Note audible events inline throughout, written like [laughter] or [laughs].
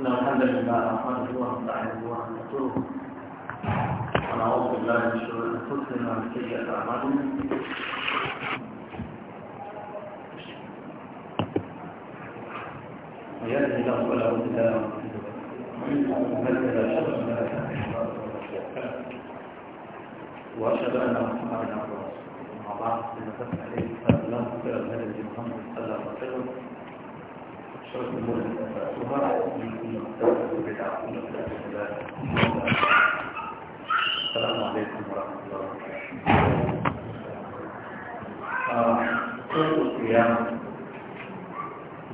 إن الحمد لله نحمده ونستعينه ونستغفره ونعوذ بالله من شرور أنفسنا ومن سيئات أعمالنا ويأتي يهده الله فلا مضل له ومن يضلل فلا هادي له وأشهد أن محمدا عبده ورسوله أما بعد فإن تسمع إليه فلا مغفر لهدي محمد صلى الله عليه وسلم السلام عليكم ورحمة الله وبركاته كل القيام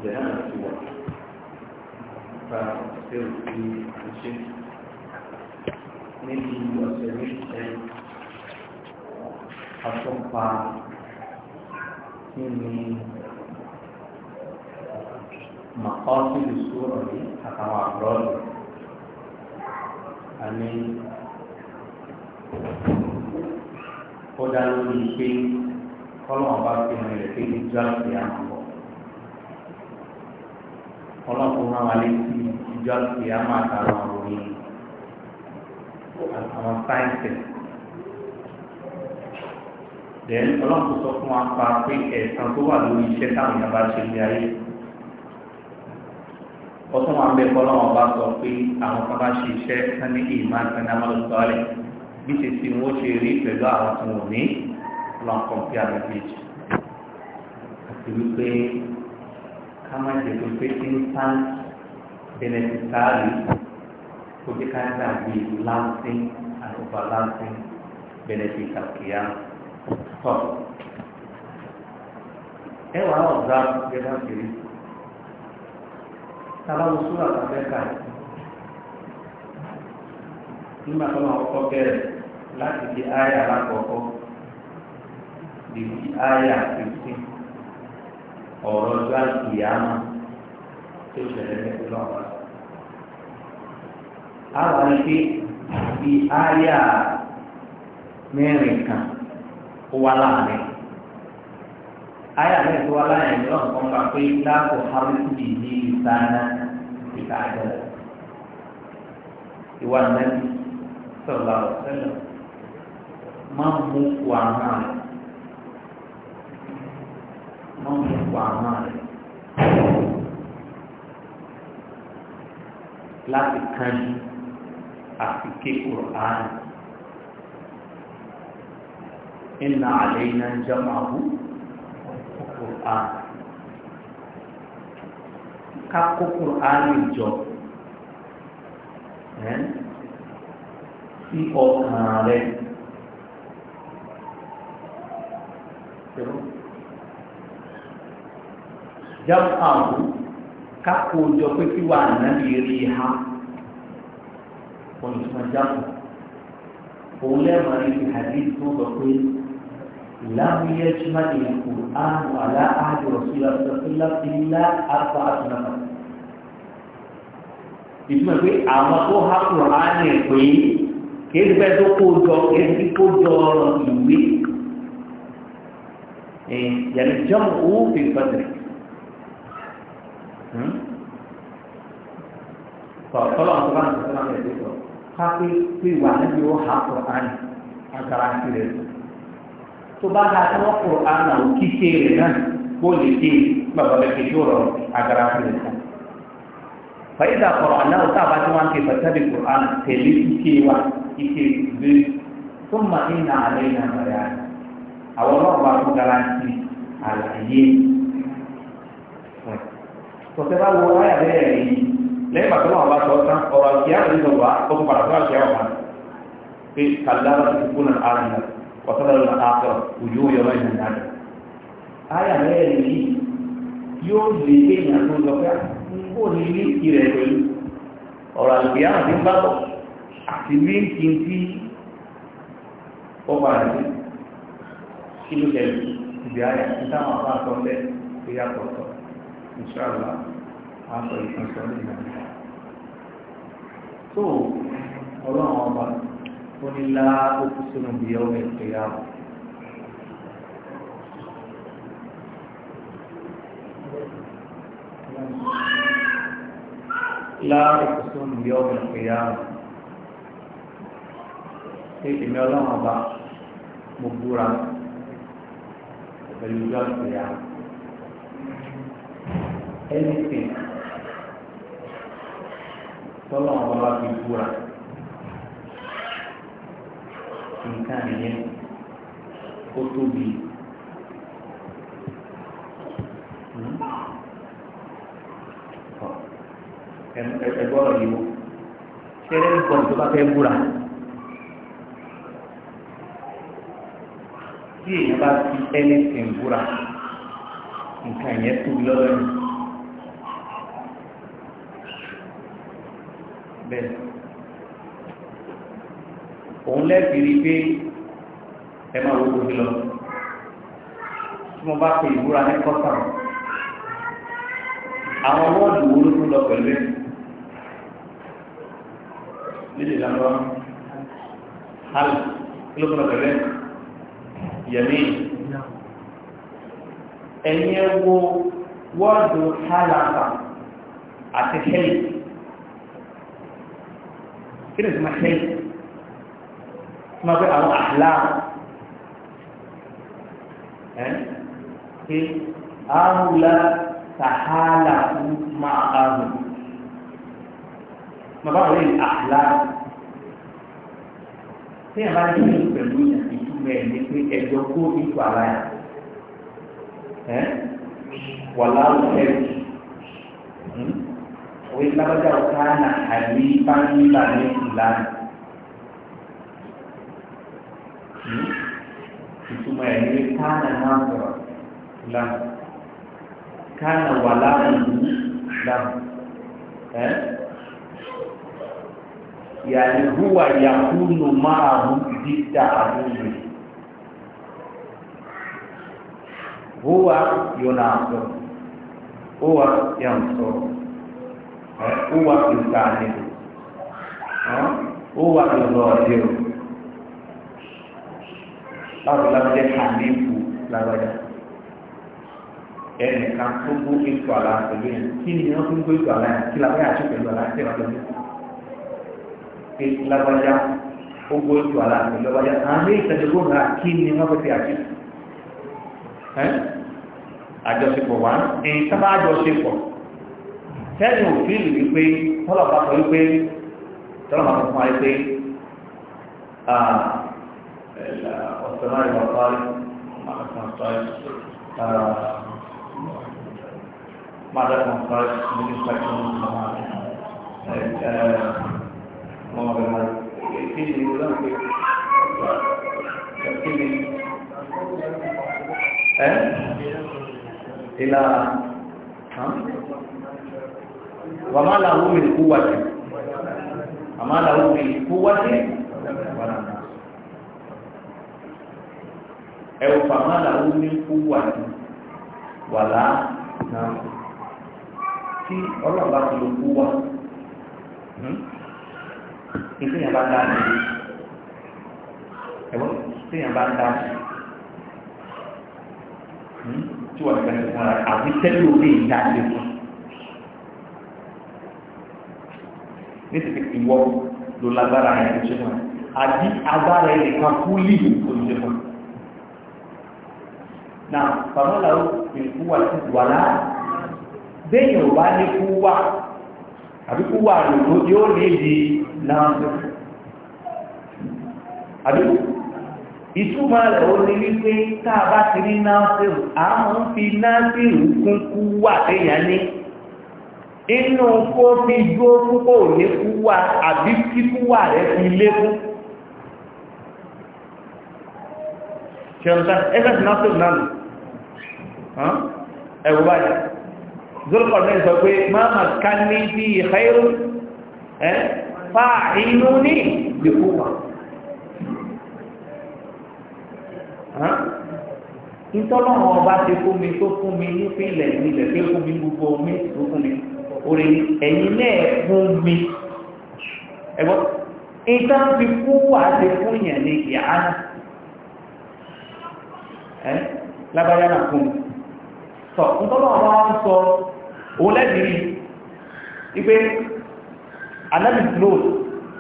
بهذا الصور فأصير في الشيء نجي وأسمي الشيء أصبح مني màkọ́sí ìṣòro ní àtàwọn àbúrọ́dù àní ó dá lórí pé kọ́lọ́wọ́n bá fi hàn rẹ̀ pé ìjọ àti àmọ̀ ọlọ́kùnrin máa wà létí ìjọ àti àmọ̀ àtàwọn òròyìn àwọn sáyẹ́ǹsì then ọlọ́kùnrin sọ fún wa pa pé ẹ̀sán tó wà lórí iṣẹ́ táwọn yàrá ṣe ọtún wọn bẹ kọ́ lọ́wọ́ bá sọ pé àwọn kan bá ṣe iṣẹ́ sani ìmá sani amadu sọ́ọ̀lẹ̀ bí ṣe ti wọ́n ṣe rí pẹ̀lú àwọn tí wọ́n ní lọ́n kọ̀ǹpì àmì méjì. àti wípé ká má jẹ pé pé instant beneficiary kò jẹ́ ká dàbí lasting and overlasting benefit àkìyà tọ̀. ẹ wàá ọ̀gá gẹ́gẹ́ bá ṣe rí sábàbù súrà tàbẹ́kà nígbà tó máa kọ́kọ́ bẹ̀rẹ̀ láti di àyà lákọ̀ọ́kọ́ di di àyà fifteen ọ̀rọ̀ ọjọ́ àìkìyàmá tó ṣẹlẹ̀ lẹ́kọ̀ọ́ lọ́wọ́. àwọn ẹgbẹ́ di àyà mẹ́rin kan ó wá láàrin àyà mẹ́rin tó wá láàrin lọ́nà kan gbà pé láàpọ̀ hábítù yìí ní ìsáná. بعد يوان النبي صلى الله عليه وسلم مامو وعمال مامو وعمال لا kan àti ké kur'an ina àlè iná ká kó kùránì jọ sí ọkàn rẹ jẹun àwọn ká kó jọ pé kí wà nàbí rí ha olùsọ̀jàpọ̀ òun lẹ́ẹ̀mọ́ ní ìhàdí tó sọ pé. لم يجمع القرآن ولا عهد رسول الله صلى الله عليه وسلم إلا أربعة نفر ìtumọ̀ pé àwọn tó há kùránì pé kéde bẹ́ẹ̀ tó kó jọ kéde kó jọ ìwé yẹn jẹun owó fìfẹ́tẹ̀ tọ́lọ́ àwọn tó bá ń sọ́kọ́ náà lè dé sọ ká pé pé wà níbi ó há kùránì agbára ń kiri rẹ̀ tó bá ha tí wọ́n kó àná òkìṣe rẹ̀ náà kó lè dé bàbá bẹ́ẹ̀ kejì ọ̀rọ̀ agara fúnlẹ̀ kan. fàyídà kọ̀rọ̀ àná òtá àbá tí wọ́n ké fàtàbí kó àná tẹ̀lé ike wa ike gbé tó mà ní nà alẹ́ nà bàrẹ̀ àná àwọn ọlọ́ọ̀bà tó garanti àlàyé tọ́tẹ́ bá wọ wáyà bẹ́ẹ̀ rí lẹ́yìn bàtọ́ náà bá sọ tán ọ̀rọ̀ àti وترى الآخرة وجوه يومئذ نادرة آية mẹ́rin yìí yóò lè kéèyàn tó lọ pé ó ní líǹkì rẹ̀ pẹ̀lú ọ̀rọ̀ àlùbíyá àti ń bábọ̀ àti líǹkì tí ó padà sí kí ló tẹ̀lé ìdí ayà tí táwọn afá sọ ń bẹ́ pé yàtọ̀ ọ̀tọ̀ ìṣàlá àtọ̀ ìfẹsọ̀ ní ìlànà. tó ọlọ́run ọba ó ní lá òkú sínú ìyá omi ìpìyà lá òkú sínú ìyá omi ìpìyà ṣé èmi ọlọ́run ọba mo búra pẹ̀lú ìjọ ìpìyà anything tọ́lọ́run ọba fi búra. nǹkan yẹn ó tóbi. Hmm? ẹgbẹ́ ọ̀rọ̀ yìí wò ṣẹlẹ̀ nǹkan tó bá fẹ́ búra tí èèyàn bá fi ẹni sì ń búra nǹkan yẹn tóbi lọ́dọ̀ yìí. bẹ́ẹ̀ òun lẹ́sìn rí pé ẹ máa wo ojú lọ tí mo bá pe ìbúra ní kọ́sà àwọn wọ́ọ̀dù wo ló tún lọ pẹ̀lú ẹ̀ lílè lánàá hàlù kí ló tún lọ pẹ̀lú ẹ̀ yẹmí ẹ̀yin ẹ wo wọ́ọ̀dù hàlàkà àti hẹ́yì kí ni ìtumọ̀ hẹ́yì tí wọ́n fẹ́ àwọn àhìlá ẹ̀ pé àhùlá tàhálà fún máa àrùn wọ́n bá wọlé àhìlá tí ẹ̀ bá ní ìlú pẹ̀lú ìtumọ̀ ẹ̀ ní pé ẹ̀jọ̀ kó ipò ara ẹ̀ wọ̀lá ọ̀fẹ́ òwe lábájá ọ̀ká náà àìní bá ń bá ìlànà. ìtumọ̀ ẹ̀ ní kánà náà sọ̀rọ̀ lámù kánà wà lámù yìí lámù ẹ́ yàrá ìhùwà yàkúnù máa mú dídá àbúrò هو يناصر هو ينصر هو يساعد هو يظاهر láwọn lábẹ́jẹ́ hànífù lágbájá ẹnìkan tó gbó ètò àlá pẹ̀lú yẹn kí ni wọ́n tún gbó ètò àlá yẹn kí lábẹ́ àti pẹ̀lú àlá tẹ̀ wọ́n lọ́dún pé lágbájá ó gbó ètò àlá pẹ̀lú lágbájá àmì ìtẹ̀dógún náà kí ni wọ́n fẹ́ fi àti àjọṣepọ̀ wá ẹ̀yìn sábà àjọṣepọ̀ tẹ́lẹ̀ òfin lè wípé tọ́lọ̀pá sọ wípé tọ́lọ̀pá sọ fún wa wípé ah, السماء والطارق معركة الطارق معركة الطارق من يستكمل السماء وما بالهذا كيف يقول لك كيف إلى ها وما له من قوة وما له من قوة ولا ẹ̀wù fàmálà ó ní kú wà ní wàlá náà tí ọlọ́ọ̀bá ti lò kú wà hmm? ìpínyà bá dá ní ẹ̀wọ́n ìpínyà bá dá ní hmm? tí wọ́n fẹ́ fún ara àbí tẹ́lẹ̀ òbí ìdá lè fún nítorí ìwọ ló lágbára ẹ̀ ló ṣe fún àbí agbára ẹ̀ kan kú lílù kò ṣe fún na fàmọ́là ó fi kú wà sí wàlá bẹ́ẹ̀ ò bá ní kú wà àbí kú wà rè tó yóò lè di náà àbí ìtumọ̀ rẹ̀ ó ní wípé tá a bá ti rí náà fèrò a máa ń fi náà fèrò kún kú wà téèyàn ní inú kó fi gbó púpọ̀ ẹ̀wù báyìí zolkọ̀ náà sọ pé máma ká ní bí ìhẹ́rù fa inú ní ìdìkúwà ìtọ́lọ́wọ́ ọba ti fún mi tó fún mi nípìnlẹ̀ nílẹ̀ pé fún mi gbogbo omi tó fún mi orí ẹ̀yìn náà fún mi ẹ̀gbọ́n ìtàn fi kú wà ti fún yẹn ní ìhánà lábáyá náà fún mi tọ̀ nítọ́lọ́ àwọn wá ń sọ òun lẹ́bìí ipé anábì ló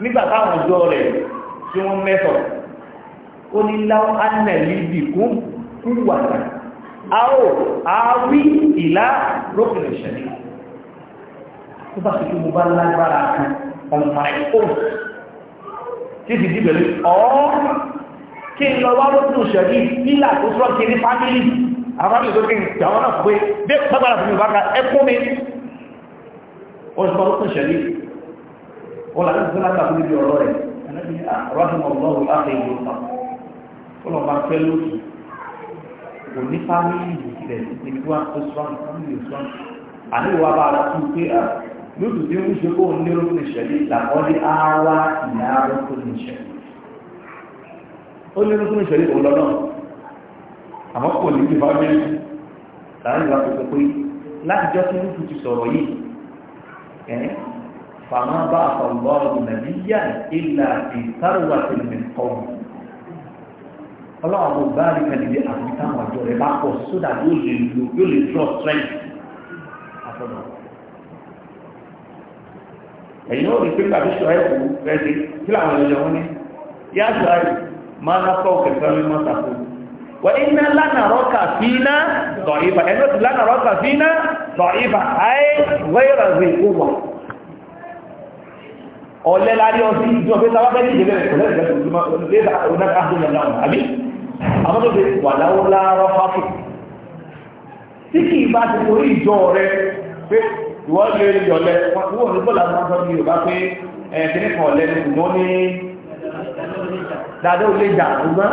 nígbà táwọn ọjọ́ rẹ̀ tí wọ́n mẹ́sọ̀ ó ní láwọn anẹ̀lìbì kún kúwàtà a ó àwí ìlà rókùnrin ìṣẹ̀lẹ̀ tó bá ṣe mo bá lágbára kan on my own tí ti dìbẹ̀lẹ̀ ọ́ kí n lọ wá rókùnrin ìṣẹ̀lẹ̀ nílà tó sọ́kiri fámílì àbájú tó kí n jàwọn náà pé bí pàgbàrà fún ìbáka ẹkún mi ọjọ́ ọdún ṣẹlẹ̀ ọlá ní ìsinmi àti àbúrú ọ̀rọ̀ rẹ̀ rọ́sùmọ̀lọ́wọ́ láti ìlú ọ̀pá ọlọ́mà fẹ́ lóṣù ah, ń ṣe kóun ní orúkọ ìṣẹ̀lẹ̀ làkọ́lé àwa ìyá orúkọ ìṣẹ̀lẹ̀ ó ní orúkọ ìṣẹ̀lẹ̀ òun àmọ́ kò ní ti bá mẹ́rin láàrin ìwà tó pé láti jọ sí rúfù ti sọ̀rọ̀ yìí ẹ̀ẹ́n fàmà bá àfọ̀lọ́ ọ̀rọ̀ nàìjíríà ìlà ìtàrùwà tẹ̀lẹ̀mẹ̀ kọ́ọ̀mù ọlọ́run ọmọ báyìí kàdìdì àti táwọn àjọ rẹ̀ bá pọ̀ sódà yóò lè lo yóò lè draw strength àtọ̀dọ̀ ẹ̀yin ó rí pé wọ́n iná lánàrọ́ kàfínà lọ́ìbà ẹni ó ti lánàrọ́ kàfínà lọ́ìbà ayé wẹ́rẹ̀ rẹ̀ ó wà ọ̀lẹ́ lárí ọtí ìjọ pé sáwọ́ fẹ́ ní ìjẹ́lẹ̀ rẹ̀ kọ̀lẹ́ ìjẹ́lẹ̀ ìjẹ́lẹ̀ ìjẹ́lẹ̀ Dada olè jà, ọgbọ́n.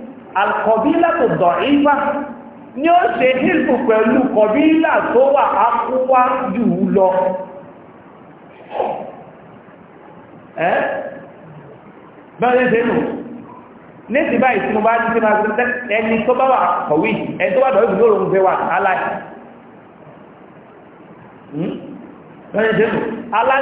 alkọ̀bílà tó dọ̀ ni ó ṣe hìlpù pẹ̀lú kọ̀bílà tó wà ápúwá jù lọ ẹ́ bẹ́ẹ̀ ṣe ní ti báyìí tí mo bá ti máa ṣe ẹni tó bá wà kọ̀wé ẹni tó wà fẹ́ wà hmm? aláì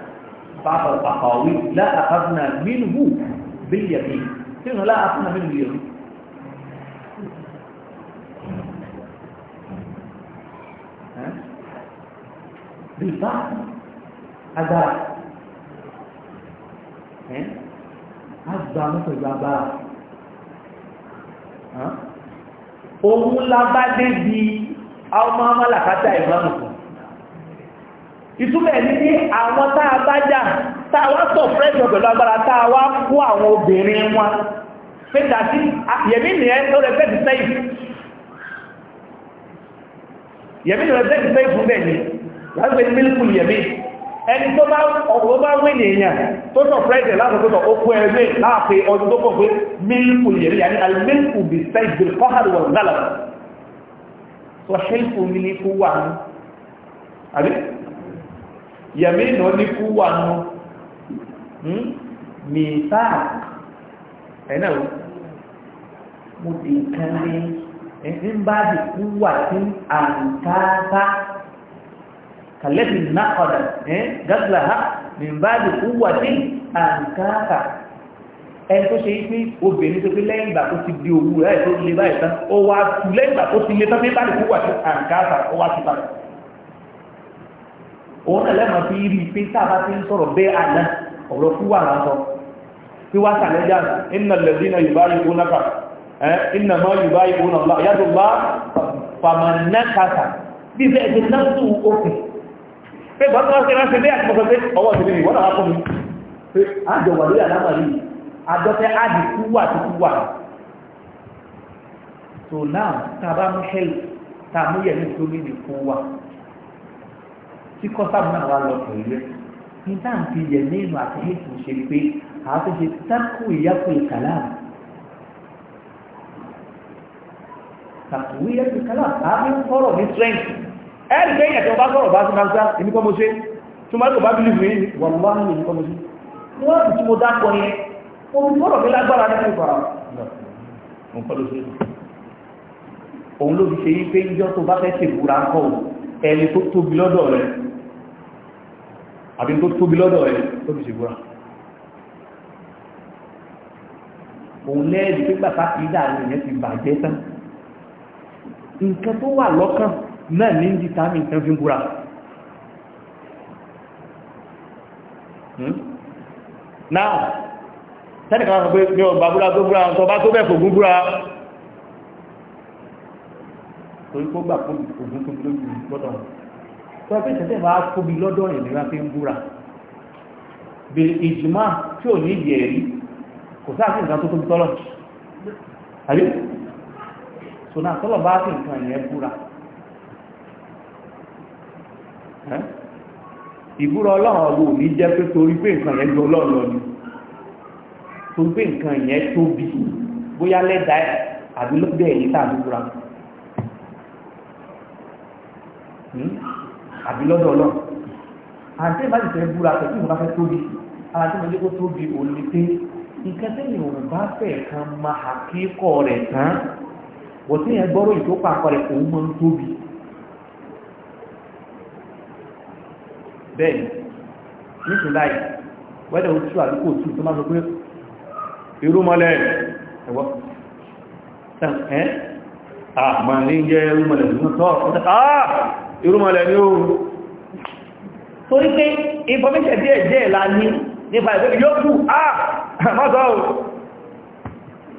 بعض الأقاويل لا أخذنا منه باليمين فإنه لا أخذنا منه باليمين بالفعل هذا هذا مثل بابا òun labá débi ọmọ ọmọ làkátà ìmáàmù ìtumẹ̀ ní ní àwọn tá a bá jà tá a wá sọ fẹ́jọ pẹ̀lú agbára tá a wá kó àwọn obìnrin wọn pẹ́ta sí yẹ̀mí nìyẹn tó rẹ̀ fẹ́ ti sẹ́yìn yẹ̀mí nìyẹn fẹ́ ti sẹ́yìn fún bẹ́ẹ̀ ni láti pẹ́ ní mílíkù yẹ̀mí ẹni tó bá ọ̀pọ̀ bá wé nìyẹn tó sọ fẹ́jọ lásìkò okú ẹgbẹ́ láàpẹ ọdún tó kọ̀ pé yẹ̀mí ìnà ní kú wà nù mí hmm? sáà ẹ̀nà mo di kan ní ẹ̀sìn bá di kú wà sí àǹkáàtà kàlẹ́sì nákọ̀dà gásìlá ha mi bá di kú wà sí àǹkáàtà ẹni tó ṣe pé obìnrin tó pé lẹ́yìn ìgbà tó ti di òwú rẹ̀ tó lè báyìí tán ó wá lẹ́yìn ìgbà tó ti lè tán pé bá di kú wà sí àǹkáàtà ó wá sí padà òun náà lẹ́mọ̀ fi rí pé sábà ti ń sọ̀rọ̀ bẹ́ẹ̀ àná ọ̀rọ̀ fún wà náà sọ tí wá sàlẹ́jà iná lẹ́bí náà yóò bá yìí kó náà iná máa yóò bá yìí kó náà yàtọ̀ bá fàmànákàtà bí bẹ́ẹ̀ ti náà tún so now tàbá mú hẹ́lì tàmúyẹ̀ ní ìtòlì ní tí kọ́sàmù náà wà lọ pẹ̀lú ẹ̀ ní táǹtì yẹ nínú àti hẹ́tù ṣe pé àwọn tó ṣe tákù ìyàpò ìkàlámù tákù ìyàpò ìkàlámù àwọn sọ̀rọ̀ ní strength ẹ̀rì pé ìyàtọ̀ bá sọ̀rọ̀ bá sí máa gbá èmi kọ́ mo ṣe tó máa lò bá bí lùfẹ́ yìí wọ́n wá ní èmi kọ́ mo ṣe wọ́n sì tí mo dákọ̀ yẹn mo fi mi lágbára nínú ìfọ̀rọ̀ nǹkan òun ló fi ṣe yí pé ìjọ tó bá fẹ́ ṣèwúra ńkọ́ ẹni tó tóbi lọ́dọ̀ rẹ̀ àbí tó tóbi lọ́dọ̀ ẹ̀ tó fi ṣègbúra òun lẹ́ẹ̀dì pípa sáfìdá àwọn èèyàn ti bàjẹ́ tán nǹkan tó wà lọ́kàn náà ní dìtàmì nǹkan fi ń búra hmm? náà tẹ́nìkan sọ pé ní ọba búra tó búra tó bá tó bẹ̀ kò gún búra torí kó gbà kó gún tó bí sọ pé ìṣẹ̀tẹ̀ bá kóbi lọ́dọ̀ ìnira fi ń búra bí ìjìmá tí ò ní ìdí ẹ̀rí kò sáà sí nǹkan tó tóbi tọ́lọ̀ àbí sọ̀nà tọ́lọ̀ bá sì nǹkan ìyẹn búra ìbúra ọlọ́run ọ̀gbọ̀n ò ní jẹ́ pé torí pé nǹkan yẹn ju ọlọ́run lọ ni torí pé nǹkan yẹn tóbi bóyá lẹ́dàá àbí lọ́dẹ̀ èyí tàbí búra àbí lọ́dọ̀ ọlọ́run àti ìbá ìfẹ́ búra pẹ̀lú ìwọ̀n bá fẹ́ tóbi ara tí mo jẹ́ kó tóbi òun ni pé nǹkan tẹ́yìn òun bá fẹ́ kan máa àkíkọ́ rẹ̀ tán wọ́n tí yẹn gbọ́rọ̀ yìí tó pàkọ́ rẹ̀ òun máa ń tóbi bẹ́ẹ̀ nítorí láì wẹ́dẹ̀ ó tú àdúgbò tú tó máa sọ pé irú mọ́lẹ̀ ẹ̀wọ́ ẹ̀ àmọ́ ní jẹ́ irú mọ́lẹ̀ ìlú náà tọ́ irúmọlẹ̀ ní oòrùn torí pé information díẹ̀ díẹ̀ la ní nípa ìgbé yóò kú ah [laughs] mọ́sọ̀ ò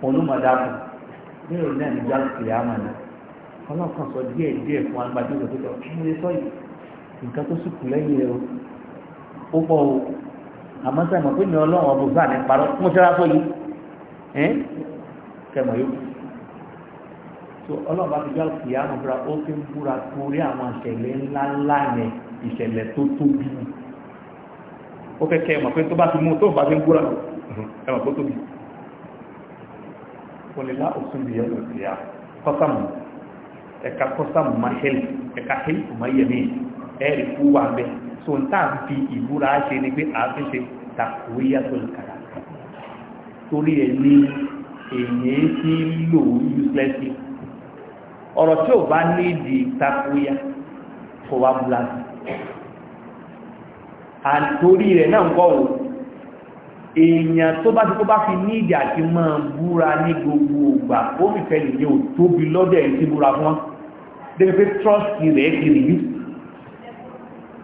olùmọ̀dáàbù ní òun náà ní jáàkì àmà náà ọlọ́kan sọ díẹ̀ díẹ̀ fún agbájú rẹ̀ pẹ̀lú kí ní sọ yìí nǹkan tó sùkù lẹ́yìn rẹ̀ ó pọ̀ o àmọ́ sẹ́mọ̀ pé ní ọlọ́run ọbùsà ní parọ́ mo ṣe rá sọ yìí ẹ́ kẹmọ̀ yóò tó ọlọ́ọ̀bá ti gbá òkè àmọ́ fúra ó ti ń búra torí àwọn ìṣẹ̀lẹ̀ ńláńlá yẹn ìṣẹ̀lẹ̀ tó tóbi ó fẹ́ kẹ́ ẹ̀ mọ̀ pé tó bá ti mú tó bá ti ń búra ẹ̀ mọ̀ tó tóbi kọlẹ̀lá òsùn bìyà òkè à kọ́sàmù ẹ̀ka kọ́sàmù máa hẹ́lì ẹ̀ka hẹ́lì kò máa yẹ̀mí ẹ̀rì kú wà bẹ́ẹ̀ so n táà fi ìbúra ṣe ni pé àáfin ṣe tàkóyá tó lè kàrà torí ẹ̀ ní èyí tí lò uselessly ọ̀rọ̀ tí ò bá ní ìdí takoya kò wá búlásì àtòrí rẹ̀ náà kọ́ ò èèyàn tó bá ti kó bá fi ní ìdí àti máa búra ní gbogbo ògbà ó fi fẹ́ nìyẹn ò tóbi lọ́dọ̀ ẹ̀ tí búra fún wọn débi pé trust rẹ̀ kiri yìí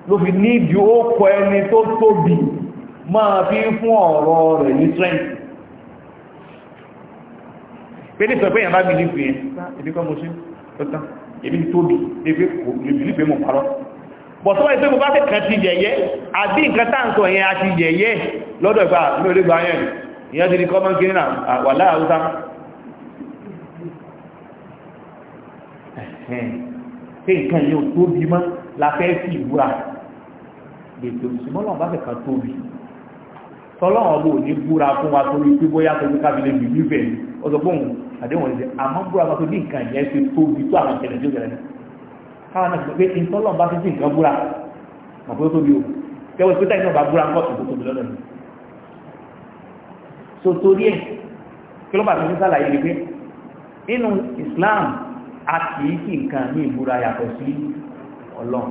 ló fi ní ìdí ó kọ ẹni tó tóbi máa fi fún ọ̀rọ̀ rẹ̀ ní strength pé ní sọ pé èèyàn bá mi nífẹ̀ẹ́ ibi mo ṣe tọ́tán èmi tóbi lébi kò lèbìlì pé mo parọ́ bọ̀ sọ́wọ́ ìpé mo bá fẹ́ kàn ti yẹ̀yẹ́ àbí nǹkan tá ń sọ yẹn a ti yẹ̀yẹ́ lọ́dọ̀ ìgbà ní olóògbà yẹn ìyẹn ti di kọ́mọ́ kiri náà wà láàrúsá pé nǹkan yẹn ò tóbi mọ́ la fẹ́ sí ìwúra lètò ìsúmọ́lọ́ bá fẹ́ kàn tóbi tọ́lọ́run ọlọ́run ní búra fún wa torí pé bóyá torí kábílẹ̀ bìbí bẹ̀rẹ̀ ọ̀sọ̀ àdéhùn ẹ̀sẹ̀ àmọ́ búra máa tó bí nǹkan yẹn ṣe tóbi tó àwọn ìṣẹ̀lẹ̀ tó ṣẹlẹ̀ káwọn náà sọ pé ìtọ́lọ̀ bá fi sí nǹkan búra mọ̀ pé ó tóbi o kẹwọ́ ìpẹ́tà iná bá búra ńkọ́ tó tóbi lọ́dọ̀ ni. so torí ẹ̀ kí ló bá fi sálàyé ni pé nínú Islam a kì í kí nǹkan ní ìbúra yàtọ̀ sí Ọlọ́run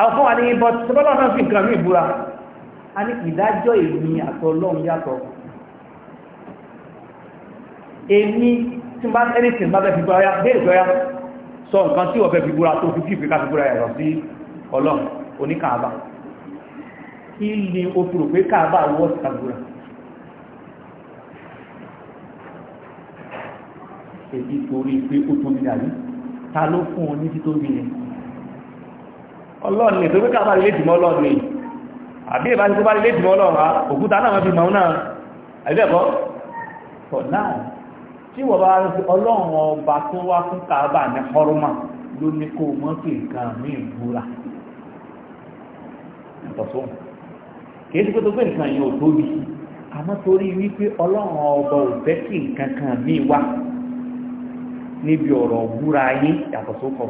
àwọn fún wa ní bọ́t sọ́bọ́lọ́ náà fi nǹkan ní ìbúra a ní ìdájọ́ ìrìn àtọ́lọ́run èmi tí bá anything bá bẹ́ẹ̀ fi ya bẹ́ẹ̀ ya sọ nǹkan tí wọ́n bẹ́ẹ̀ tó fi fífi ká fi búra sí ọlọ́run oníkàába kí ni o fi pé káàbà wọ́ sí kàbúra èyí torí pé ó ta ló fún ọ ní títóbi yẹn ọlọ́run lè tó pé káàbà lè dìmọ́ ọlọ́run yìí àbí ìbá ti lè dìmọ́ tí wọ́n bá rí ọlọ́run ọba tó wá fún kaaba ní họ́rọ́mà ló ní kó mọ́ sí nǹkan míì búra ìtọ̀sọ́n kìí sí pé tó gbé nǹkan yẹn ò tóbi àmọ́ torí wípé ọlọ́run ọba ò fẹ́ kí nǹkan kan míì wá níbi ọ̀rọ̀ búra yín yàtọ̀ sókọ̀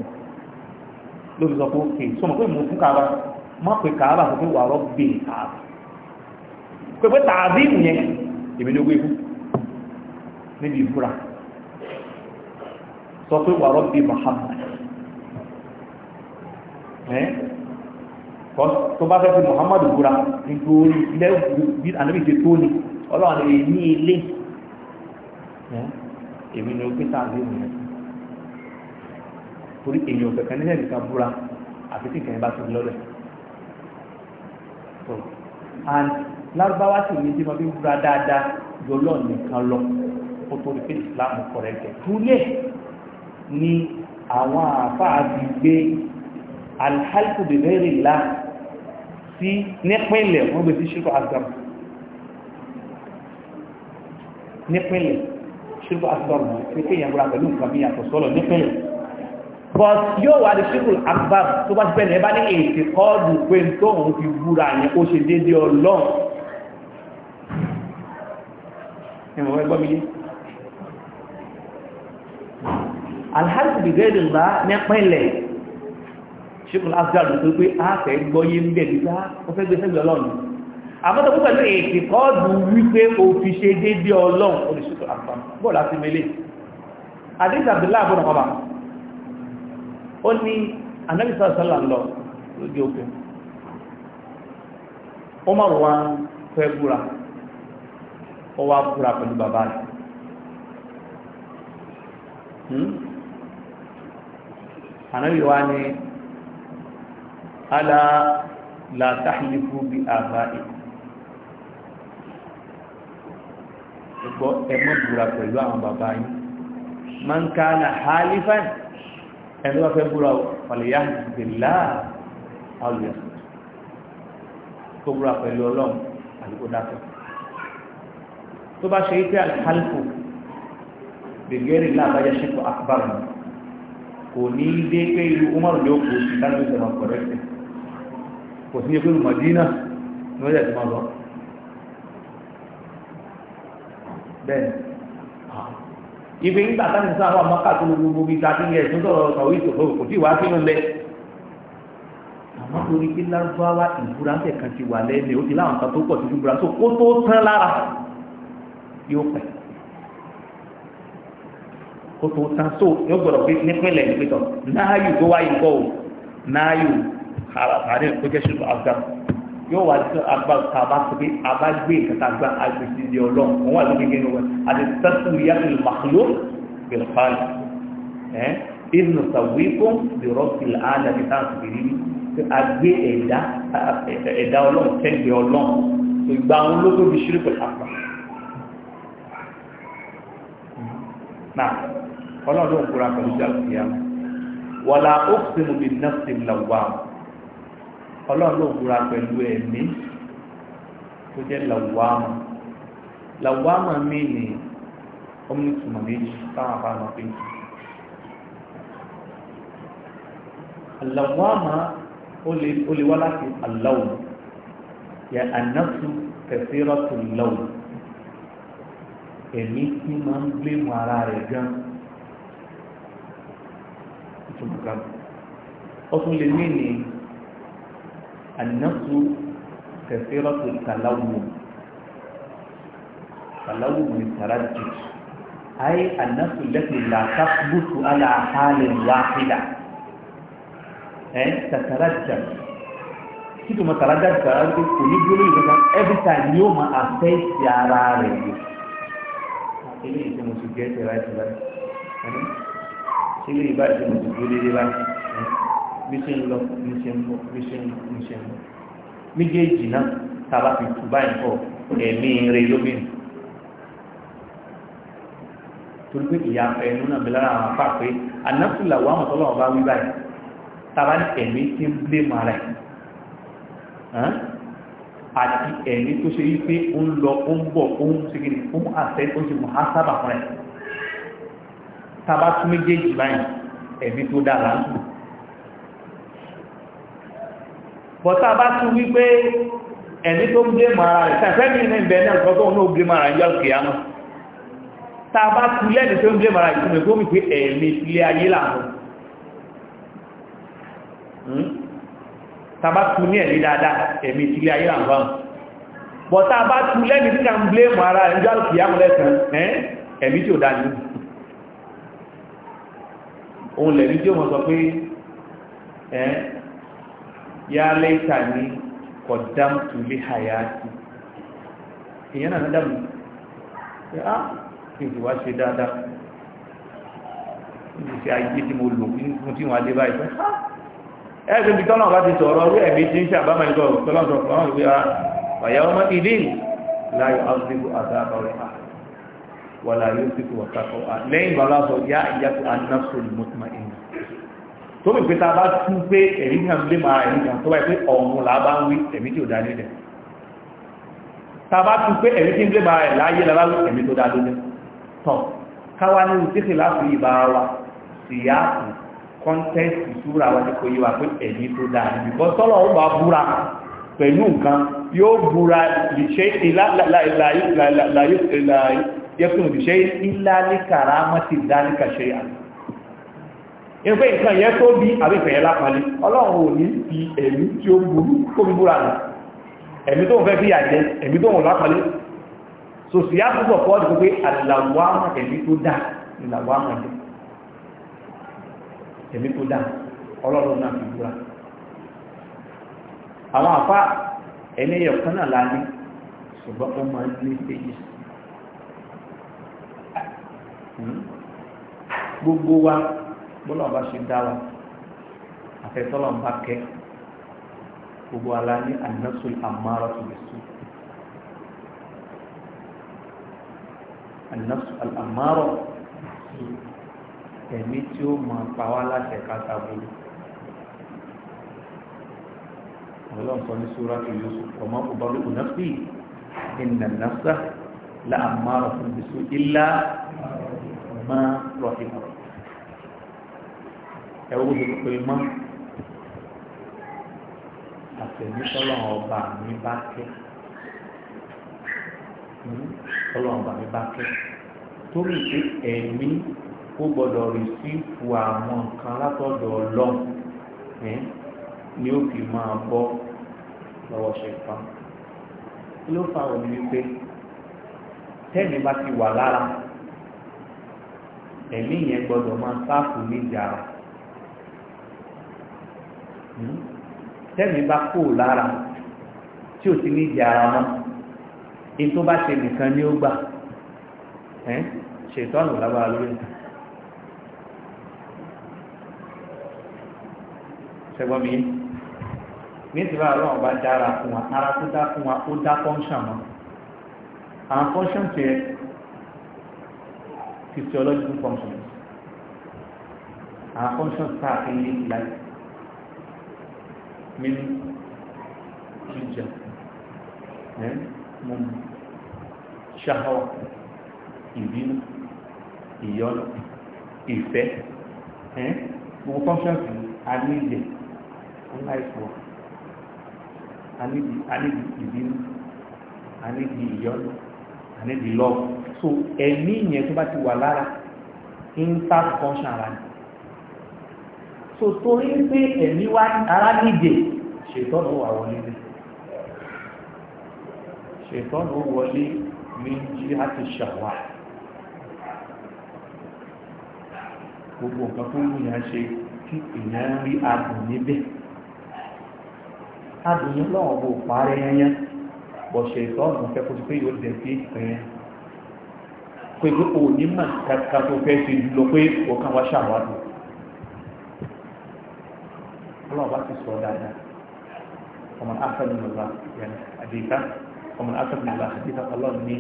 ló fi sọ pé òkè sọmọ pé mo fún kaaba má pè kaaba kò pé wàá rọ́ gbé kaaba pé pé tààbí ìyẹn èmi ló gbé fún níbi ìbúra sọ pé wàá rọ́bì Muhammad tó bá fẹ́ fi Muhammad búra nítorí lẹ́wù bí ànábì ṣe tó ni ọlọ́run lè ní ilé èmi ni ó gbé sáàbí mi rẹ̀ torí èèyàn kẹ̀kẹ́ nílẹ̀ nìkan búra àti tí kẹ̀yìn bá ti lọ́lẹ̀ and lárúbáwá sì ní tí wọ́n fi búra dáadáa jọlọ́ọ̀ nìkan lọ kó tó di pé islam kọ̀rẹ́tẹ̀ túlẹ̀ ni àwọn àfáà ti gbé alhalku bẹ̀rẹ̀ la sí nípínlẹ̀ wọ́n gbé sí ṣírkù asgam nípínlẹ̀ ṣírkù asgam ní kéèyàn gbọ́ra pẹ̀lú nǹkan bí yàtọ̀ sọ́lọ̀ nípínlẹ̀ but yóò wà ní ṣírkù asgam tó bá ti bẹ̀rẹ̀ bá ní èsì kọ́ọ̀dù pé tó òun fi búra yẹn ó ṣe déédéé ọlọ́run ẹ̀wọ̀n ẹgbọ́n mi yé alhaji bigẹ́lì ńlá nípínlẹ̀ ṣíkùn asgard tó pé a fẹ́ gbọ́yé ń bẹ̀ nígbà ó fẹ́ gbé sẹ́gbẹ̀ ọlọ́run àbọ́tọ̀ púpọ̀ ní ètì kọ́ọ̀dù wípé o fi ṣe dédé ọlọ́run ó lè ṣíkùn asgard bọ́ọ̀lá sí mẹ́lẹ̀ àdéhùn àbdùlá àbúrò ọba ó ní anábìsọ̀ sọ́là lọ lójú òkè ó má wà fẹ́ ànábì wa ni ala la tahlifu bi abaikum ẹgbọ́ ẹmọ́ búra pẹ̀lú àwọn bàbá yìí ma ń ká na halifan ẹni wọ́n fẹ́ búra ọ̀lẹ́yà bèlá àwòyà tó búra pẹ̀lú ọlọ́run àdúgbò tó bá ṣe ike alhalifu bègẹ́rì láàbájá ṣẹ́kọ̀ akbar náà kò ní dé pé irú Umar ló kò sí láti ìjọba kọ̀rẹ́tì kò sí ní pé Madina ní wọ́n yẹ̀ tí wọ́n lọ bẹ́ẹ̀ ibi nígbà táwọn ìsọ àwọn ọmọ káàtó gbogbo bíi thirteen years tó sọ̀rọ̀ kàwé ìṣòro kò tí wàá sínú lẹ àmọ́ torí pé lárúbáwá ìbúra ń tẹ̀ kan ti wà lẹ́nu ó ti láwọn kan tó pọ̀ sí ìbúra tó kó tó tán lára yóò pẹ̀ kó tán so yóò gbọ́dọ̀ pé nípínlẹ̀ nípìtọ̀ náàyù tó wáyé nǹkan o náàyù àrẹ kó jẹ́ ṣùgbọ́n àgbà yóò wá sí àgbà tàbá tó pé àbá gbé ìkàtà àgbà àgbèsí di ọlọ́run òun àti gẹ́gẹ́ ní wọn àti tẹ́sù yàtò màkúló bẹ̀rẹ̀ pààlì ẹ́ ìdùnnú sàwíkó bẹ̀rọ̀ fìlà áàdà ní táàkì bèrè ní àgbé ẹ̀dá ẹ̀dá ọlọ́run kẹ́gbẹ́ ọlọ́run tó gba àwọn olóògbé ọlọ́run ló ń kura pẹ̀lú jàǹkìyà wàlà ó sì mú mi náà sí làwà ọlọ́run ló ń kura pẹ̀lú ẹ̀mí tó jẹ́ làwà mọ́ làwà mọ́ mi ni ọmọ ìtumọ̀ méjì táwọn afá máa fi làwà mọ́ ó lè wá láti àláwọ̀ yẹ ànáfù kẹsìrọ̀tù làwọ̀ ẹ̀mí tí máa ń gbé mọ́ ara rẹ̀ gan olùkàm ó tún lè mí ní ànínàfù kẹfìrọ́tò kàláwù kàláwù ní kàrájì ayé ànínàfù lẹ́tì làákà bùtù aláàhálẹ̀ wáhídà ẹ̀ tàkàrájà kí tó ma kàrájà kàrájà kò ní gbóló yìí kankan every time ni ó ma àfẹ́ ti ara rẹ̀ yìí. eléyìí tí mo ti gẹ́ ẹ̀ṣẹ̀ láti tí ilé ìbá ìṣe mo dùdú dédé báyìí bí ṣe ń lọ bí ṣe ń bọ̀ bí ṣe ń lọ bí ṣe ń lọ méjèèjì náà tá a bá fi tù báyìí pọ̀ ẹ̀mí rẹ lómìnira torí pé ìyá afẹ ẹnu náà bẹ̀rẹ̀ àwọn afá pé anáfìlà wà mọ̀ tọ́lọ́wọ́ bá wí báyìí tábà ní ẹ̀mí tí ń blé ma rẹ̀ àti ẹ̀mí tó ṣe wípé ó ń lọ ó ń bọ̀ ó ń ṣe kìnnìún ó ń àṣẹ ó ń ṣe mọ̀ á sábà fún rẹ̀ tàbá tún méjèèjì báyìí ẹ̀bí tó dára ń tù bọ̀tá bá tún wípé ẹni tó ń gbé mara rẹ̀ tàbí ní ilẹ̀ ìbẹ̀ náà kọ́kọ́ ní ògbé mara yọ kìíyàmù tá a bá tún lẹ́ni tó ń gbé mara ìtumẹ̀ tó wípé ẹ̀mí ilé ayé làwọn tàbá tún ní ẹ̀mí dáadáa ẹ̀mí ilé ayé làwọn bọ̀tá bá tún lẹ́ni tí kàn ń gbé mara rẹ̀ yọ kìíyàmù lẹ́sàn ẹ̀mí tí ò dáa nínú òun lẹ̀rí tí wọ́n sọ pé ẹ́ yá lẹ́ta ní kọ̀dám tùlé àyàtì èyàn náà dámù pé á ah, kìí wá ṣe dáadáa níbi tí ayé tí mo lò fún tí wọ́n adé báyìí ah, bá ti sọ̀rọ̀ orí ẹ̀mí tí ń ṣàbámẹ́ ìgbọ̀ tọ́lọ̀ sọ̀rọ̀ ọ̀yà ọmọ ìdí àtàbàwẹ̀ wàlá yóò sì kò wọ́tàkọ́ lẹ́yìn bàbá sọ yá ìyàtò anáfò mọ́tìmá ìnà tó bí pé ta tún pé ẹ̀rí kan lé máa ẹ̀rí kan tó báyìí pé ọ̀run là bá ń wí ẹ̀mí tí ò dá nílẹ̀ ta bá tún pé ẹ̀rí tí ń lé máa ẹ̀ láyé lára wí ẹ̀mí tó dá nílẹ̀ tán káwa ní ìdíkì láti ìbá wa sì yá kù kọ́ńtẹ́ǹtì ìṣúra wa ní kò yí wa pé ẹ̀mí tó dá nílẹ̀ bọ́ sọ́lọ́ ó bá búra pẹ̀lú nǹkan yóò búra ìṣe ìlà yẹ́kùn ìbìṣẹ́ ìlàlíkàrá mọ́tí ìdálíkà ṣe yà ìpé nǹkan yẹ́ tó bí àbẹ́fẹ̀ẹ́ lápàálí ọlọ́run ò ní fi ẹ̀mí tí ó burú kó bí búra nà ẹ̀mí tó ń fẹ́ fi àjẹ́ ẹ̀mí tó ń lápàálí so sì yá púpọ̀ pọ́ di pé àlàwọ̀ ẹ̀mí tó dá ìlàwọ̀ ẹ̀mí tó dá ọlọ́run náà fi búra àwọn gbogbo wa bọ́lá ọba ṣe dá wa àfẹ́sọ́lá ọba kẹ́ gbogbo ala ní ànásù àmàrà tó lè sùn ànásù àmàrà ẹ̀mí tí ó máa pa wá láti ẹ̀ka sábúrú ọlọ́run sọ ní sura tó yóò sùn ọmọ ọba lóko náà sí ìnànásà láàmàrà tó lè sùn ilá mọ́ rọ̀fìmọ̀ ẹ̀wọ́ gbogbo pé mọ́ àtẹ̀mísọ́lọ́ ọba mi bá kẹ́ hmm? ọlọ́run ọba mi bá kẹ́ torí pé ẹ̀mí ó gbọ́dọ̀ rí sí fu àwọn nǹkan látọ̀dọ̀ ọlọ́run hmm? ni ó fi máa bọ́ lọ́wọ́ ṣe pa kí ló fa òní wípé tẹ́ẹ̀mí bá ti wà lára. ẹ̀mí yẹn gbọ́dọ̀ máa sáàpù níjà rẹ̀ hmm? tẹ́mi bá kó lára tí ò ti níjà ara mọ́ in tó bá ṣe nìkan ni ó gbà ṣètọ́nù lábára lórí nǹkan ṣẹgbọ́n mi nítorí lọ́wọ́ ọba dára fún wa ara tó dá fún wa ó dá fọ́nṣàn mọ́ àwọn fọ́nṣàn tiẹ̀ physiological functions our functions start in life meaning jíjẹ mọ̀mọ́ ṣáhọ́ ìbínú ìyọ́nà ìfẹ́ gbogbo functions a ní ìjẹ láìpọ̀ a ní ìbínú a ní ìyọ́nà a ní ìlọ́wọ́. so ẹ̀mí ìyẹn tó bá ti wà lára interfunction ara ni so torí pé ẹ̀mí wá ara nídè ṣètọ́nù wà wọlé ní ṣètọ́nù wọlé ní jí láti ṣàwà gbogbo nǹkan tó wù yàn ṣe kí èèyàn rí adùn níbẹ̀ adùn yẹn lọ́wọ́ bò parẹ́ yẹn yẹn bọ̀ ṣètọ́nù fẹ́ ti pé yóò dẹ̀ pẹ̀lú onímọ̀ kàkà tó fẹ́ ṣe jùlọ pé ọkàn wá ṣàwádìí ọlọ́run bá ti sọ dáadáa ọmọ afẹ́ni lọ́la yẹn àdìgbà ọmọ afẹ́ni lọ́la àdìgbà ọlọ́run ní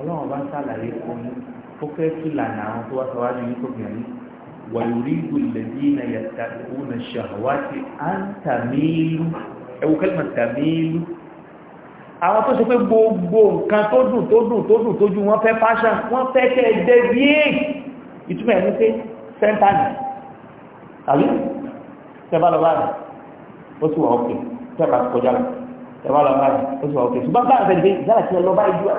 ọlọ́run bá ń sàlàyé fún ó fẹ́ tún lànà àwọn tó wá sọ́wájú ní tó bìnrin wàlúrí gbòlẹ́bí na yàtà òun ṣàwádìí à ń tàmílù tàmílù àwọn tó ṣe pé gbogbo nǹkan tó dùn tó dùn tó dùn tójú wọ́n fẹ́ fashion wọ́n fẹ́ kẹ́ ẹgbẹ́ bí i ìtumọ̀ ẹni pé center ni tàbí tẹ́bá lọ báyìí ó sì wà ókè tẹ́bá kọjá lọ tẹ́bá lọ báyìí ó sì wà ókè ṣùgbọ́n báyìí fẹ́ gbé yàrá kí ọlọ́ báyìí jùlọ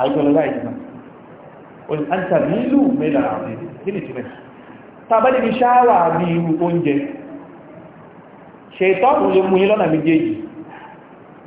àìjọ lọ báyìí jùlọ ó ní àǹtà nílùú mẹ́lá àwọn kí ni ìtumọ̀ tàbá níbi ṣáwà ní irú oúnjẹ ṣètọ́ òun lè mú yín lọ́nà méjèèjì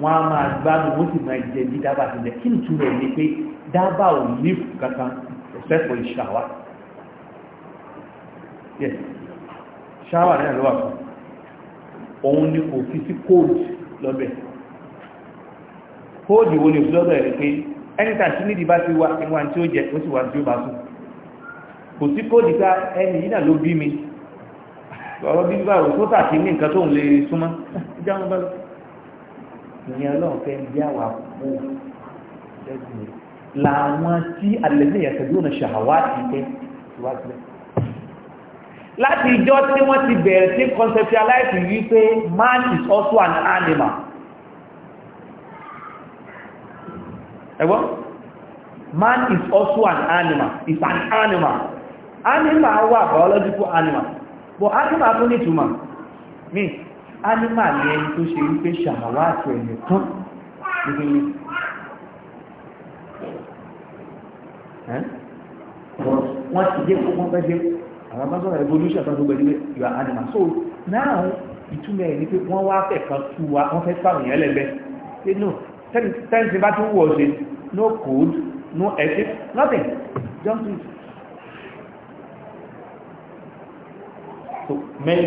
wọ́n á máa gbádùn wọ́n sì máa jẹ bí dábà ti lẹ̀ kí n túnbọ̀ ní pé dábà ò ní kankan except for ìṣàwá yes ṣáwà náà ló wà fún òun ni kò fi sí kóòdù lọ́bẹ̀ kóòdù wo ni òfin lọ́bẹ̀ rẹ̀ pé anytime tí nídìí bá ti wá ìwà tí ó jẹ ó sì wà tí ó bá sùn kò sí kóòdù ká ẹni yìí náà ló bí mi ọ̀rọ̀ bí báwo tó tà sí ní nǹkan tó ń lè súnmọ́ ìjánu bá lọ ìyẹn ọlọ́run fẹ́ bí àwa kú lẹ́gbẹ̀ẹ́ làwọn tí alẹ́lẹ́ yàtọ̀dúnà ṣàwá ti tẹ́ síwájú rẹ̀ láti ìjọ tí wọ́n ti bẹ̀rẹ̀ sí conceptualize yìí pé man is also an animal ẹgbọ́n man is also an animal is an animal animal wà biological animal but animal tó ní túmọ̀ means ánímà ní ẹni tó ṣe wípé ṣàmàwá àti ẹ̀yìn tán nítorí wọ́n ti dé fún pẹ́ dé àwọn bá sọ̀rọ̀ evolution tó gbogbo ẹgbẹ́ yọ animal so now ìtumọ̀ ẹ̀ ni pé wọ́n wá fẹ́ kan tú wa wọ́n fẹ́ pàwọn èèyàn lẹ́gbẹ́ pé no tẹ́ǹtì bá tún wọ̀ ṣe no code no ethics nothing just do it so mẹ́lì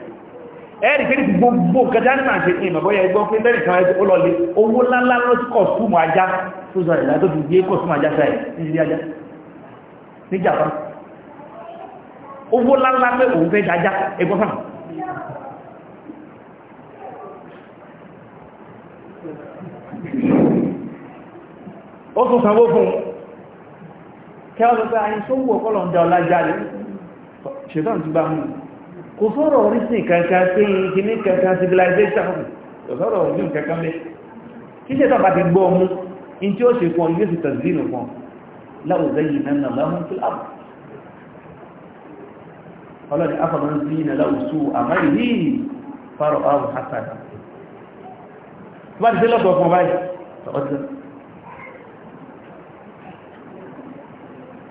ẹ̀rì pé níbi gbogbo kẹjánìmà ṣe ní ìmọ̀bọ́yẹ ẹgbọ́n pé bẹ́rẹ̀ kan ẹgbẹ́ olóòlé owó lálá lọ́sí kọ̀sùmù ajá tó zọ ìlà tó fi gbé kọ̀sùmù ajá sáyẹ̀ nílé ajá ní jàpá owó lálá pé òun fẹ́ dájá ẹgbọ́n fà ó tún sanwó fún kẹ́ọ̀lọ́pẹ́ àyíṣòwò ọkọ́lọ̀ ń da ọlá jáde ṣètọ́ ti gbá mú kò sọ̀rọ̀ orísìn kankan pé kìíní kankan civilization kò sọ̀rọ̀ orísìn kankan lé kí ṣe tọ́ba ti gbọ́ ọmú in tí ó ṣe fún ọ yóò sì tẹ̀sí nù fún ọ láwùjọ yìí náà náà láwọn tó láwù ọlọ́ni afọ̀mọ́ sí iná láwùsù àmọ́ ìhí fárọ̀ áwù hasada bá ti lọ́pọ̀ ọkùn báyìí ọjọ́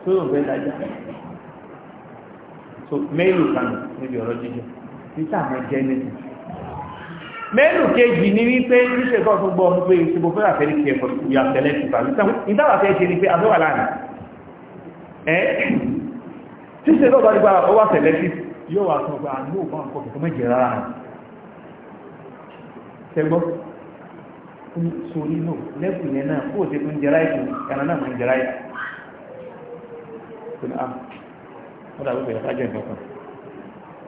tó yóò fẹ́ dájá so mẹ́lù kanù níbi ọ̀rọ̀ jíjẹ títà mọ́ jẹ́ nínú mẹ́lù kejì ní wípé níṣẹ́ tó tún gbọ́ ọmọ pé ìṣẹ́bò fẹ́ àfẹ́rí kí ẹ̀kọ́ ìyá tẹ́lẹ̀ ti pàlú ìtàwà fẹ́ ṣe ni pé abẹ́wà láàrin ẹ́ tíṣẹ́ tó bá nípa ọwà tẹ́lẹ̀ sí yóò wà sọ pé àánú òkú àkọ́ kìkọ́ méje rárá rẹ̀ tẹ́gbọ́ sórí náà lẹ́kùn yẹn náà kó o ti fún jẹrá ìtù ẹran náà mọ̀ jẹrá ìtù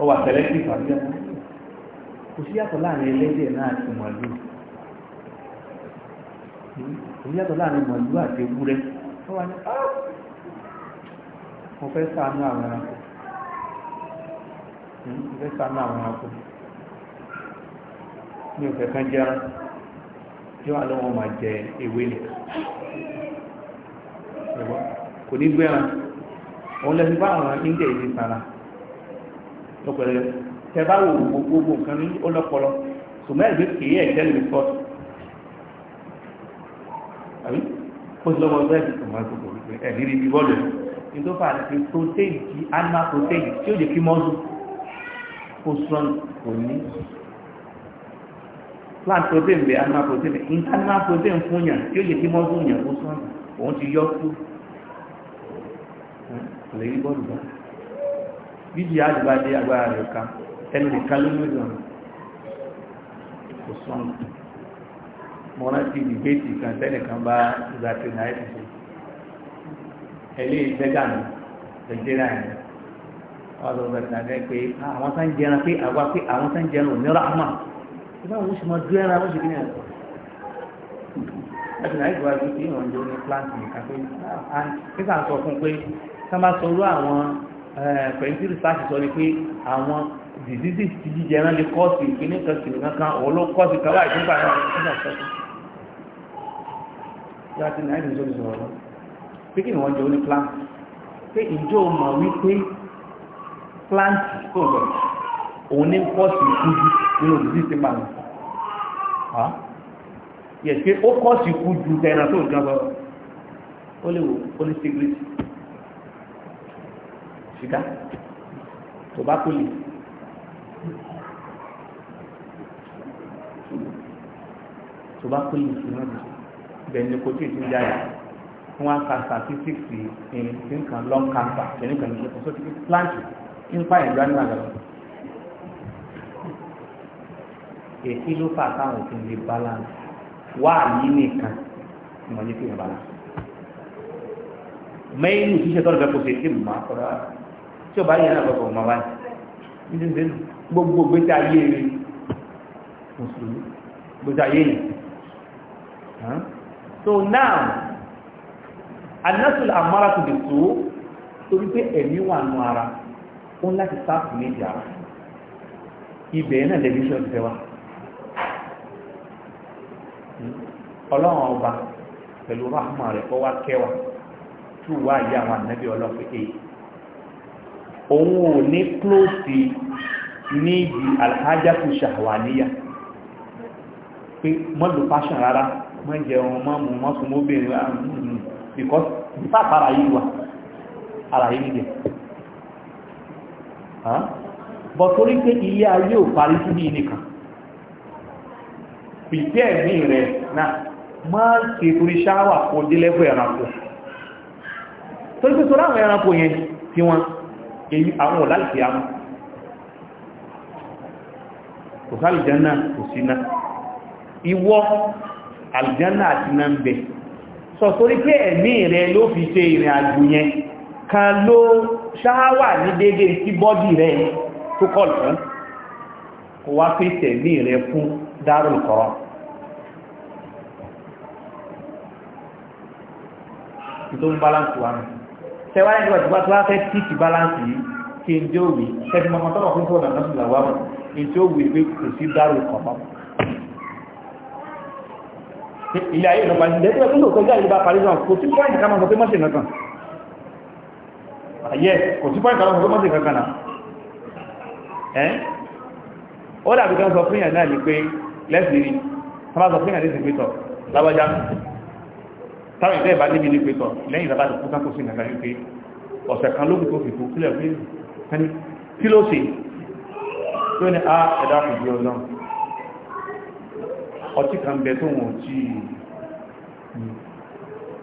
ó wà tẹ̀lẹ́tì tàbí ẹ̀kọ́ kò sí yàtọ̀ láàrin ẹlẹ́dẹ̀ náà àti màlúù kò sí yàtọ̀ láàrin màlúù àti ewúrẹ́ ó wà ní mo ah! mo fẹ́ ṣàánú hmm, àwọn ẹranko mi ò fẹ́ kán tí wọ́n á lọ́wọ́ máa jẹ ewé kò ní òun lẹ́sìn bá àwọn ìdí lọ́pẹ̀lẹ́ tẹ bá wo gbogbo nǹkan ní ọlọ́pọlọ ṣùgbọ́n ẹ̀gbẹ́ kì í ẹ̀jẹ̀ lè sọ àbí kó ti lọ́wọ́ bẹ́ẹ̀ tó máa gbogbo ẹ̀ nírí ibi bọ́ọ̀lù ní tó fà ti protein kí animal protein tí ó lè kí mọ́ọ̀lù kó strong kò ní plant protein bẹ animal protein bẹ animal protein fún yàn tí ó lè kí mọ́ọ̀lù yàn kó strong òun ti yọ kú lè rí bọ́ọ̀lù báyìí bíjì àjùbá dé agbára rẹ̀ ká ẹnu nìkan ló lóòjọ́ kò sọ́nù mọ́ rántí dìbéètì kan tẹ́nìkan bá ìgbàtí náà ẹ̀sìn ẹ̀lé ìgbẹ́gàmù nàìjíríà ni wọ́n lọ bẹ̀rẹ̀ nàìjíríà pé ah, àwọn sáà ń jẹran pé àwa pé àwọn sáà ń jẹran ò nírà àmà ìgbà wo sì ni ẹ̀sìn ẹ̀sìn náà ìgbà wo sì ń rànjọ́ Eh, pẹ̀lú rìsáàsì sọ ni pé àwọn dìdídì ti jíjẹ náà lè kọ́ọ̀sì ìpínlẹ̀ kan kìlọ̀ kankan òun ló kọ́ọ̀sì kan láì nígbà náà nígbà sọ́kù. yóò ti náà ìdíjọ́ ìṣòro pé kí ni wọ́n jẹ ó ní plant pé ìjọ mọ̀ wípé plant kò lọ òun ní kọ́ọ̀sì ìkújú nínú dìdídì ti máa ń sọ yẹ pé ó kọ́ọ̀sì ìkújú tẹ̀ràn tó ń gbọ́ ó lè wò ó ní sígírìtì sìgá tobacco leaf tobacco leaf ni wọ́n ti bẹ̀rẹ̀ ní kojú ìtún jáde wọ́n á ka statistics in nǹkan lung cancer kìnnìkan ní ìṣẹ́kọ̀ọ́ sókè plant nípa ìlú àná àgbàlá èsì ló fà táwọn òfin lè balance wá yìí nìkan ìmọ̀lẹ́kùn ìbalance mẹ́yìn ní ìṣiṣẹ́ tọ́lọ̀ fẹ́ kó ṣe é ṣe mọ́ àkọ́rọ́ àti tí ọba yẹn náà lọ́pọ̀ ọmọ wa ní ti ń sẹ́nu gbogbo gbèsè ayé rẹ̀ mùsùlùmí gbèsè ayé yìí so now anasul amara to the soul torí pé ẹ̀mí wà nù ara ó ń láti sáàpù méjì ara ibẹ̀ náà lẹ́bí iṣẹ́ ọ̀sẹ̀ wa ọlọ́run ọba pẹ̀lú rahman rẹ̀ kọ́ wá kẹwàá tù wá ìyá àwọn ànábì ọlọ́pẹ̀ èyí òun ò ní klóòsì ní ìdí alhajjatu shahwaniya pé mọ́lù fashion rárá mọ́ jẹun mọ́ mú mọ́ sún mọ́bìnrin àrùn ah, mm-hmm. because ìfàpára yìí wà ara yìí jẹ bọ̀ torí pé ilé ayé ò parí sí bíi nìkan pìtẹ́ ẹ̀mí rẹ̀ náà máa ń ṣe torí ṣáwà kó délẹ́gbẹ̀ẹ́ ẹranko torí pé sọ́rọ̀ àwọn ẹranko yẹn tí wọ́n èyí àwọn ọ̀láìsí àwọn kò sí àlìjánà kò sí iná ìwọ àlìjánà àti iná ń bẹ sọ torí pé ẹ̀mí rẹ ló fi ṣe ìrìn àjò yẹn kan ló ṣááwà ní dédé sí bọ́dì rẹ tó kọ̀ lọ́n kò wá pé tẹ̀mí rẹ fún dárùn kọ́rọ̀ tó ń báláǹsì wa tẹwàá nígbà tó bá tó bá fẹ́ tíìtì balance yìí kí n tí ó wì tẹ́tí mọ́mọ́ tọ́lọ̀ fún fún ọ̀nà ìlà wà mọ́ ní tí ó wì pé kò sí dárò kọ̀ọ̀mọ́ ilé ayé ìlọ́pàá ní ẹgbẹ́ tó lóòótọ́ jáde bá parí náà kò sí pọ́ìntì ká máa sọ pé mọ́sẹ̀ nǹkan ayẹ ah, kò sí pọ́ìntì ká máa sọ pé mọ́sẹ̀ nǹkan náà ẹ́ ó dàbí kan sọ fún yàn náà ní pé lẹ́sìn rí wọ́n bá sọ fún yàn ní ìsìnkú tọ̀ lábọ́já táwọn ìgbẹ́ ìbá níbi ní pé tọ̀ lẹ́yìn ìdábàtì fún kákò sí nàìjíríà wípé ọ̀sẹ̀ kan lóbi tó fi kú kílẹ̀ pé ẹni kí ló sì tó ní a ẹ̀dá fi di ọlọ́run ọtí kan bẹ tó wọn tí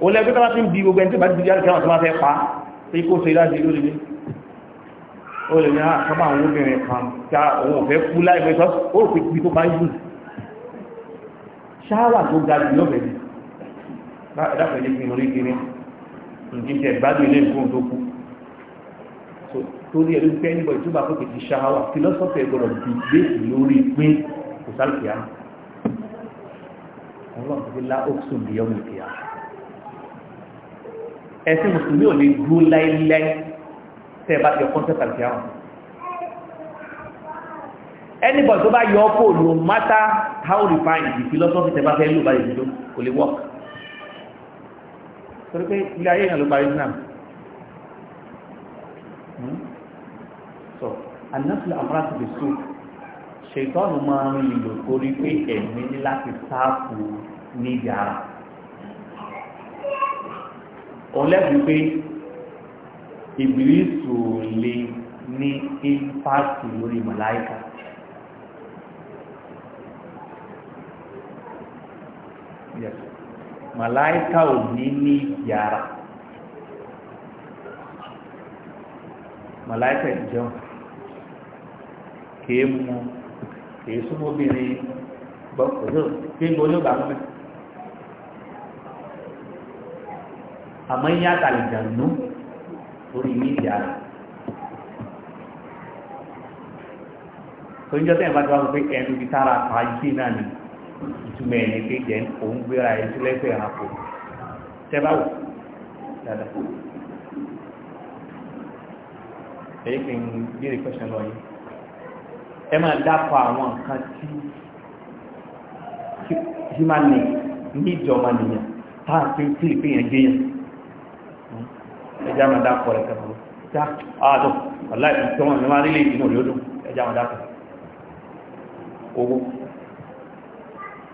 ó lẹ́gbẹ́ tó bá ti ń di gbogbo ẹni tó bá ti di àríkà tó ah, kan tí àwọn òfẹ́ kú láìpẹ́ tó ó rò pé kí tó bá yù ṣáwà dákọ̀ ẹ̀jẹ̀ fi orí kiri nǹkan tẹ̀ gbádùn ilé nǹkan tó kú torí ẹ̀rí pé ẹnìbọ̀ ìtúbà kò kìí ṣáwà fílọ́sọ́fì ẹgbọ̀rọ̀ dìgbé lórí pé kò sálùkìá ọlọ́run ti lá óksùn bí ọmọ ìkìá ẹ̀sìn mùsùlùmí ò lè dúró láíláí tẹ́ ẹ bá yọ kọ́ńtẹ́ sálùkìá wọn ẹnìbọ̀ tó bá yọ ọ́ kò no matter how refined the philosophy tẹ́ bá fẹ́ lò bá yẹ kò lè work torí pé ilé ayé yẹn ló gba islam hmm? so anáfíà amúrásì lè sùn ṣètọ́nù máa ń lò torí pé ẹ̀mí ní láti sáàpù níbi ara òun lẹ́bi pé ìbírísù lè ní ímpáàtì lórí màláìkà yes màláìka ò ní ní yàrá màláìka ìjẹun kìí mu kìí súnmọ́ obìnrin bọ́ pẹ̀lú kí n bọ́ ní ọgbà mọ́ àmọ́ yín àtàlẹ̀dànù orí ní yàrá tó ń jọ́ tẹ́yìn bá ti wá sọ pé ẹnu bíi tára pa jí náà nìyí. ìtumọ̀ ẹni pé jẹ́ òun gbéra ẹ sí lẹ́sẹ̀ ẹranko tẹ́báwò dáadáa èyí kì í béèrè question lọ yìí ẹ máa dápọ̀ àwọn nǹkan tí ní ìjọba nìyẹn tá a fi tí ìpín yẹn gbéyàn ẹjá máa dápọ̀ rẹ̀ kẹfọ́ já àádọ́ aláìsí tí wọ́n máa rí lè ẹjá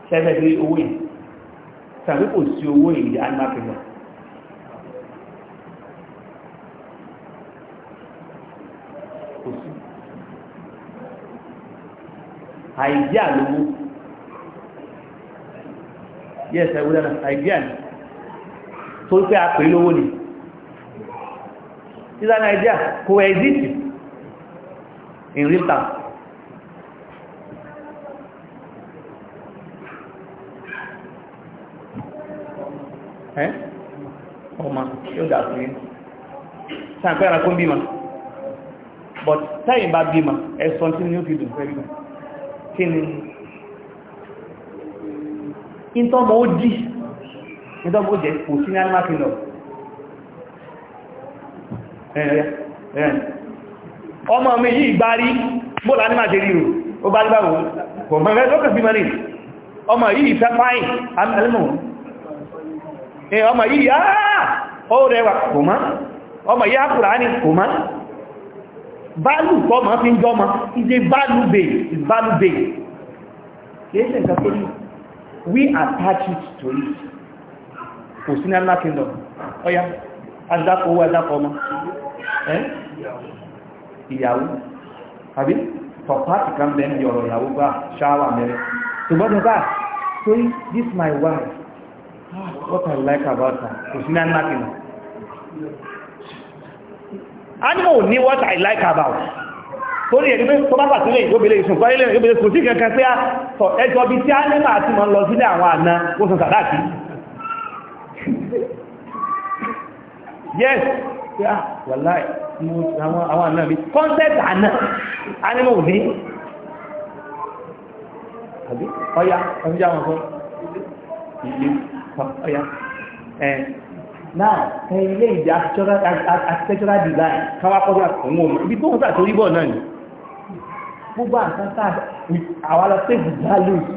sẹ́fẹ́ pé owó yìí sàbí kò sí owó yìí di animal kingdom kò sí àìdí àlówó yẹ ẹsẹ wúlẹ náà àìdí àná tó ń pẹ àpè lówó ni sísá nàìjíríà kò ẹ̀zìtì in real time ọmọ yóò dà sí sáàpẹ́ ẹranko bímọ but táyìn bá bímọ ẹ̀sùn tí ni ó fi dùn fẹ́ bímọ kí ni ìtọ́mọ̀ ó dì ìtọ́mọ̀ ó jẹ́ kò sí ní animal kingdom ọmọ mi yìí gbárí bóòlù animal ṣe rí rò ó gbárí báwo kò mọ̀ ẹgbẹ́ lókè bímọ ní ọmọ yìí fẹ́ fáìn àmì animal ọmọ yìí àà ah! ó rẹwà kò mọ́ ọmọ yìí àkùránì kò mọ́ bálù kọmọ fi ń jọmọ ìdí bálù bèèrè bálù bèèrè kéèsì nǹkan tó ní we attach it to it kò sí ní alá kingdom ọya adákọ̀ owó adákọ̀ ọmọ ìyàwó àbí tọ̀pátì kan bẹ́ẹ̀ ọ̀rọ̀ ìyàwó bá ṣáwà mẹ́rẹ̀ ṣùgbọ́n bá torí this my wife what I like about her kò sí náà nothing animal ò ní what I like about torí ẹni pé tó bá pàtó lè yóò bèèrè ìsùn kọ́ ilé ìyóò bèèrè kò sí kankan pé sọ ẹjọ́ bí tí animal àti mọ̀ ń lọ sílé àwọn àna ó sọ sàdáàkì yes yeah wàláì àwọn àna mi concept àna animal ò ní ọya ọjọ́ àwọn fún ilé ọ̀yá ẹ̀ náà ẹ ilé architectural design káwákọ́gbà òun òun ibi tó ń sà torí bọ̀ náà ni gbogbo àtàtà àwọn alọ́sẹ̀gì values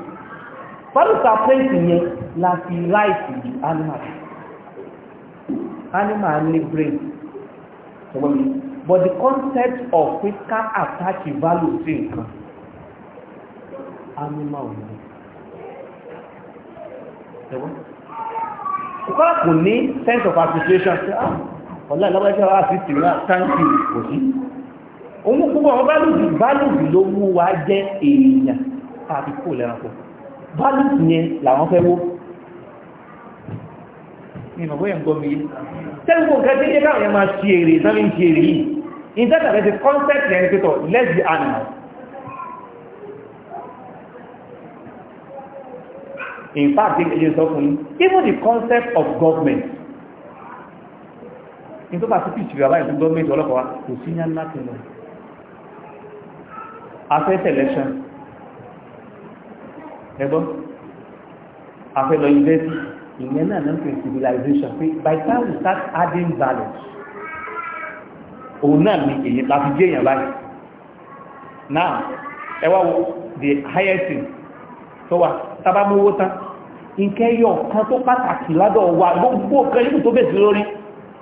values are placed yẹn láti láìsí ju animal animal ní brain but the concept of physical ká attach value sí nǹkan animal ò ní ṣùgbọ́n kọ́lá kò ní sense of appreciation ṣe ah ọ̀la ìlọ́gbẹ́sẹ̀ wa sì tì wá thank you kò sí òun púpọ̀ àwọn bálùbì bálùbì ló mú wa jẹ́ èèyàn tàbí kò lẹ́ranko bálùbì yẹn làwọn fẹ́ wó ní ìmọ̀ bóyá gbọ́ mi yé tẹ́lú yẹ káwọn yẹn máa ṣe èrè sáré ń ṣe èrè yìí in that the concept let's be animals in fact ẹjẹ́ sọ fún even the concept of government in tó bá sí pìtì rẹ̀ báyìí fún government ọlọ́pàá kò sí yán láti lọ afẹ́ election, ẹgbọ́n afẹ́ lọ university ìyẹn náà náà pè civilization pé by time we start adding values òun náà ni èyí láti jẹ́ èèyàn báyìí now ẹ wá wo the highest thing So what? tàbá mú owó tán nkẹ́ yọ kan tó pàtàkì ládọ̀ wà gbogbo kan yíkù tó bèsì lórí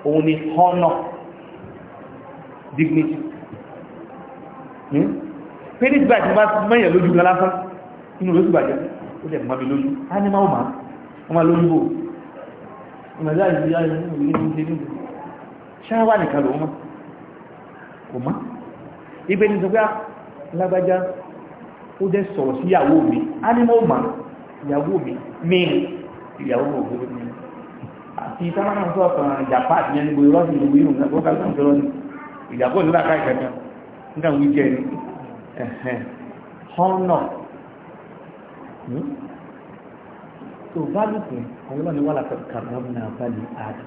òun ni honor dignity hmm? phoenix bank bá mẹ́yàn lójú gan lásán inú lójú bàjẹ́ ó dẹ̀ mọ́ mi lójú animal man wọ́n máa lójú bò ìmọ̀lá ìlú ayé ní ìlú ṣáwà nìkan lòun kò mọ́ ibẹ̀ ni sọ pé ah, lágbájá ó dẹ̀ sọ̀rọ̀ síyàwó mi animal man ìyàwó mi mi ìyàwó mi ògbó mi àti sábàánà sọ ọkàn ìjàpá àti ẹni gbogbo ìrọsì ìlú ìrùn náà wọn kàlùkà ìjọrọ ni ìjàpá òní láàká ìkẹta nígbà wí jẹ ni ọ̀nà tó bá lùkù àwọn ọlọ́ni wà látọ̀ kàrọ́m náà bá lè àdì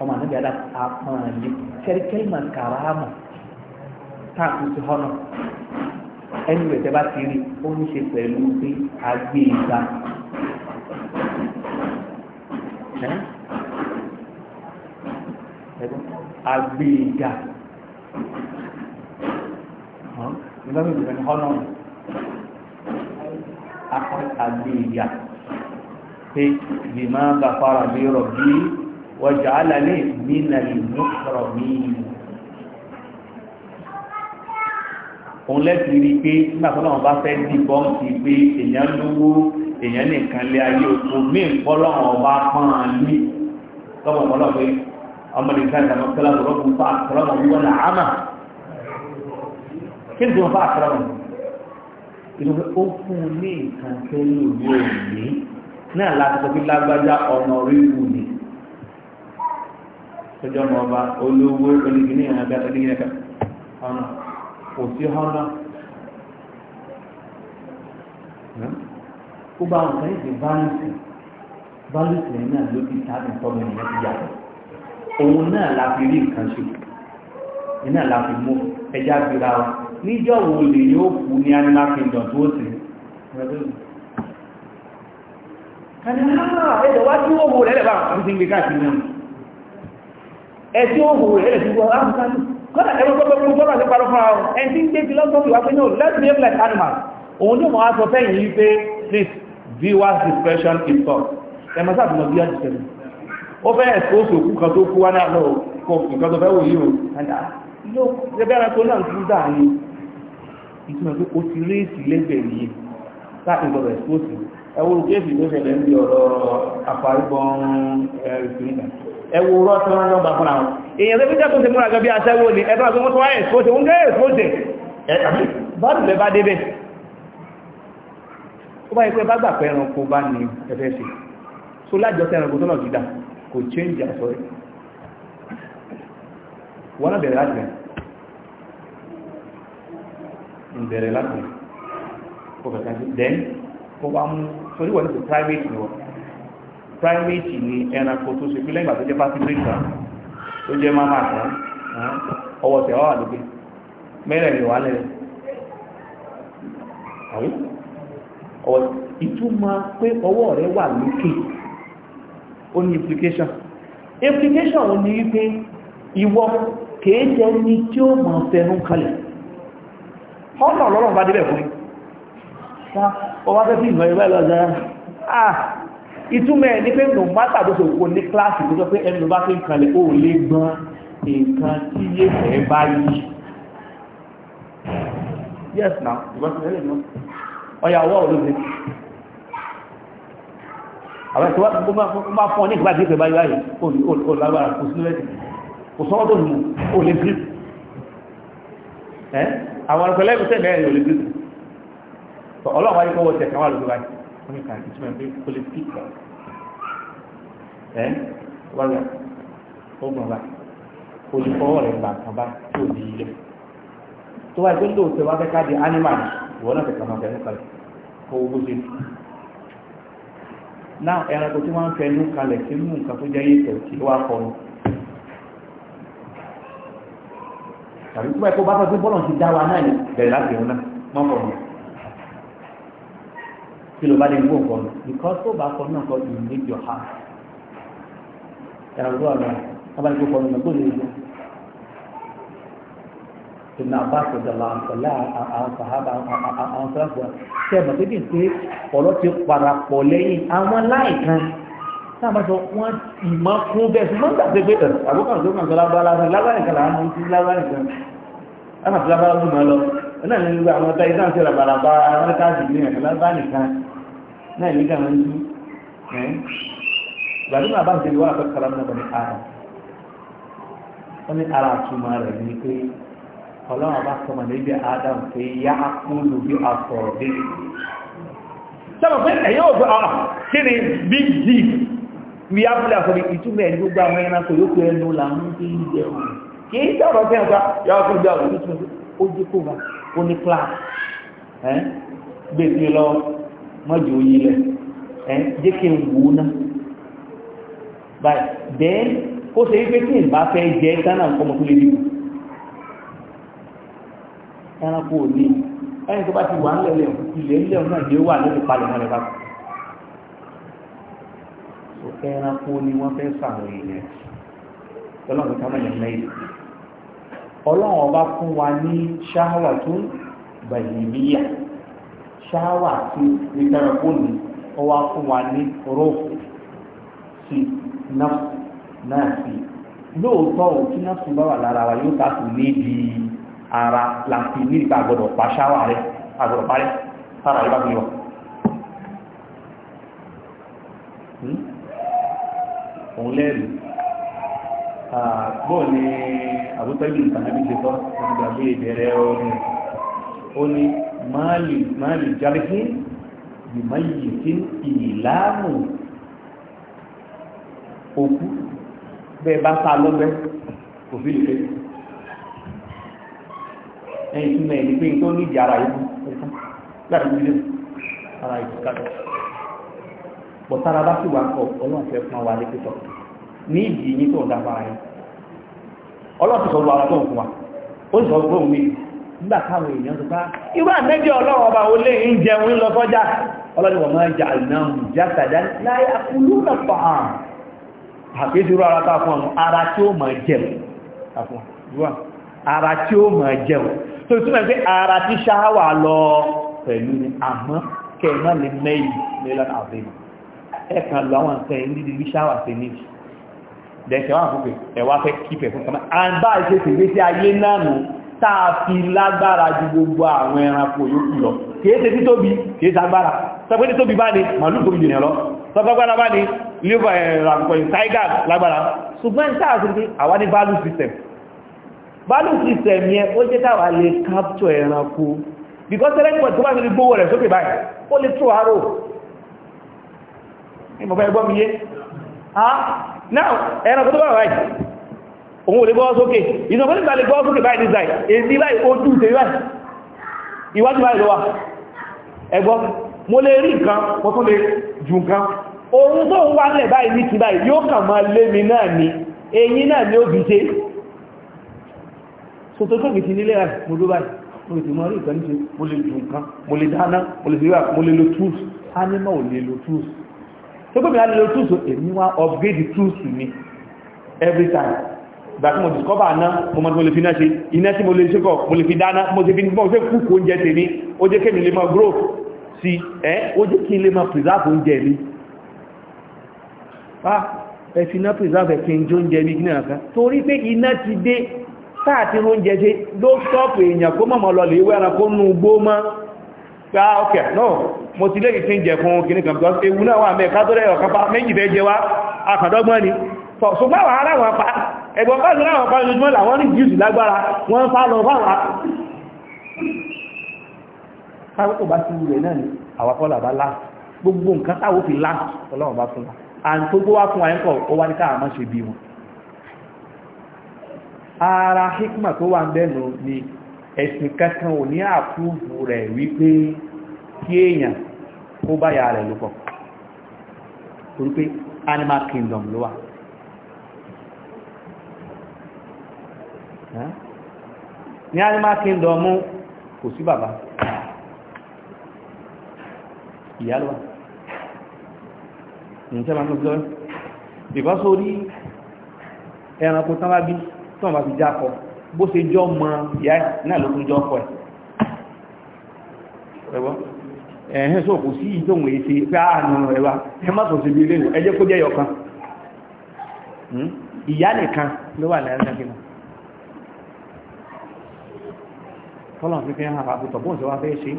ọmọ àná bíi àdá àpọ̀n yìí kẹ́ríkẹ́rí mà kàràmà sí ọ̀nà ẹni rẹ̀ tẹ́ bá ti rí ó ń ṣe pẹ̀lú pé a gbé e ga. a gbé e ga. nígbà tó dùn ní a gbé e pé lè má bàa fara bí rọ̀ bí wọ́n jà á lálẹ́ mí nà mú sọ̀rọ̀ mí. òun lẹ́sìn rí pé nígbà tó lọ́wọ́ bá fẹ́ dì bọ́ǹsì pé èèyàn lówó èèyàn nìkan lé ayé oko mí ìpọ́lọ́wọ́ ọba pọ́n án ní tọ́pọ̀ pọ́lọ́ pé ọmọ lè fẹ́ ìdáná pẹ́lá tó rọ́pò fún àkọlọ́mọ wíwọ́ náà ámà kí ni tó ń fa àkọlọ́mọ ìdúgbò ó fún un ní nǹkan tó ní òwe òní náà láti sọ pé lágbájá ọ̀nà orí wù ní tọ́jọ́ ọmọ ọba olówó onígbìnnìyàn àgbà onígbìnnìyàn ọ̀nà kò sí hánà gbogbo àwọn kan yìí ti báńkì báńkì lẹ́yìn náà ló ti sáàbì tọ́lọ ìyẹn ti yàtọ̀ òun náà la fi rí nǹkan ṣe ìyẹn náà la fi mú ẹja gbéra wa níjọ́ wo lè yóò kú ní animal kingdom tó sì ah, ẹ̀dọ̀ wá tí ó hù rẹ̀ lẹ́bàá àti gbé káàkiri náà ẹ̀ ó hù rẹ̀ lẹ́bàá àti gbé káàkiri kọ́nà ẹ̀rọ tó bẹ̀rẹ̀ tó rọ̀ sí parọ́ fún àwọn ẹni tí ń gbé philosophy wá pé no let's behave like animals òun ní mọ̀ aṣọ fẹ́yìn yìí pé please viewers discretion is taught ẹmọ sáà bímọ bíyà jùsẹ̀lẹ̀ ó fẹ́ ẹ̀sọ́sì òkú kan tó kú wá náà lọ kọ nǹkan tó fẹ́ wò yìí o ló ah, ẹgbẹ́ran tó náà tún dáa ni ìtumọ̀ pé ó ti réèsì lẹ́gbẹ̀ẹ́ yìí sáà ìgbọ̀rọ̀ ẹ̀sọ́sì ẹwọ́n kéèfì tó ṣẹlẹ̀ ń bí ọ̀rọ̀ àparígbọ̀n ẹ̀rìsìnìyàn ẹwọ rọ́ tí wọ́n yọ́ bá fúnra wọn èèyàn tó fi jẹ́ tó ti múra gẹ́gẹ́ bí aṣẹ́wó ni ẹgbẹ́ àgbẹ́ mọ́tò wáyé tó ti ń gẹ́ èso tẹ̀ bọ́ọ̀lù lẹ́ bá débẹ̀ ó bá yẹ pé bá gbà pé ẹranko bá ní ẹfẹ́ ṣe so lájọsẹ ẹranko tó náà dídà kò change aṣọ rẹ̀ wọ́n náà bẹ̀rẹ̀ láti rẹ̀ ń bẹ̀rẹ̀ láti rẹ̀ kò fẹ̀ primate ni ẹranko tó ṣe pé lẹ́yìn àti jẹ́ participate kan tó jẹ́ mama kan ọwọ́ tẹ̀ ọ́ àdúgbò mẹ́rẹ̀ rẹ̀ wà lẹ́rẹ̀ àrí ìtumọ̀ pé ọwọ́ rẹ̀ wà lókè ó ní implication implication ó ní wípé ìwọ kèé jẹ́ ní tí ó mọ̀ fẹ́nu kalẹ̀ ọ̀nà ọlọ́rọ̀ bá débẹ̀ fún ọwọ́ fẹ́ sí ìgbẹ̀rẹ̀ báyìí lọ́jọ́ ìtumẹ̀ ní pé no matter bó ṣe wò ní kíláàsì tó sọ pé ẹni ló bá fi ń kalẹ̀ ó lè gbọ́n nǹkan tí yé fẹ́ bá yí yes na ìgbà tí ẹlẹ́nu ọya ọwọ́ olóògbé àwọn ìṣòwò tó bá fún ọ ní ìgbà tí yé fẹ́ bá yí báyìí ó lágbára kò sí lẹ́sìn kò sọ́wọ́ tó nù ó lè grip ẹ́ àwọn ọ̀pẹ̀lẹ́gbẹ̀sẹ̀ mẹ́rin ò lè grip ọlọ́run wáyé kọ́wọ́ tẹ̀ káwọn àlùkò báyìí wọ́n ní kàkí tí wọ́n pé kò lè fi kọ́ ẹ́ wọ́n rẹ̀ ó gbọ̀n bá kan bá tí ò ní ilé tó wáyé tó ń tẹ̀wá fẹ́ di animal ìwọ náà tẹ̀ka máa fẹ́nu kalẹ̀ kó o bó ṣe náà ẹranko tí wọ́n ń fẹ́nu kalẹ̀ sí mú nǹkan tó jẹ́ yẹ̀tẹ̀ tí ó wá kọnu tàbí tí wọ́n kó bá fẹ́ sí bọ́ọ̀lù ti dá wa náà bẹ̀rẹ̀ láti ẹ̀rọ náà mọ́ kọ̀ọ̀nù kí ló bá lè gbó nǹkan lò because tó bá kọ náà kọ you need your heart ẹ̀rọ ìwọ àgbà abáyé gbó kọ nínú gbóòlù ìlú ìnà àbáṣe ìdàlà àǹtọ̀lá àwọn sàhábà àwọn sàhábà tẹ́ mọ̀ síbi pé ọ̀rọ̀ ti parapọ̀ lẹ́yìn àwọn láìkan sábà sọ wọ́n ìmọ̀ fún bẹ́ẹ̀ sí wọ́n gbàgbé pé àbúkọ̀ tó kàn sọ́lá bá lásán lágbáyé kan láàmú sí lágbáyé kan láàmú sí lágbáyé kan lọ náà ní gbogbo àwọn ọ̀tá ìdáhùn sí ìràbàràbà amẹ́ríkà sí ní ẹ̀kọ́ lágbáyé kan náà ní gàmà ń jí gbàdúrà náà bá ń tẹ̀lé wà pẹ́ kára náà bẹ̀rẹ̀ ara wọ́n ní ara àtúmọ̀ rẹ̀ ní pé ọlọ́run bá sọmọ níbi adam pé yá kúlù bí asọ̀rọ̀ dé sọ́mọ̀ pé ẹ̀yọ́ òfin ah, ọ̀rọ̀ kí ni big d bí a fúlẹ̀ àfọ̀rí ìtumọ̀ ẹni gbogbo àwọn ẹranko yókù ẹnu là ń fi ń jẹ òun kì í sọ̀rọ̀ fẹ́ ọ̀gá yọ ọkùnrin bí àwọn ó dé kó ní class gbèsè e lọ mọ́jú oyin lẹ̀ ẹ́ jẹ́ kí n wò ó náà báyìí bẹ́ẹ̀ ó ṣe wípé tí ìbá fẹ́ jẹ́ gánà nǹkan mọ̀ tó lè dìbò ẹranko ò ní ẹni tó bá ti wà ńlẹ̀ lẹ́hùn ilẹ̀ ńlẹ̀ náà ni ó wà lórí palẹ̀ mọ́ rẹ̀ bá kù ẹranko ni wọ́n fẹ́ sàrò ìyẹn ọlọ́run ká mọ̀ yẹn lẹ́yìn ọlọ́run ọba fún wa ní ṣáhàwà tó bàyìí níyà ṣáwà tí ìdára bóni ó wá fún wa ní rọ́ọ̀fù sí náà sí lóòótọ́ ò tí náà sí bá wà lára wa yóò tààtù níbi ara láti ní ìgbà gbọdọ̀ pa ṣáwà rẹ̀ àgbọdọ̀ parẹ́ sára ìbá fi yọ. òun lẹ́rìí bọ́ọ̀ ni àbútẹ́bí ìtànàbí ṣe tọ́ nígbàgbé ìbẹ̀rẹ̀ ọ̀rùn ó ní máàlì járíkín ìmáyìí tí ìlànà òkú bẹ́ẹ̀ bá sá lọ́gbẹ́ kò fi lè ẹ̀yìn túnmọ̀ ẹ̀yìn pé tó ní ìjà ara ikú láti ilé ara ikú kalẹ̀ bọ̀tára bá sì wà kọ ọlọ́run fẹ́ fún wa ní pípọ̀ ní ìdí yín tó ń dábàá yín ọlọ́run ti sọ wa ó sì sọ pé òun méjì nígbà táwọn èèyàn tó bá irú àmẹ́jẹ́ ọlọ́run ọba ó lè ń jẹun lọ sọ́jà ọlọ́run wọ̀n máa jà ìnáhùn jásàdá láyé akúlú lọ́pọ̀ àrùn àfẹ́sirú ara tá fún àwọn ara tí ó máa jẹun ara tí ó máa jẹun tó túnmọ̀ pé ara tí ṣáwà lọ pẹ̀lú ni àmọ́ kẹ̀mọ́ lè mẹ́yìn mílíọ̀nù àbẹ̀mọ̀ ẹ̀kan lọ àwọn nǹkan ẹ̀yìn táa fi lágbára ju gbogbo àwọn ẹranko yòókù lọ kìíṣe tí tóbi kìíṣe agbára sọpé tí tóbi bá ní màlúù tóbi jìnà lọ sọpọ́gbára bá ní liver ẹ̀rànkọ̀yìn eh, tiger lágbára ṣùgbọ́n táà sí pé àwa ní value system value system yẹn ó jẹ́ táwa lè capture ẹranko because ẹlẹ́gbọ̀n tó bá ti gbówó rẹ̀ sókè báyìí ó lè tó àárò ìmọ̀fẹ́ ẹgbọ́n mi yé now ẹranko tó bá wà báyìí òun ò lè gbọ́wọ́ sókè ìjọba nígbà lè gbọ́wọ́ sókè báyìí nìzàì èdè báyìí ó dùn tèrí báyìí ìwájú báyìí lọ́wà ẹgbọ́ mo lè rí nǹkan mo tún lè jù nǹkan ohun tó ń wá lẹ̀ báyìí ní ti báyìí yóò kàn máa lé mi náà ni eyín náà ni ó fi ṣe so tó tóbi ti nílé rẹ̀ mo ló báyìí mo lè mọ́ rí nǹkan ní ṣe mo lè jù nǹkan mo lè dáná mo lè fi wà mo lè lo tools animal ò lè lo tools tó gbọ́mìnà lè lo tools èmi wá upgrade tools mi every time ìgbà tí mo discover náà mo mọ́ tí mo lè fi náà ṣe iná tí mo lè ṣe kọ̀ mo lè fi dáná mo ti fi ní bọ́n ṣe kúkú oúnjẹ tèmi ó jẹ́ kí mi lè máa grow sí ẹ́ ó jẹ́ kí n lè máa preserve oúnjẹ mi ẹ fi iná preserve ẹ̀kí ń jóúnjẹ bí gínà kan torí ọkẹ̀ náà ah, mo ti lè ìfín jẹ fún kìnnìkan because ewu náà wà mẹ́ẹ̀ká tó rẹ̀ ọ̀kápá méjì fẹ́ jẹ wá akàdọ́gbọ́n ni ṣùgbọ́n wà aláwọ̀ apá ẹ̀gbọ́n bá lọ́wọ́ àwọn kan lójúmọ́ làwọn rí jùsù lágbára wọ́n fà lọ fáwà káwọ́kọ̀ bá sí rẹ̀ náà ni àwàkọ́là bá lá gbogbo nǹkan táwọ́ fi lá ọlọ́run bá fún wa wa ẹ̀kọ́ ó wá ní káà má ṣe ni ẹ̀sìn kankan ò ní àpúrúfù rẹ̀ wípé kí èèyàn animal kingdom ló wà ní animal kingdom kò sí bàbá ìyálùwà ní tẹ́lá tó sí bìbá sórí ẹranko bí bá fi jákọ bó ṣe jọ mọ ìyá náà ló tún jọ ọkọ ẹ̀ ẹ̀wọ́ ẹ̀hẹ́ sọ kò sí ìtòhun èsì pé ẹwà ah, ẹ tọ́lọ̀ fi fi hàn àbútọ̀ bóun ṣe wá fẹ́ ṣe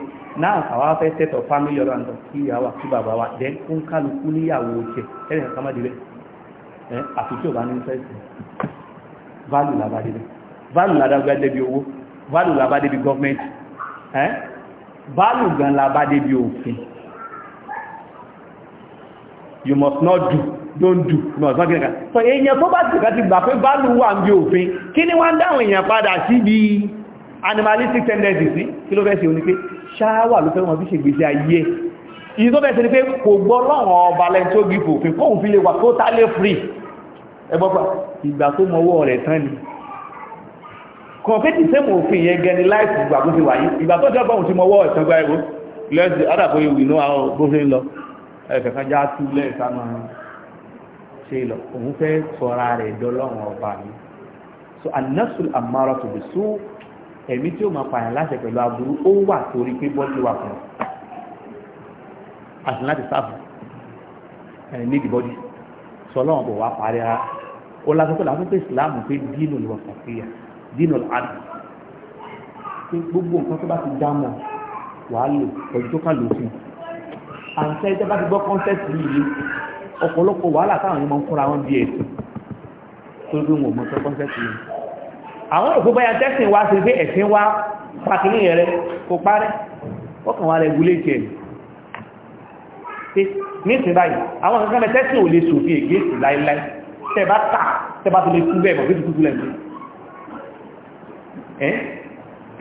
náà àwa fẹ́ tẹ̀tọ̀ fámílì ọ̀rọ̀ àǹtọ̀ kí ìyá wa kí bàbá wa dẹ́ ó ń kálukú níyàwó tiẹ̀ ẹ̀rẹ̀ kan má dìbẹ̀ ẹ̀ àfi tí ò bá ní fẹ́ẹ̀sì válù làbá dìbẹ̀ válù làbá débi owó válù làbá débi gọ́ọ̀mẹ́ntì ẹ̀ válù gan làbá débi òfin you must not do don't do you must not get it so èèyàn tó bá ti gbà pé válù wà ń bí òfin kí ni wọ́n dáhùn èèyàn padà síbi animalistic tendencies sí kí ló fẹ́ ṣe oní pé ṣáwà ló fẹ́ wọn fi ṣègbésí ayé ìyí tó bẹ̀ẹ̀ ni pé kò gbọ́ lọ́wọ́ ọba lẹ́yìn tó gbìfò òfin kóhùn fi lè wà totally free ẹgbọ́pá ìgbà tó mọwọ́ rẹ̀ tán ni kọ̀ọ̀kẹ́tì sẹ́mù òfin yẹn gẹni láìsí ìgbà tó ti wáyé ìgbà tó jẹ́ bọ́hùn ti mọwọ́ ẹ̀tàn gba ẹ̀rọ lẹ́sì adàpọ̀ ìwì inú àwọn bófin lọ ẹ̀kẹ̀kan já tú lẹ́ẹ̀sánà ṣe lọ òun fẹ́ sọra rẹ̀ dọ́lọ́run ọba mi so anasul amara to be so ẹ̀mí tí ó máa pààyàn láṣẹ pẹ̀lú aburú ó wà torí pé bọ́dì wà fún ọ àti láti sáàbù ẹ̀ ní ìdìbọ́dì sọlọ́wọ́n bò wá parí ara ó lásìkò láti pé ìsìláàmù pé dínú lọ sàfihà dínú àdù pé gbogbo nǹkan tó bá ti dá mọ̀ wàá lò pẹ̀lú tó kà lò fún un àǹtẹ́ ìjọba ti gbọ́ kọ́ńtẹ́ẹ̀tì yìí ọ̀pọ̀lọpọ̀ wàhálà táwọn yẹn máa ń kóra wọn bí ẹ̀sìn tó gbé wọn mọ́ tó kọ́ńtẹ́ẹ̀tì yìí àwọn òkú báyà tẹ́sìn wá sí pé ẹ̀sìn wá pàtàkì rẹ̀ kò parẹ́ ọkàn wà rẹ̀ gúlé jẹ́ ní ìsìn báyìí àwọn ìsìn báyìí tẹ́sìn ò lè sòfin ègéèsì láíláí tẹ́bá tà tẹ́bá tó lè kú bẹ́ẹ̀ mọ̀fẹ́ tuntun lẹ́nu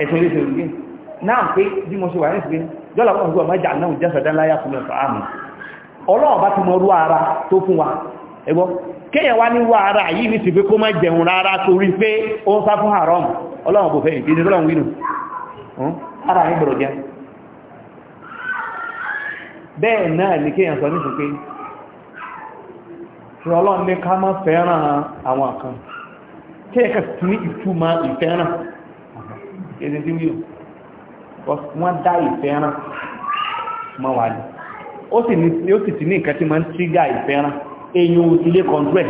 ẹ̀sìn lè sòfin náà pé bí mo ṣe wà ní ìsìn jọ́lá wọn gbọ́ mọ́jà náà jẹ́ sọ̀dá láyà fún ẹ̀sọ̀ àmì ọlọ́ọ̀bá ti mọ rú ara tó fún wa ẹgbọ́ kéèyàn wá ní wà ara yìí ní ti kó má jẹun rárá torí pé ó ń sá fún haram ọlọ́run kò fẹ́ ìdíje wínú ara yìí gbọ́dọ̀ jẹ́ bẹ́ẹ̀ náà ní kéèyàn sọ ní ṣùpé ọlọ́run ní ká má fẹ́ràn àwọn kan kéèkà sí ó sì ti ní nǹkan tí máa èyàn ò sí lé kọ̀ǹtúrẹ̀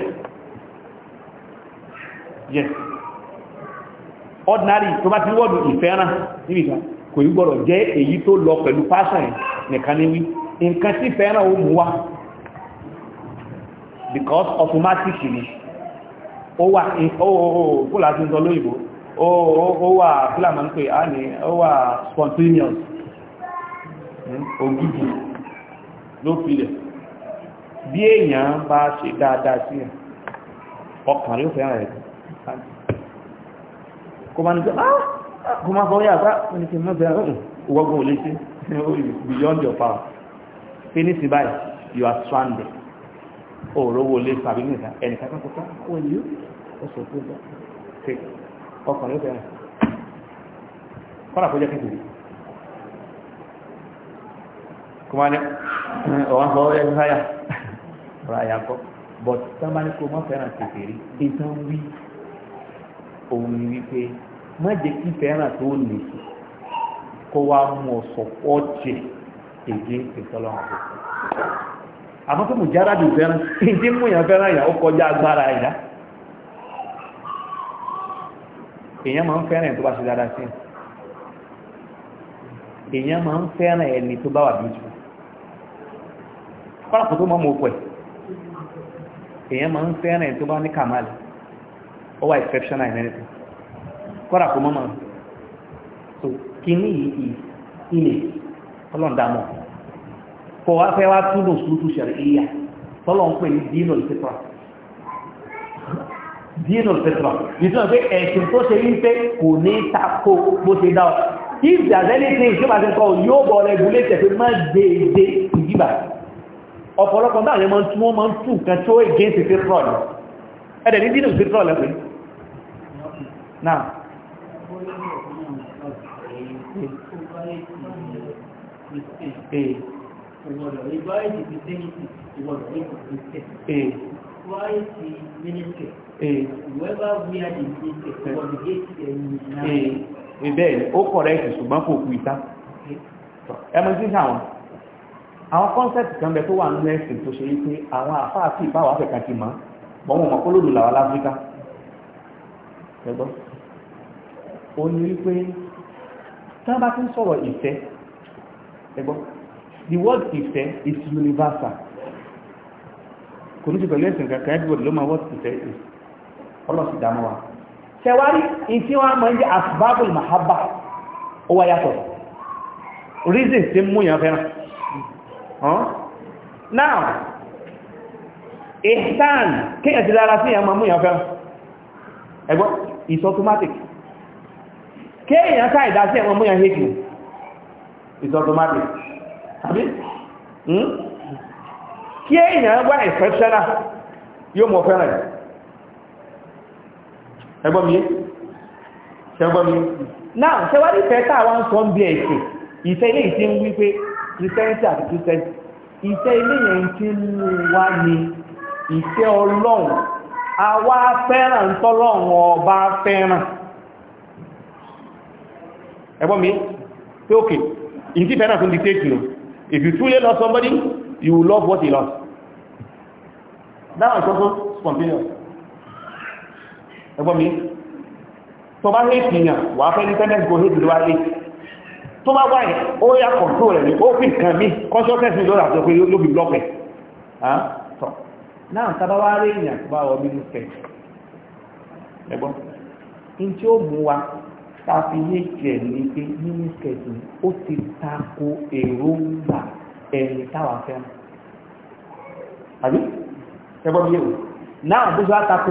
yes ordinary tó bá ti wọ́dù ìfẹ́ràn níbi kan kò yí gbọ́dọ̀ jẹ́ èyí tó lọ pẹ̀lú passion nìkan ní wí nǹkan tí fẹ́ràn ó mú wá because automatic ni ó wà fún láti ń sọ lóyìnbó ó wà fúlàmà ń pè á ní ó wà spontaneous hmm, ògidì ló fi bí èèyàn bá ṣe dáadáa sí ẹ̀ ọkàn rí ó fẹ́ràn kó máa ní pé ah, ah kó máa fọwọ́ yàgbá ah, ní kí mọ́ bẹ̀rẹ̀ ọ̀hún wọ́gbọ̀n ò [laughs] beyond your power Finish ní ti you are stranded ó rówó lè sàbí ní ìta ẹnìkan kan kó ká ó yí ó sọ pé bá ṣe ọkàn rí ó fẹ́ràn kọ́nà kó jẹ́ kó máa ní ọ̀wọ́n fọwọ́ yàgbá ra ya kọ́ but tán bá ní kó má fẹ́ràn tètè rí bí tán wí òun ni wípé má jẹ́ kí fẹ́ràn tó lè kó wá mú ọ sọ̀pọ̀ jẹ èdè ìtọ́lọ́ àwọn àmọ́ tó mú jára dùn fẹ́ràn èdè mú yàn fẹ́ràn yàn ó kọjá agbára ẹ̀dá èèyàn máa ń fẹ́ràn tó bá ṣe dáadáa sí èèyàn máa ń fẹ́ràn ẹni tó bá wà bí jù kọ́lá kò tó mọ́ mọ́ pẹ̀lú èèyàn máa ń fẹ́ràn tó bá ní kàmáàlì ó wà exceptional in anything kọ́ra kò mọ́ máa so kìíní yìí ilé ọlọ́ndàmọ̀ kọ́ wá fẹ́ wá túnbọ̀ sùúrùtù ṣẹ̀rẹ̀ ìyá tọ́lọ̀ ń pè ní dino ìfẹ́tọ́ dino ìfẹ́tọ́ ìtumọ̀ pé ẹ̀sìn tó ṣe ń pé kò ní tako bó ṣe dá if there's anything tí ó bá ti kọ yóò bọ̀ regulate pé má e déédéé ìdíbà ọ̀pọ̀lọpọ̀ náà yẹn máa tún wọ́n máa tún nǹkan tó against the fraud ẹ̀dẹ̀ ní dínú sí fraud lẹ́pẹ́ náà Ìbẹ́ẹ̀ ó kọ̀rẹ́ ìṣùgbọ́n kò kú ìta. Ẹmọ sí sáwọn àwọn kọ́nsẹ́pì kan bẹ tó wà nínú ẹ̀sìn tó ṣe yí pé àwọn àfáàfì ìbáwọ̀ afẹ́ka ti mọ̀ mọ́ wọn mọ̀ kó lòdù làwọn láfíríkà ẹgbọ́ ó ní wípé tí wọ́n bá ti ń sọ̀rọ̀ ìfẹ́ ẹgbọ́ the word ìfẹ́ is universal kò ní ṣe pẹ̀lú ẹ̀sìn kankan everybody ló mọ̀ word ìfẹ́ is ọlọ́sì dámọ́ wa ṣẹwárí ìtí wọn mọ̀ ń jẹ́ asbabul mahabba ó wáyàtọ̀ reason ti mú yàn fẹ́ràn now ihsan kíyàn ti dára sí ẹmọ múyàn fẹ́ ẹgbọ́ it's automatic kíyàn ká ìdá sí ẹmọ múyàn hate you it's automatic àbí hmm? kí èèyàn wá ìfẹ́ṣẹ́lá yóò mọ̀ fẹ́ràn ẹgbọ́n mi ṣẹgbọ́n mi náà ṣẹwàá ní fẹ́ tàà wá ń sọ ń bí ẹ̀ṣẹ̀ ìfẹ́ ilé ìsìn wípé kìrìsẹ́ńtì àti kìrìsẹ́ńtì ìfẹ́ ilé yẹn ti ń mú wa ní ìfẹ́ ọlọ́run àwa fẹ́ràn tọ́lọ́run ọba fẹ́ràn ẹgbọ́n mi pé òkè ìdí fẹ́ràn fún dictate you if you truly love somebody you will love what he loves that one is also spontaneous ẹgbọ́n mi tọba hate yàn wà fẹ́ ní tẹ́lẹ̀ go hate the lọ́wọ́ hate tó bá wáyé ó yá kọ̀ǹtó rẹ̀ ní ó fi nǹkan mí consciousness mi lọ́la tó pé ló fi blọ́pẹ̀ náà tàbá wá rí ìyàn tó bá wọ bínú fẹ̀ ẹgbọ́n in tí ó mú wa tàbí ní jẹ́ ní pé nínú kẹ̀sì ó ti tako èròǹgbà ẹni táwa fẹ́ àbí ẹgbọ́n bí yẹ̀wò náà bó ṣe wá tako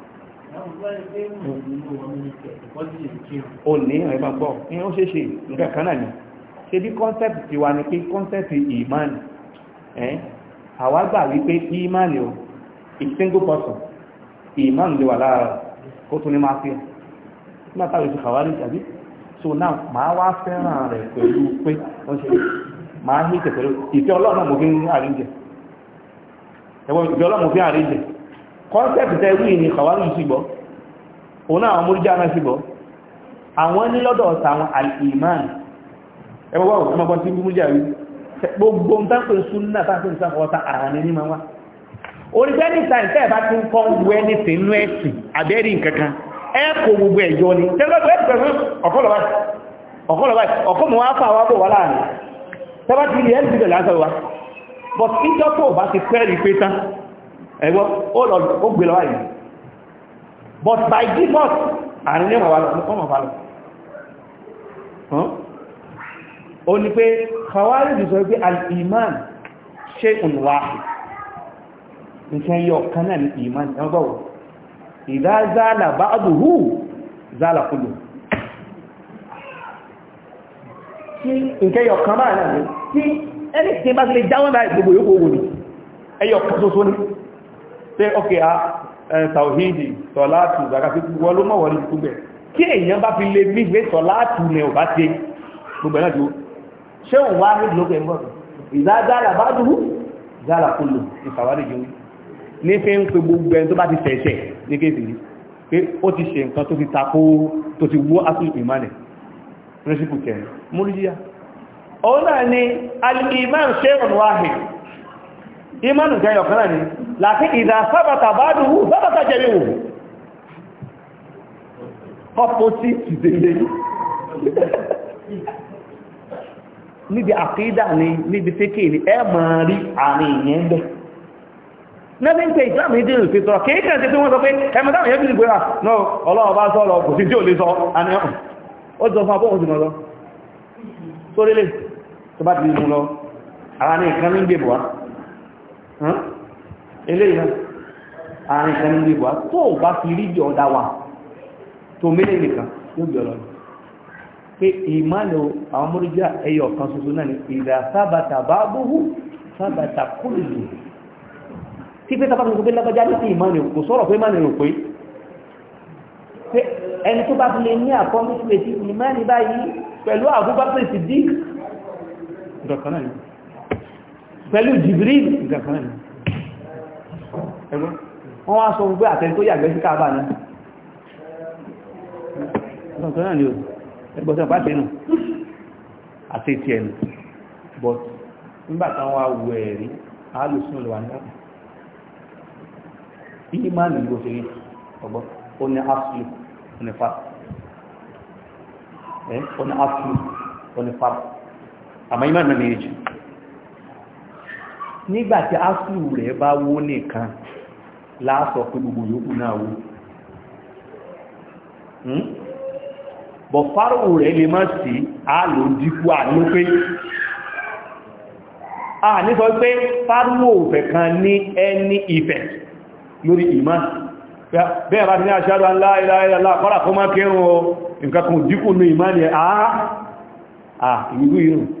o ní ẹ̀rẹ́ máa gbọ́ ní ó ṣe ṣe nǹkan kan náà ni ṣe bí concept ti wà ní pé concept ìmáàni ẹ̀ àwa wípé ìmáàni o a single person ìmáàni lè wà lára kó tún ní máa fi nígbà táwọn èsì kàwárí tàbí so now máa wá fẹ́ràn rẹ̀ pẹ̀lú pé wọ́n ṣe máa ní ìtẹ̀ pẹ̀lú ìfẹ́ ọlọ́run náà mo fi ń àríjẹ ẹ̀wọ̀n kọ́nsẹ̀pì tẹ́ wí ní kọ̀wàrí sígbọ́ òun àwọn múrìjá náà sígbọ́ àwọn ní lọ́dọ̀ ọ̀tàwọn al-iman ẹgbọ́gbọ́ ọmọkọ́ tí múrìjá rí gbogbo tánkò súnnà tánkò ìsáfọ́ta àràní ní ma wá orígbẹ́ ní sáìtẹ́ bá ti ń kọ́ wẹ́ ní tínú ẹ̀sìn àbẹ́rí nkankan ẹ kò gbogbo ẹ̀jọ́ ni tẹ́lọ́gbẹ́ ẹgbọ́ ó gbé lọ wáyìí but by default àrin ní ọmọ wà lọ ó ní pé kàwárí jù sọ pé al-iman ṣe ìwáhì nǹkan yọ kan ní iman ẹgbọ́wọ̀ ìdá zálà bá adùhù zálà kúlù tí nǹkan yọ kan máa náà ní tí ẹni tí bá ti lè jáwọ́ bá ìgbogbo yóò kó wò ní ẹyọ kan ṣoṣo pé ókè a tàwíìdì sọ̀láàtù zakafi wọ́n ló mọ̀ wọ́n lójú gbẹ̀ kí èèyàn bá fi lè mí gbé sọ̀láàtù nẹ̀ ò bá ṣe gbogbo ẹ̀ náà dúró ṣé òun wá ní ìlú pẹ̀lú ìzádára bá dúró zára kúlù ìfàwárí jẹun ní fi ń pe gbogbo ẹni tó bá ti fẹ̀ẹ̀ṣẹ̀ ní kéèsì yìí pé ó ti ṣe nǹkan tó ti takó tó ti ìmánù jẹ́ ọ̀kan náà ni láti ìdá sábàtà bá dùn sábàtà jẹ́ ìwò opposite dende níbi àkídà ni níbi fẹ́kẹ́ ni ẹ máa rí àárín ìyẹn bẹ́ nẹ́bí ń pè ìsìláàmù ìdí ìrìn pẹ̀tọ̀ kéèkèé tí wọ́n sọ pé ẹmọ̀dá òyẹ́ bí ìgbéra náà sọ́ọ̀lọ́ sọ ara eléyìí náà àárín kan nínú ìwà tó o bá fi rí jọ ọ̀dà wa tó mélé nìkan yóò jọ lọ pé ìmáàlẹ̀ àwọn mọ́rújá ẹyọ kan ṣoṣo náà ni ìdá sábàtà bá gbóhù sábàtà kúrìlù tí pé sábàtà gbogbo lágbàjá ní ìmáàlẹ̀ kò sọ̀rọ̀ pé ìmáàlẹ̀ rò pé ẹni tó bá pẹ̀lú Jibril ìgbàkan náà ẹgbọ́n wọ́n wá sọ gbogbo àtẹ́rí tó yàgbẹ́ sí káàbà náà ọ̀tọ̀ náà ni ó ẹgbọ́sẹ̀ pàtẹ́ nù àti ìtì ẹ̀nù but nígbàtà wọ́n wá wọ ẹ̀rí alùsùn lọ wà ní ọ̀pọ̀ ìyí máa nì gbogbo ṣe ọgbọ́ ó ní absolu ó ní fap ó ìmọ̀ náà ní nígbàtí asùlù rẹ̀ bá wó nìkan láàsọ pé gbogbo yòókù náà wó hmm? bọ̀ fárò rẹ̀ lè má sí àlò dípò àlópé a nísọ pé fárò òfẹ̀ kan ní ẹni ìfẹ̀ lórí ìmá bẹ́ẹ̀ bá ti ní aṣáàdù aláìláìlá kọ́lá kó má kírùn-ún nǹkan kan dípò ní ìmá ni a ìwúgbú ìrùn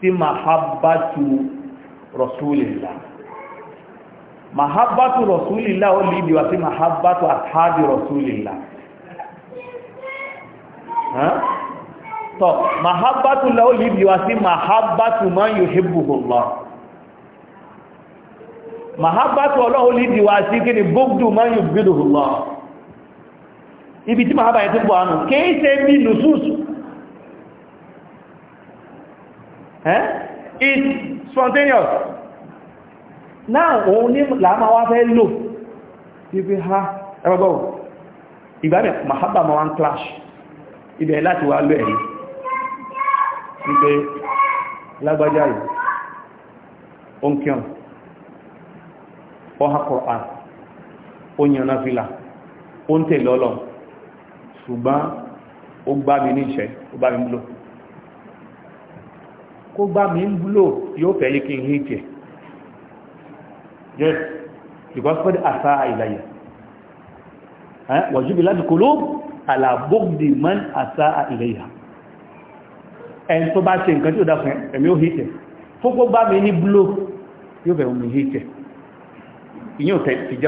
sí mahabbatu rasulillah mahabbatu rasulillah ó lè díwá sí mahabbatu ashabi rasulillah tọ́ mahabbatu la ó lè díwá sí mahabbatu man yuhibbuhullah mahabbatu ọlọ́hun lè díwá sí kí ni bugdu man yubghiduhullah ibi tí mahabba yẹ ti bọ̀ ánù kéèsẹ́ bí nùsùsù eh? spontaneous now òun ní làámà wá fẹ́ lò ha ẹgbẹ́gbọ́ ìgbàmẹ̀ mahabba ma wọ́n clash ibẹ̀ láti wá lọ ẹ̀rí wípé lágbàjá yìí ń kíọ̀n ọha Qur'an ó yànnà fìlà ó ń tè lọ́lọ́ ṣùgbọ́n ó gbá mi ní ìṣẹ́ ó mi kó gbá mi ń búlò yóò fẹ́lé kí n hí jẹ yes because for the asa ìlàyẹ̀ wọ̀jú bí láti kòló àlàbógdì man asa ìlàyà ẹn tó bá ṣe nǹkan tí ó dá fún ẹ̀mí ó hí jẹ fún kó gbá mi ní búlò yóò fẹ́ omi hí jẹ ìyẹn ò ti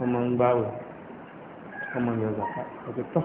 ọmọ ń gbáwẹ̀ ọmọ yóò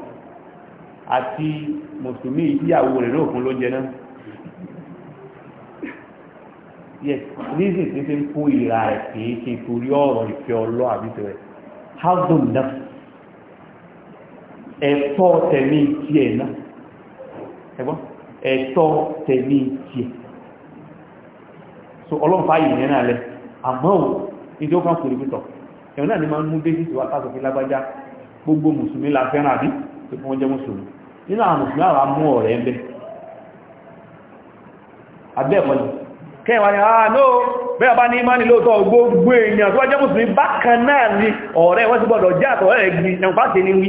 àti mùsùlùmí ìyàwó rẹ̀ lóòkun ló jẹ náà yes reason ti fi ń kó ìlà rẹ̀ kìí ṣe torí ọ̀rọ̀ ìfẹ́ ọlọ́ àbíṣe rẹ̀ howdom náà ẹ̀tọ́ tẹ̀mí tiẹ̀ náà ẹ̀gbọ́n ẹ̀tọ́ tẹ̀mí tiẹ̀ so ọlọ́run fàáyì yẹn náà lẹ àmọ́ ò ìdí ó kàn kò rí pítọ̀ ẹ̀wọ̀n náà ni máa ń mú bẹ́sìtì wá káàkiri lágbájá gbogbo mùsùlùmí la fẹ́ràn àbí pé kí wọ́n jẹ́ mùsùlùmí nínú àwọn mùsùlùmí àwọn amú ọ̀rẹ́ ń bẹ́ abẹ́ kẹwàá ni àà ah, no bẹ́ẹ̀ bá ní imáni lóòtọ́ gbogbo èèyàn tó wá mùsùlùmí bákan náà ni ọ̀rẹ́ wọ́n ti gbọ́dọ̀ jẹ́ àtọ̀rẹ́ ẹgbì ẹ̀mùpá sí ní wí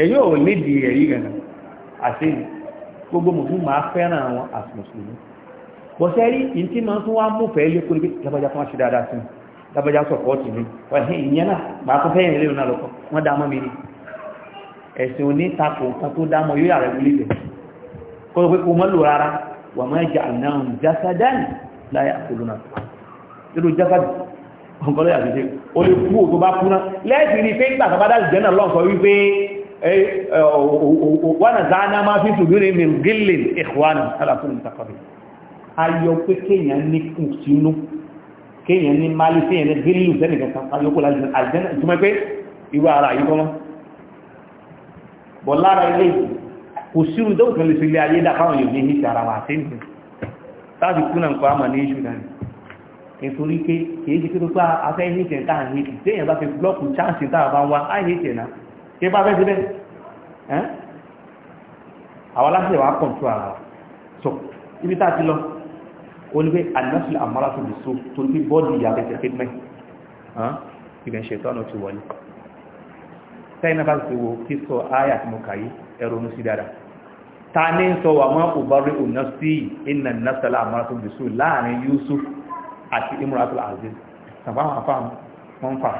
èyí ò nídi ẹ̀rí gẹ̀nà àti gbogbo mùsùlùmí máa fẹ́ràn àwọn àti mùsùlùmí bọ̀sẹ̀ rí in tí máa tún wá mú fẹ́ lé kórí lábájá fún àṣídáadáa sí lábájá sọ̀pọ̀ ọ̀tì ní ìyẹn náà máa tún ẹ̀sìn onítakò nǹkan tó dámọ̀ yóò yàrá ìwúlé bẹ̀ kọ́lọ̀ pé kò mọ́ lò rárá wà máa jẹ àdáhùn jásádáàlì láyé àkólónà nínú jásádì ọ̀nkọ́lọ́ yàtọ̀ ṣe ó lè kú òtó bá kú náà lẹ́ẹ̀sì ni pé nígbà sábà dáàlì jẹ́nà lọ́nkọ́ wípé wọ́n zánà máa fi tùdú ní mìngílìn ìkwánà aláfún ìtakọ̀rẹ̀ ayọ̀ pé kéèyàn ní kùsínú kéèyàn ní málí kéèyàn ní gílù sẹ́nìkan àjẹ́nà ìtumọ̀ pé ìwé ara yìí kọ́mọ́ bọ̀ lára ilé kò sírù tó kàn lè fi ilé ayé dákàwọn yóò ní ní ìṣàrà wà sí ní láti kúnà nǹkan àmà ní ìṣù náà nítorí pé kìí ṣe pípé afẹ́ hìtẹ̀ tá à ń hìtẹ̀ tí èèyàn bá fi blọ́ọ̀kù chánsì tá a bá ń wá á hìtẹ̀ náà kí bá fẹ́ sí bẹ́ẹ̀ àwọn aláṣẹ wa kàn tó ara sọ ibi tá lè so torí pé bọ́ọ̀lù ìyá bẹ̀tẹ̀ pé mẹ́ ti wọlé tẹ́yìn bá ti wo kíkọ ayà tí mo kà yí ẹ̀rọ ní sí dáadáa ta ní sọ wà mọ́ òbárí òná sí iná násàlá àmọ́ràtún bìsù láàrin Yusuf àti Imratul Aziz sàfáwọn afáwọn wọn fà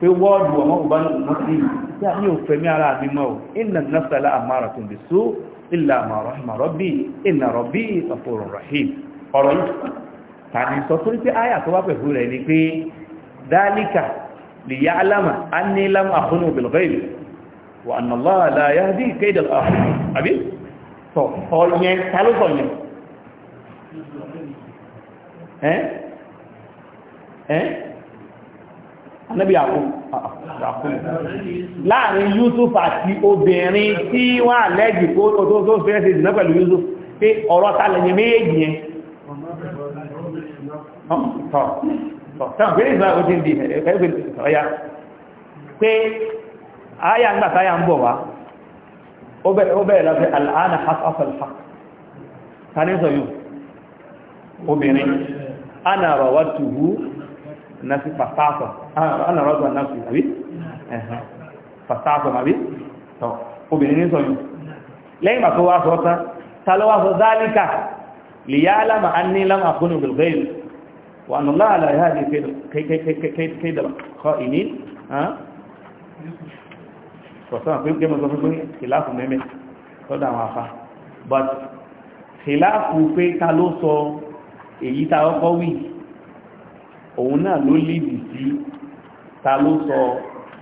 pé wọ́ọ̀dù wà mọ́ òbárí òná sí tí a ní òfẹ́mí ara mi mọ́ ò iná násàlá àmọ́ràtún bìsù ilà àmọ́ràbí iná rọ̀bí ìfàfòrò rahim ọ̀rọ̀ yìí ta sọ torí pé ayà tó wá pẹ̀lú rẹ̀ ni pé dálíkà ليعلم أني لم أخنه بالغيب وأن الله لا يهدي كيد الآخر أبي فقال تعالوا قال ها ها Ànábì àkún láàrin Yusuf àti obìnrin tí wọ́n àlẹ́jì kó tó fẹ́ sí ìdìnà pẹ̀lú Yusuf pé ọ̀rọ̀ tààlẹ̀ yẹn méjì yẹn tọ́n pé ìgbà ó ti ń di ẹgbẹ́ ọ̀yá pé àyà ń gbàtà àyà ń bọ̀ wá ó bẹ̀rẹ̀ lọ́pẹ́ al'ana hafafalfa ta ní sọ yóò obìnrin ana rọ̀wọ́ tuhu na fi fasáfọ̀ ana rọ̀wọ́ na fi àbí ní sọ yóò lẹ́yìn wá sọ́ta talọ́wọ́ sọ zálíkà lìyálàmà annílámà kúnnù bilgayl وأن الله لا يهدي كيد كيد كيد الخائنين ها فصار في كما ذكرت خلاف مهم هذا ما فا but خلاف pé ta ló sọ èyí tá kọ́kọ́ wí òun náà ló lídìí sí ta ló eh, mhm, sọ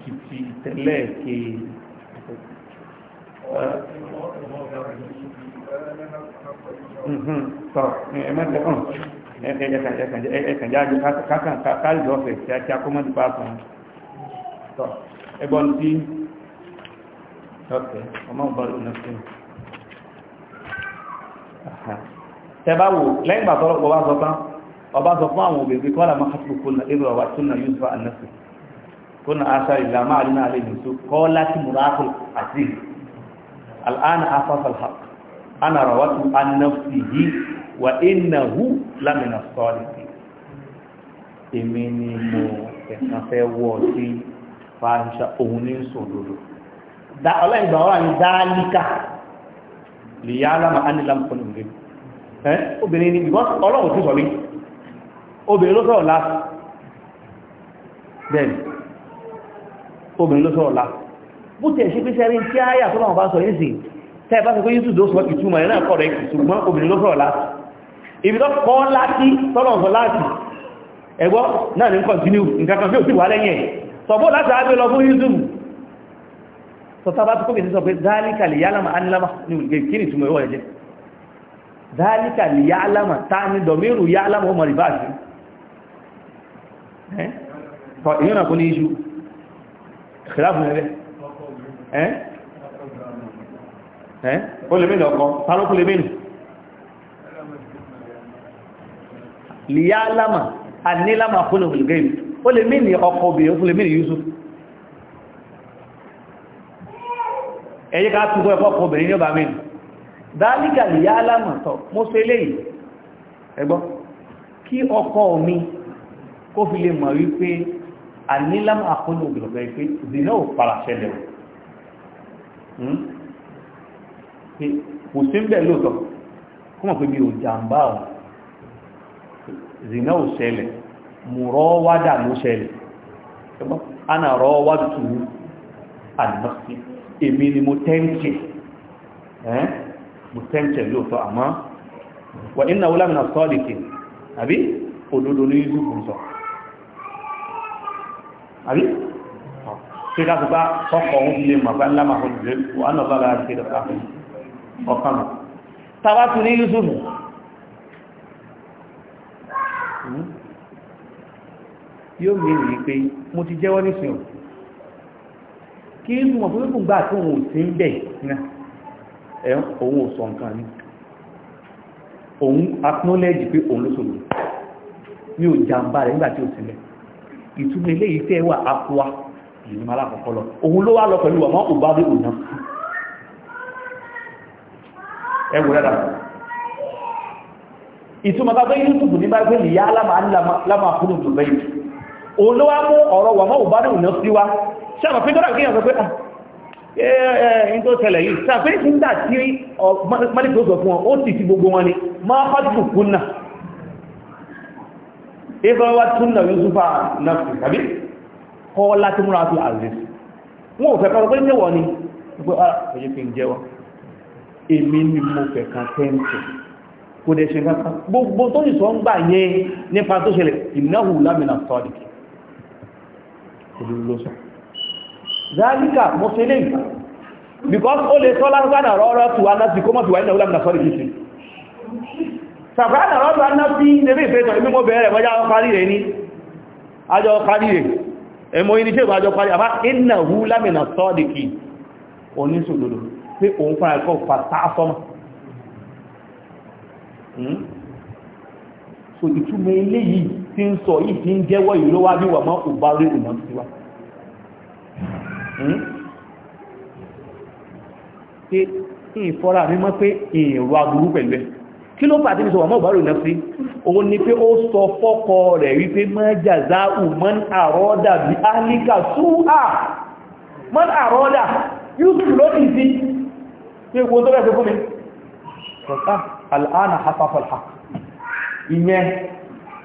títí tẹ́lẹ̀ ke Mm-hmm. So, yeah, ẹ̀kànjáde káàkiri ọ̀fẹ́ tí a kí akọ́mọ́ nípa fún ẹgbọ́n tí ọ̀fẹ́ ọmọ ọ̀bọ̀lù náà fún tẹbáwò lẹ́yìn bàtọ́ ọba sọ tán ọba sọ fún àwọn òbèbè kọ́lá máa kàtùkù kúnnà ìrọ̀ wà tún náà yúzùfà ànásì kúnnà aṣá ìlà máa rí náà lè nìtú kọ́lá tí mùrákù àti al'ana afáfàlhà ana rawatu an nafsihi wà innahu lamina sọ́ọ̀lì èmi ni mo ẹ̀sán fẹ́ wọ́ sí fàáṣà òun ní sòdodo ọlọ́yìn gbà wà ní dáálíkà lè yá aláma ánìlámù kan nìyẹn ẹ́ obìnrin ni because ọlọ́run ti sọ mí obìnrin ló sọ̀rọ̀ láti bẹ́ẹ̀ni obìnrin ló sọ̀rọ̀ láti bó tẹ̀ ṣe pé sẹ́rí tí áyà tó náà bá sọ yìí sì tẹ́ bá sọ pé yíṣù tó sọ ìtumọ̀ ẹ̀ náà kọ̀ rẹ̀ ṣùgbọ́n obìnrin ló sọ̀rọ̀ láti ibi tó kọ́ láti tọ́lọ̀fọ́ láti ẹgbọ́ náà ní kọ̀tínú nǹkan tí ó sì wà lẹ́yìn ẹ̀ sọ̀bọ́ láti ágbé lọ fún yúzùmù sọ̀tàbá tó kókè sí sọ pé dáálíkà lè yálàmà anílámà ní ìgbèkíní túnmọ̀ ẹwọ́ ẹ̀jẹ́ dáálíkà lè yálàmà táà ní dọ̀míru yálàmà ó mọ̀rí báàsì ẹ́ ìyọ́n náà kó ní iṣu ìkìláàfù ẹ̀rẹ́ ẹ́ ẹ́ ó lè mẹ́lẹ̀ ọkọ̀ tálókù lè mẹ́lẹ̀ lìyálàmà ànílàmà fún olùgbèm ó lè mí ní ọkọ̀ obìnrin fún lè mí ní Yusuf ẹ̀yí ká túnkọ́ ẹ̀kọ́ ọkọ̀ obìnrin ní ọba mí dáríkà lìyálàmà tọ́ mo ṣe léyìí ẹgbọ́ kí ọkọ mi kó fi lè mọ̀ wípé ànílàmà fún olùgbèm para ṣẹlẹ̀ hmm? kò sí ń bẹ̀ lóòtọ́ kó mọ̀ pé mi ò jàǹbá ọ̀hún zina ò ṣẹlẹ̀ mùrọ́wádà ló ṣẹlẹ̀ ana rọ́wádà tó ní àdìmọ́sí èmi ni mo tẹ́ǹkì ẹ́ mo tẹ́ǹkì lóòtọ́ àmọ́ wà iná olámìnà sọ́ọ̀lìkì àbí òdodo ní ìzùkùnsọ̀ àbí tí ká fipá sọ́kọ̀ ohun ilé màbá ńlá màá fún ìrẹ́ wà náà yóò mìíràn yìí pé mo ti jẹ́wọ́ nísìnyàn kí n mọ̀ fún gbùngbà tó òun ò sí ń bẹ̀ náà ẹ̀ òun ò sọ nǹkan ni òun acknowledge pé òun ló sọ̀rọ̀ mi ò jàǹbá rẹ̀ nígbà tí ò sílẹ̀ ìtumọ̀ eléyìí tẹ́ wà ápùwá ìlú mara kọ̀kọ́ lọ òun ló wá lọ pẹ̀lú ọmọ òbáwé òun ẹwù rẹ̀ dàpọ̀ ìtumọ̀ bá gbé YouTube ní bá gbé ìyá lámà fún òtò bẹ́yìí o ló mú ọ̀rọ̀ wà náà sí wá sáàmà pé dọ́rà kíyàn sọ pé ah, ẹ̀ẹ́n tó tẹ̀lẹ̀ yìí sáàpé nígbà tí malik ló sọ fún ọ ó sì ti gbogbo wọn ni máa ìfọwọ́wá yusufa náà tàbí kọ́ ah, kò dẹ̀ ṣe gbogbo tó sọ ń gbà yẹn nípa tó ṣẹlẹ̀ ìnáhù òdúrú ló sọ because ó lè sọ lásánà rọ́rọ́ tù wá láti kó mọ́ tù wá nínú ìlànà sọ́rí kìí sàfánà rọ́rọ́ aná sí ilé ìfẹ́tọ̀ ìmú mo bẹ̀rẹ̀ wọ́n jáwọ́ parí rẹ̀ ní ajọ́ parí rẹ̀ ẹmọ iníṣẹ́ ìwà ajọ́ parí àmá iná hú lámìnà sọ́ọ̀dì kìí oníṣòdodo pé òun fara ẹ̀kọ́ pàtàkọ́mọ́ hmm? so ìtumọ̀ eléyìí tí ń sọ yìí tí ń jẹ́wọ́ yìí ló wá bí wà mọ́ kò bá léwu mọ́ sí wa pé ní ìfọ́ra mi mọ́ pé èrò aburú pẹ̀lú ẹ̀ kí ló pàtí ní sọ wà mọ́ ìbárò náà sí òun ni pé ó sọ fọ́kọ rẹ̀ wípé mọ́ jàzá ùmọ́n àrọ́dà bí áníkà súhà mọ́n àrọ́dà yusuf ló ti sí pé gbogbo tó rẹ̀ fún mi kọ̀tà al'ana hafafa ìyẹn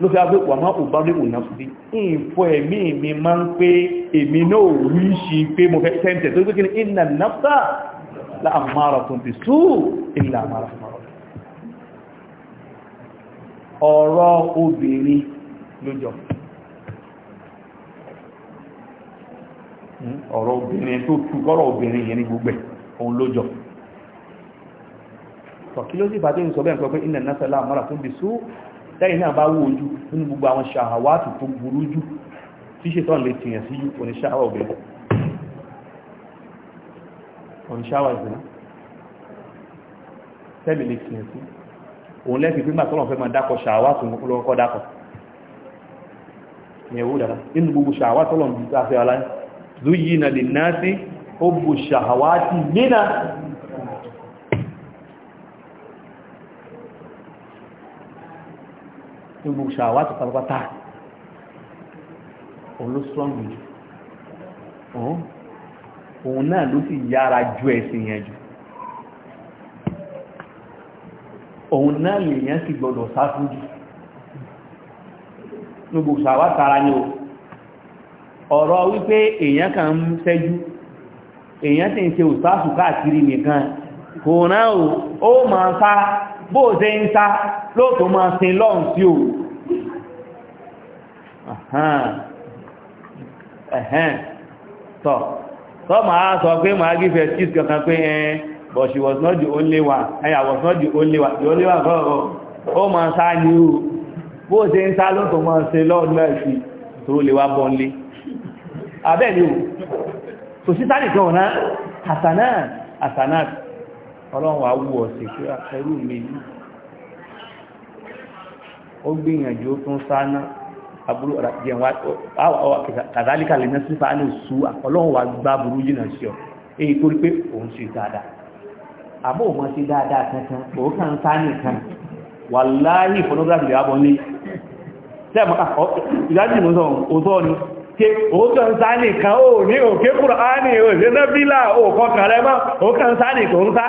ló fi agbé wà máa òbá ní òun náà sí ìfọ́ ẹ̀mí mi máa ń pé èmi náà rí ṣe pé mo fẹ́ tẹ́ntẹ̀ tó gbégbé ní iná náà láàmàrà tó ti sú ilẹ̀ àmàrà ọ̀rọ̀ obìnrin lójọ hmm? ọ̀rọ̀ obìnrin tó tú kọ́rọ̀ obìnrin yẹn ní gbogbo ẹ̀ òun lójọ kí ló sì tẹ́yìn náà bá wò ojú nínú gbogbo àwọn ṣàwátì tó burú jù tí ṣetán lè tìyàn sí oníṣàwà obìnrin oníṣàwà ìsìnà tẹ́lẹ̀ lè tìyàn sí òun lẹ́fi pé màá tọ́lọ̀ fẹ́ máa dákọ̀ ṣàwátì olókọ́ dákọ̀ ìyẹ̀wò dára nínú gbogbo ṣàwátì tọ́lọ̀ ń bí ní gbogbo ṣàwá ti pátápátá òun ló strong jù òun náà ló sì yára ju ẹ̀sìn yẹn jù òun náà lèyàn sì gbọdọ̀ sáfún jù ní gbogbo tara ni o ọ̀rọ̀ wípé èèyàn kan ń fẹ́jú èèyàn sì ń ṣe òsáàsù káàkiri nìkan kò náà ó máa sáà bó ṣe ń sá lóòtò máa sin lọ́rùn sí òun tọ́ tọ́ máa sọ pé máa gífẹ́ tíṣ kankan pé ẹn but she was not the only one ẹ̀yà was not the only one the only one kọ́ ó máa sá ní o bó ṣe ń sá lóòtò máa sin lọ́rùn náà sí tó lè wá bọ́nlé abẹ́ o kò sí sáré kan náà hasanat hasanat ọlọ́run wàá wù ọ́ sí pé ah, ẹrú mi yìí ó gbìyànjú ó tún sáná aburú jẹun wa kàdálíkà lè nẹ́sí fa lè sú ọlọ́run wàá gbá burú jìnnà sí ọ èyí torí pé òun ṣe dáadáa àbó òun ṣe dáadáa kankan òun kàn ń sáà nìkan wàláhì pornography ní ìdájì mú sọ òtọ́ ni ké òótọ́ ń sáà nìkan ó ní òkè Kùránì òṣèlú bílà òkọkànlẹ́mọ́ òkàn sáà nìkan ó ń sáà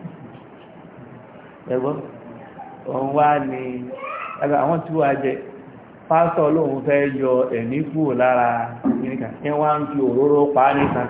ẹ̀gbọ́n òun wá ní ẹgbẹ́ àwọn tí wàá jẹ pásítọ̀ lóun fẹ́ yọ ẹ̀mí kúrò lára nìkà kí wọ́n ń fi òróró pa nìkan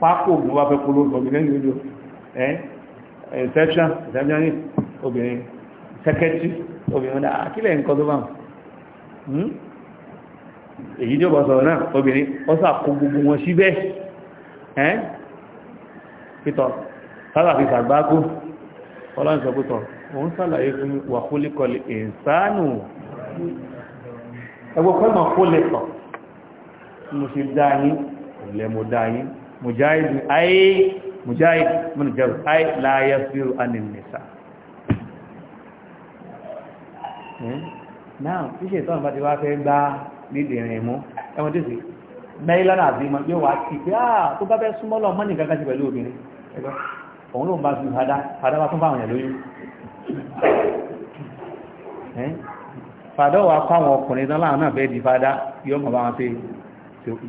pákó ògùn wá fẹ́ polówó obìnrin ní ojú ẹ́ reception receptionist obìnrin secretary obìnrin náà akílẹ̀ ah, nǹkan tó bá wọn hmm? èyí tí ó bọ̀ sọ̀rọ̀ náà obìnrin ó sàkó gbogbo wọn síbẹ̀ ẹ́ pítọ̀ sálàfi sàgbákó ọlọ́run sọ pítọ̀ òun sàlàyé fún wàkólíkọlì ìsánù ẹgbẹ́ pẹ́mọ̀ kólẹ̀kọ̀ mo ṣe dáyín ìlẹ̀mọ̀ dáyín mujahid ay mujahid min jabr ay la yasbiru anin nisa now tí ṣe tọ́nà bá ti wá fẹ́ gbá nídìrín mú ẹwọ́n tí ó sì mẹ́rin lọ́nà àbímọ yóò wá kí pé áà tó bá fẹ́ súnmọ́ lọ mọ́nì kankan sí pẹ̀lú obìnrin ẹgbẹ́ òun ló ń bá sùn fada fada bá tún fáwọn èèyàn lóyún fada wà fáwọn ọkùnrin tán láwọn náà fẹ́ di fada yóò mọ̀ bá wọn ṣe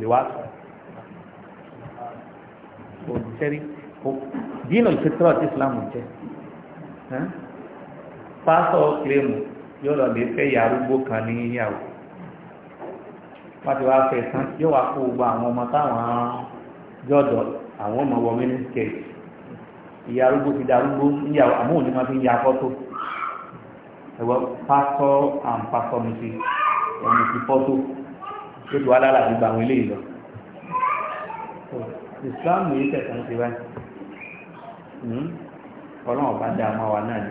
lè wá òṣìṣẹ́rí dínà fitra ti islam jẹ́ pásọ̀ kílẹ̀mù yóò lọ lè fẹ́ ìyá arúgbó kan ní ìyàwó wọ́n ti wá fẹ́ tán yóò wá kó gbogbo àwọn ọmọ táwọn ọmọ wọ mínísítẹ̀ì ìyá arúgbó ti darúgbó níyàwó islam yìí tẹ̀sán ti wáyé hmm? ọlọ́run ọba dá ọmọ wa náà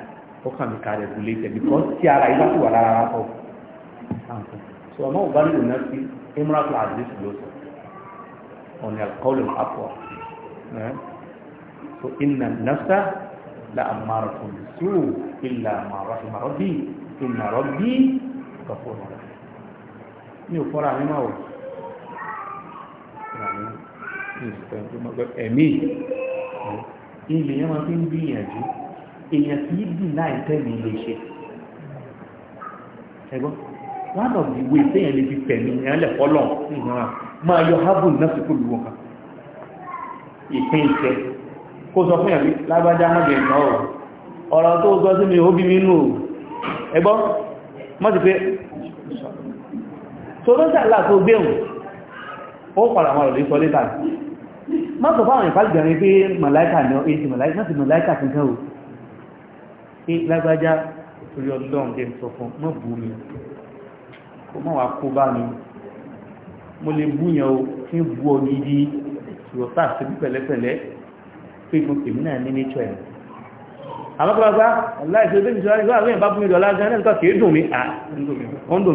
ó kàn mí ká rẹ̀gúlétẹ̀ because tí ara yìí bá ti wà lára pọ̀ so ọmọ ọba nílò náà sí imra tó àdìsí ló sọ ọ̀nà ẹ̀kọ́lù àpọ̀ so inna nafsa la amara tó ní sùúrù illa ma rahima rabbi inna rabbi kọ̀ọ̀kan mi ò fọ́ra mi máa wò ẹ̀mí ilẹ̀ yẹn máa fi ń gbìyànjú èèyàn kì í dì náà tẹ̀mí lè ṣe ẹgbọ́n one of the ways téèyàn lè fi tẹ̀mí èèyàn lè fọ́lọ̀ sí ìmọ̀ra máa yọ harvard náà sí kúlù wọn kan ìpín ìṣẹ́ kó sọ fún ìyàwó lágbájá mọ́jọ ìná ọ̀rọ̀ ọ̀rọ̀ tó gbọ́ sí mi ó bí mi ẹgbọ́n mọ́ ti pé má sọ fáwọn ìfàlì gẹ̀rẹ́ pé màláìkà ní èsì màláìkà kankan o pé lágbájá torí ọlọ́run jẹ́ sọ fún mọ́ bú mi kó má wà kó bá mi mo lè bú yẹn o tí ń bú ọ nídi ìrọ̀tà síbí pẹ̀lẹ́pẹ̀lẹ́ pé fún tèmi náà ní nature ẹ̀ àmọ́kọ́lọ́gbá aláìsí tó ní sọ́rọ̀ ìgbà àwọn ìbá bú mi dọ̀lá gan-an nǹkan kìí dùn mí à ah, ń dùn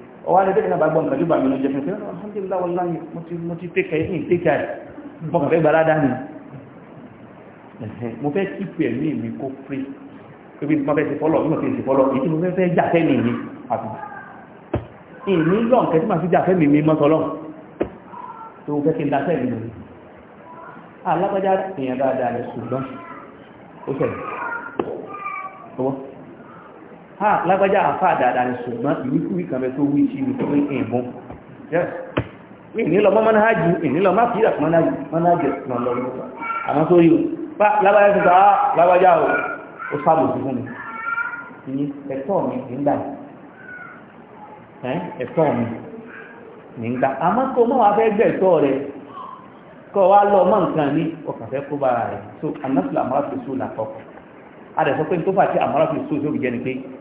ọwá lẹ́tẹ́ ìlànà àgbà ọ̀nà jùbà mìíràn jẹ́fẹ́ fẹ́ alhamdulillah wallahi mo ti pẹ́kẹ̀ ní ìtẹ́kẹ̀ rẹ̀ mọ́kànlẹ́ ìgbàládá ni mo fẹ́ kíkù ẹ̀mí mi kó pé pé mo fẹ́ ti fọ́lọ̀ mo fẹ́ ti fọ́lọ̀ èyí mo fẹ́ jàfẹ́ mi mi àti ìní lọ́n kẹ́ tí ma fi jàfẹ́ mi mi mọ́tọ́lọ́ tó fẹ́ ha lágbájá àfà dáadáa ni ṣùgbọ́n ìwíkúwí kan bẹ tó wí sí ní pé ìbọn ìnílọ mọ́ mọ́nájú ìnílọ má fi ìrà mọ́nájú ìsìnà lọ rí ọ̀pá àmọ́ tó rí o bá lágbájá ti sọ á ah, lágbájá o ó sábò sí fún mi ní ẹ̀tọ́ mi nígbà ẹ̀tọ́ mi nígbà àmọ́ kó mọ́ wàá fẹ́ gbẹ̀tọ́ rẹ̀ kọ́ wá lọ mọ́ nǹkan ní ọkàn kó bára rẹ̀ so anásùlà àmọ́ra fi sùn làkọ́kọ́ a rẹ̀ sọ pé tó fà sí àmọ́ra fi sùn tó fi jẹ́ ni pé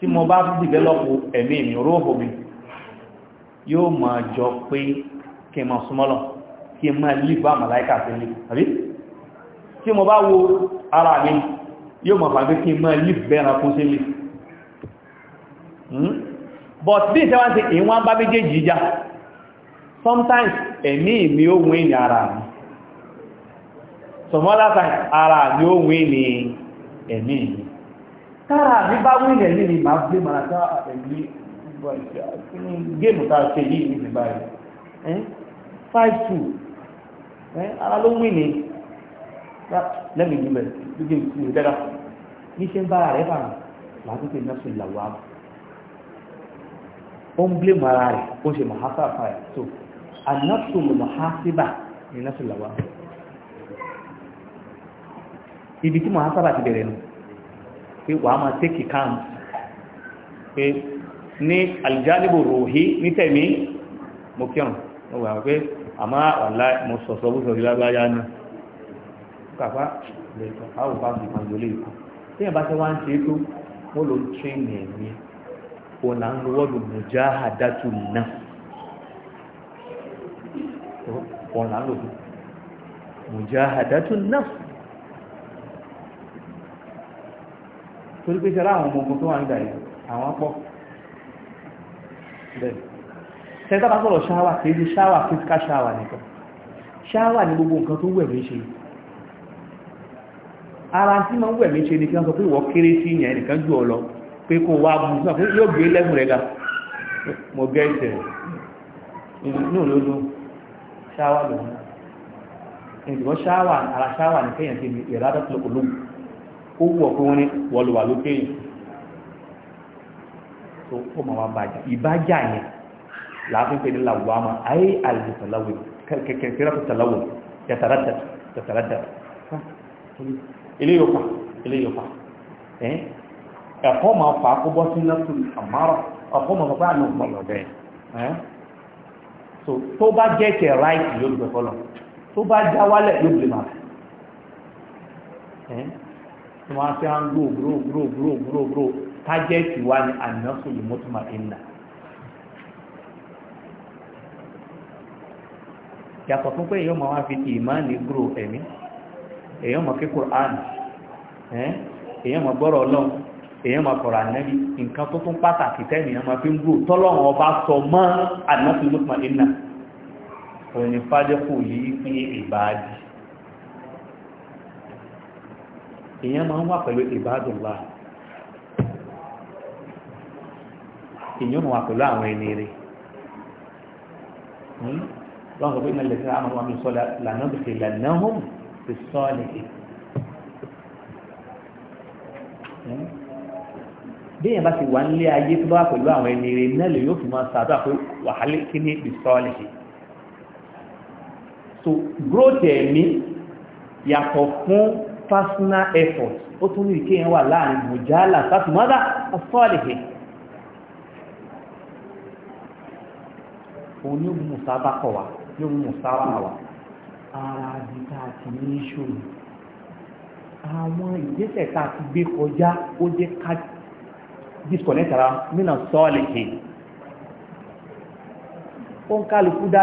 tí mo bá dìbẹ́lọ́pù ẹ̀mí mi róòbò mi yóò máa jọ pé kí n máa súnmọ́lọ̀ kí n máa lè bá màláíkà sí lè àbí tí mo bá wo ara mi yóò máa fàgbé kí n máa lè bẹ́ra kún sí lè but bí ìṣẹ́ wọ́n ti sometimes ẹ̀mí mi ó wín ní ara mi some other times ara mi ó wín ní ẹ̀mí mi tára mi bá wílẹ̀ ní ni màá gbé màá dá ẹ̀mí géèmù tá a ṣe yìí ní báyìí five two ara ló wí ni lẹ́mìí jùlọ lójú ìlú dára níṣẹ́ ń bá rẹ̀ bá làákùnkè náà ṣe ìlàwọ́ àbọ̀ ó ń blé mara rẹ̀ ó ṣe mọ̀háfà fàyà tó ànáṣù mọ̀háfíbà ní náà ṣe ìlàwọ́ àbọ̀ ibi tí mọ̀háfà bá ti bẹ̀rẹ̀ nù pé wàá máa tẹ́kì káàmù pé ní aljanibu ruhi ní tẹ̀mí mo kírun mo wà pé àmá wàlá mo sọ̀sọ̀ bó lágbáyá ni kàfá lè sọ àwọn bá fi kan lólè kan tí ẹ̀ bá ṣe wá ń ṣe tó wọ́n ló ń tírìnì ẹ̀mí òun là ń lo náà torí pé sẹ́lá àwọn ọmọ ogun tó wà ń gbà yìí àwọn pọ̀ tẹ́tà bá sọ̀rọ̀ ṣáwà kìí ṣe ṣáwà fíṣíkà ṣáwà nìkan ṣáwà ní gbogbo nǹkan tó wẹ̀mí ṣe ara tí ma ń wẹ̀mí ṣe ni kí wọ́n sọ pé ìwọ kéré sí ìyẹn nìkan jù ọ lọ pé kó wá bú sí àpò yóò gbé lẹ́gùn rẹ̀ ga mo gẹ́ ìtẹ̀ inú ló dún ṣáwà lòun ṣáwà ara ṣáwà nìkan yẹn ti ìrádọ́tò lókòlóhùn ó wọ̀ pé wọ́n ní wọ́lùwà lókè yìí tó ó máa bàjá ìbájá yẹn láàfin pé ní làwàmà ayé àlejò tàláwò kẹ̀kẹ́ kẹ́rẹ́pù tàláwò tẹ̀tàràdà tẹ̀tàràdà eléyìí ọ̀fà eléyìí ọ̀fà ẹ̀kọ́ máa fà á kó bọ́ sí lẹ́kùn àmárọ̀ ọ̀kọ́ máa fà á ní ọ̀gbọ́n lọ́dẹ̀ tó bá jẹ́ tí wọ́n á fi hàn gúrò gúrò gúrò gúrò gúrò gúrò tájẹ́ẹ̀tì wa ni ànáfò lè mọ́tòmá ìnà. yàtọ̀ fún pé èyí ọmọ wa fi ìmáàlì gúrò ẹ̀mí èyí ọmọ kí Qur'an èyí ọmọ gbọ́rọ̀ ọlọ́run èyí ọmọ kọ̀rọ̀ ànábì nǹkan tó tún pàtàkì tẹ́lẹ̀ ọmọ fi ń gúrò tọ́lọ́run ọba sọ mọ́ ànáfò lè mọ́tòmá ìnà òní fádẹ́kù yìí fi ìbáàdì. èèyàn máa ń wà pẹ̀lú ìbádùnlá èèyàn máa wà pẹ̀lú àwọn ẹni rẹ̀ hmm? lọ́wọ́n sọ pé iná lẹ́sẹ̀ àwọn ọmọ mi sọ lànà bìkì lànà hùm ti sọ nìkì bí èèyàn bá ti wà nílé ayé tó bá pẹ̀lú àwọn ẹni náà lè yóò fi máa sàdúrà pé wàhálà kí ni ti sọ nìkì so growth ẹ̀mí yàtọ̀ fún personal effort ó tún ní ìké yẹn wà láàrin mùjálà sátìmọ́dá ọ̀fọ́lẹ̀hẹ̀ òun ní òun mùsà bá kọ̀ wá ní ara àdìta àti ní ìṣòro àwọn ìgbésẹ̀ tá ti gbé kọjá ó jẹ́ ká disconnect ara sọ́ọ̀lẹ̀hẹ̀ ó ń kálukú dá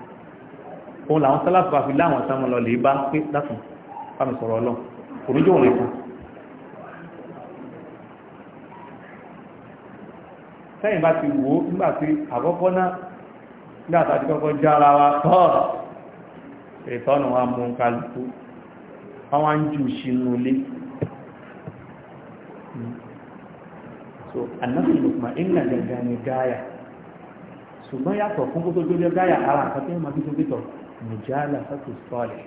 òun làwọn sálàfà fi láwọn sáwọn lọ lè bá pé dákùn fámi sọ̀rọ̀ ọlọ́ oníjọ́ òun lẹ́kùn sẹ́yìn bá ti wò ó nígbà tí àkọ́kọ́ náà nígbà tá a ti kọ́kọ́ já ara wa tọ́ ìtọ́nù wa mú kálukú wọ́n wá ń jù ilé so annabi lukma inna gangan ni gaya ṣùgbọ́n yàtọ̀ fún kó tó tó jẹ́ gáyà ara àkọ́kọ́ máa fi tó مجالسة الصالح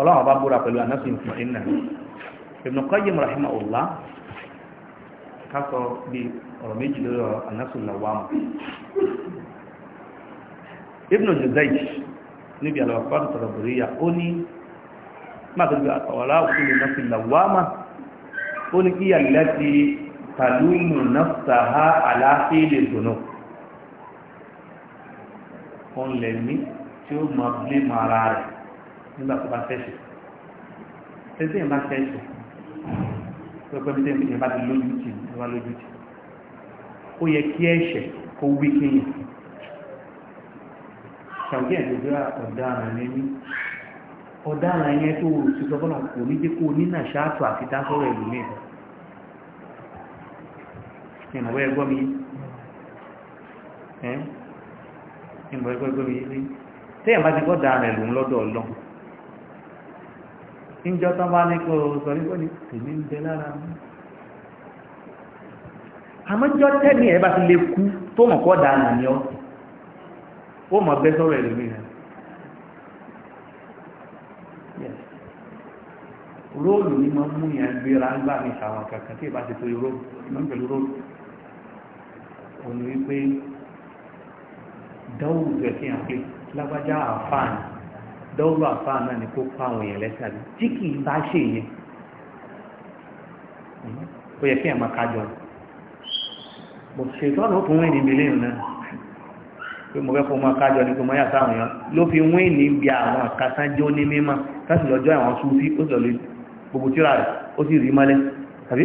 ọlọ́run ọba búra pẹ̀lú anáfin fún iná Ibn Qayyim rahimahullah kásọ bí ọ̀rọ̀ méjì lórí anáfin lawamu Ibn Juzayy níbi àlọ́wọ́pàá tọ̀rọ̀ bòríyà ó ní máa tó gbé àtọ̀wọ́lá òkú ní anáfin lawama ó ní kíyà lẹ́tí tàdúmù náfṣàhá àláfíìlì dùnú òun lè ní tí ó mọ bílímù ara rẹ̀ nígbà tó bá fẹ́ṣẹ̀ tẹ́sí ìbá fẹ́ṣẹ̀ tó pẹ́ bí tẹ́sí ìbá ti lójú tì ìbá lójú tì ó yẹ kí ẹ̀ṣẹ̀ kó wí kéyìn ṣàwùjẹ́ ìdòdó ọ̀daràn ní mí ọ̀daràn yẹn tó o sì kò ní jẹ́ kó o ní nàṣáàtò àti dásọ́rọ̀ ìlú mẹ́ta ìmọ̀wẹ́ ẹgbọ́ mi ẹ́ ìmọ̀wẹ́ ẹgbọ́ mi yìí tẹ́yìn bá ti kọ́ da rẹ̀ lòun lọ́dọ̀ ọlọ́ níjọ́ tán bá ní kó sọ ní bọ́ọ̀lì tèmi ń bẹ lára mi àmọ́ jọ́ tẹ́ni ẹ̀ bá ti lè kú tó mọ̀ kọ́ da rẹ̀ ni ọ́ ó mọ̀ bẹ́ sọ́rọ̀ ẹ̀ lómi rẹ̀ róòlù ni mo mú yẹn gbéra ń gbà mí sàwọn kankan tí ì bá ti torí róòlù ìmọ̀ pẹ̀lú róòlù òní wípé dánwò rẹ̀ fi hàn pé lágbájá àfáàní dánwò àfáàní náà ni kó pa àwọn èèyàn lẹ́sẹ̀ àbí tí kì í bá ṣe yẹn ó yẹ kí ẹ̀ máa kájọ mo ṣe ìtọ́nà ó tún wí níbi lẹ́yìn náà pé mo fẹ́ kó máa kájọ ní kó máa yàtọ̀ àwọn èèyàn ló fi wí níbi àwọn àkásánjó ní mímọ́ láti lọ́jọ́ àwọn súnfí ó sì lọ lé gbogbo tíra rẹ̀ ó sì rí mọ́lẹ̀ tàbí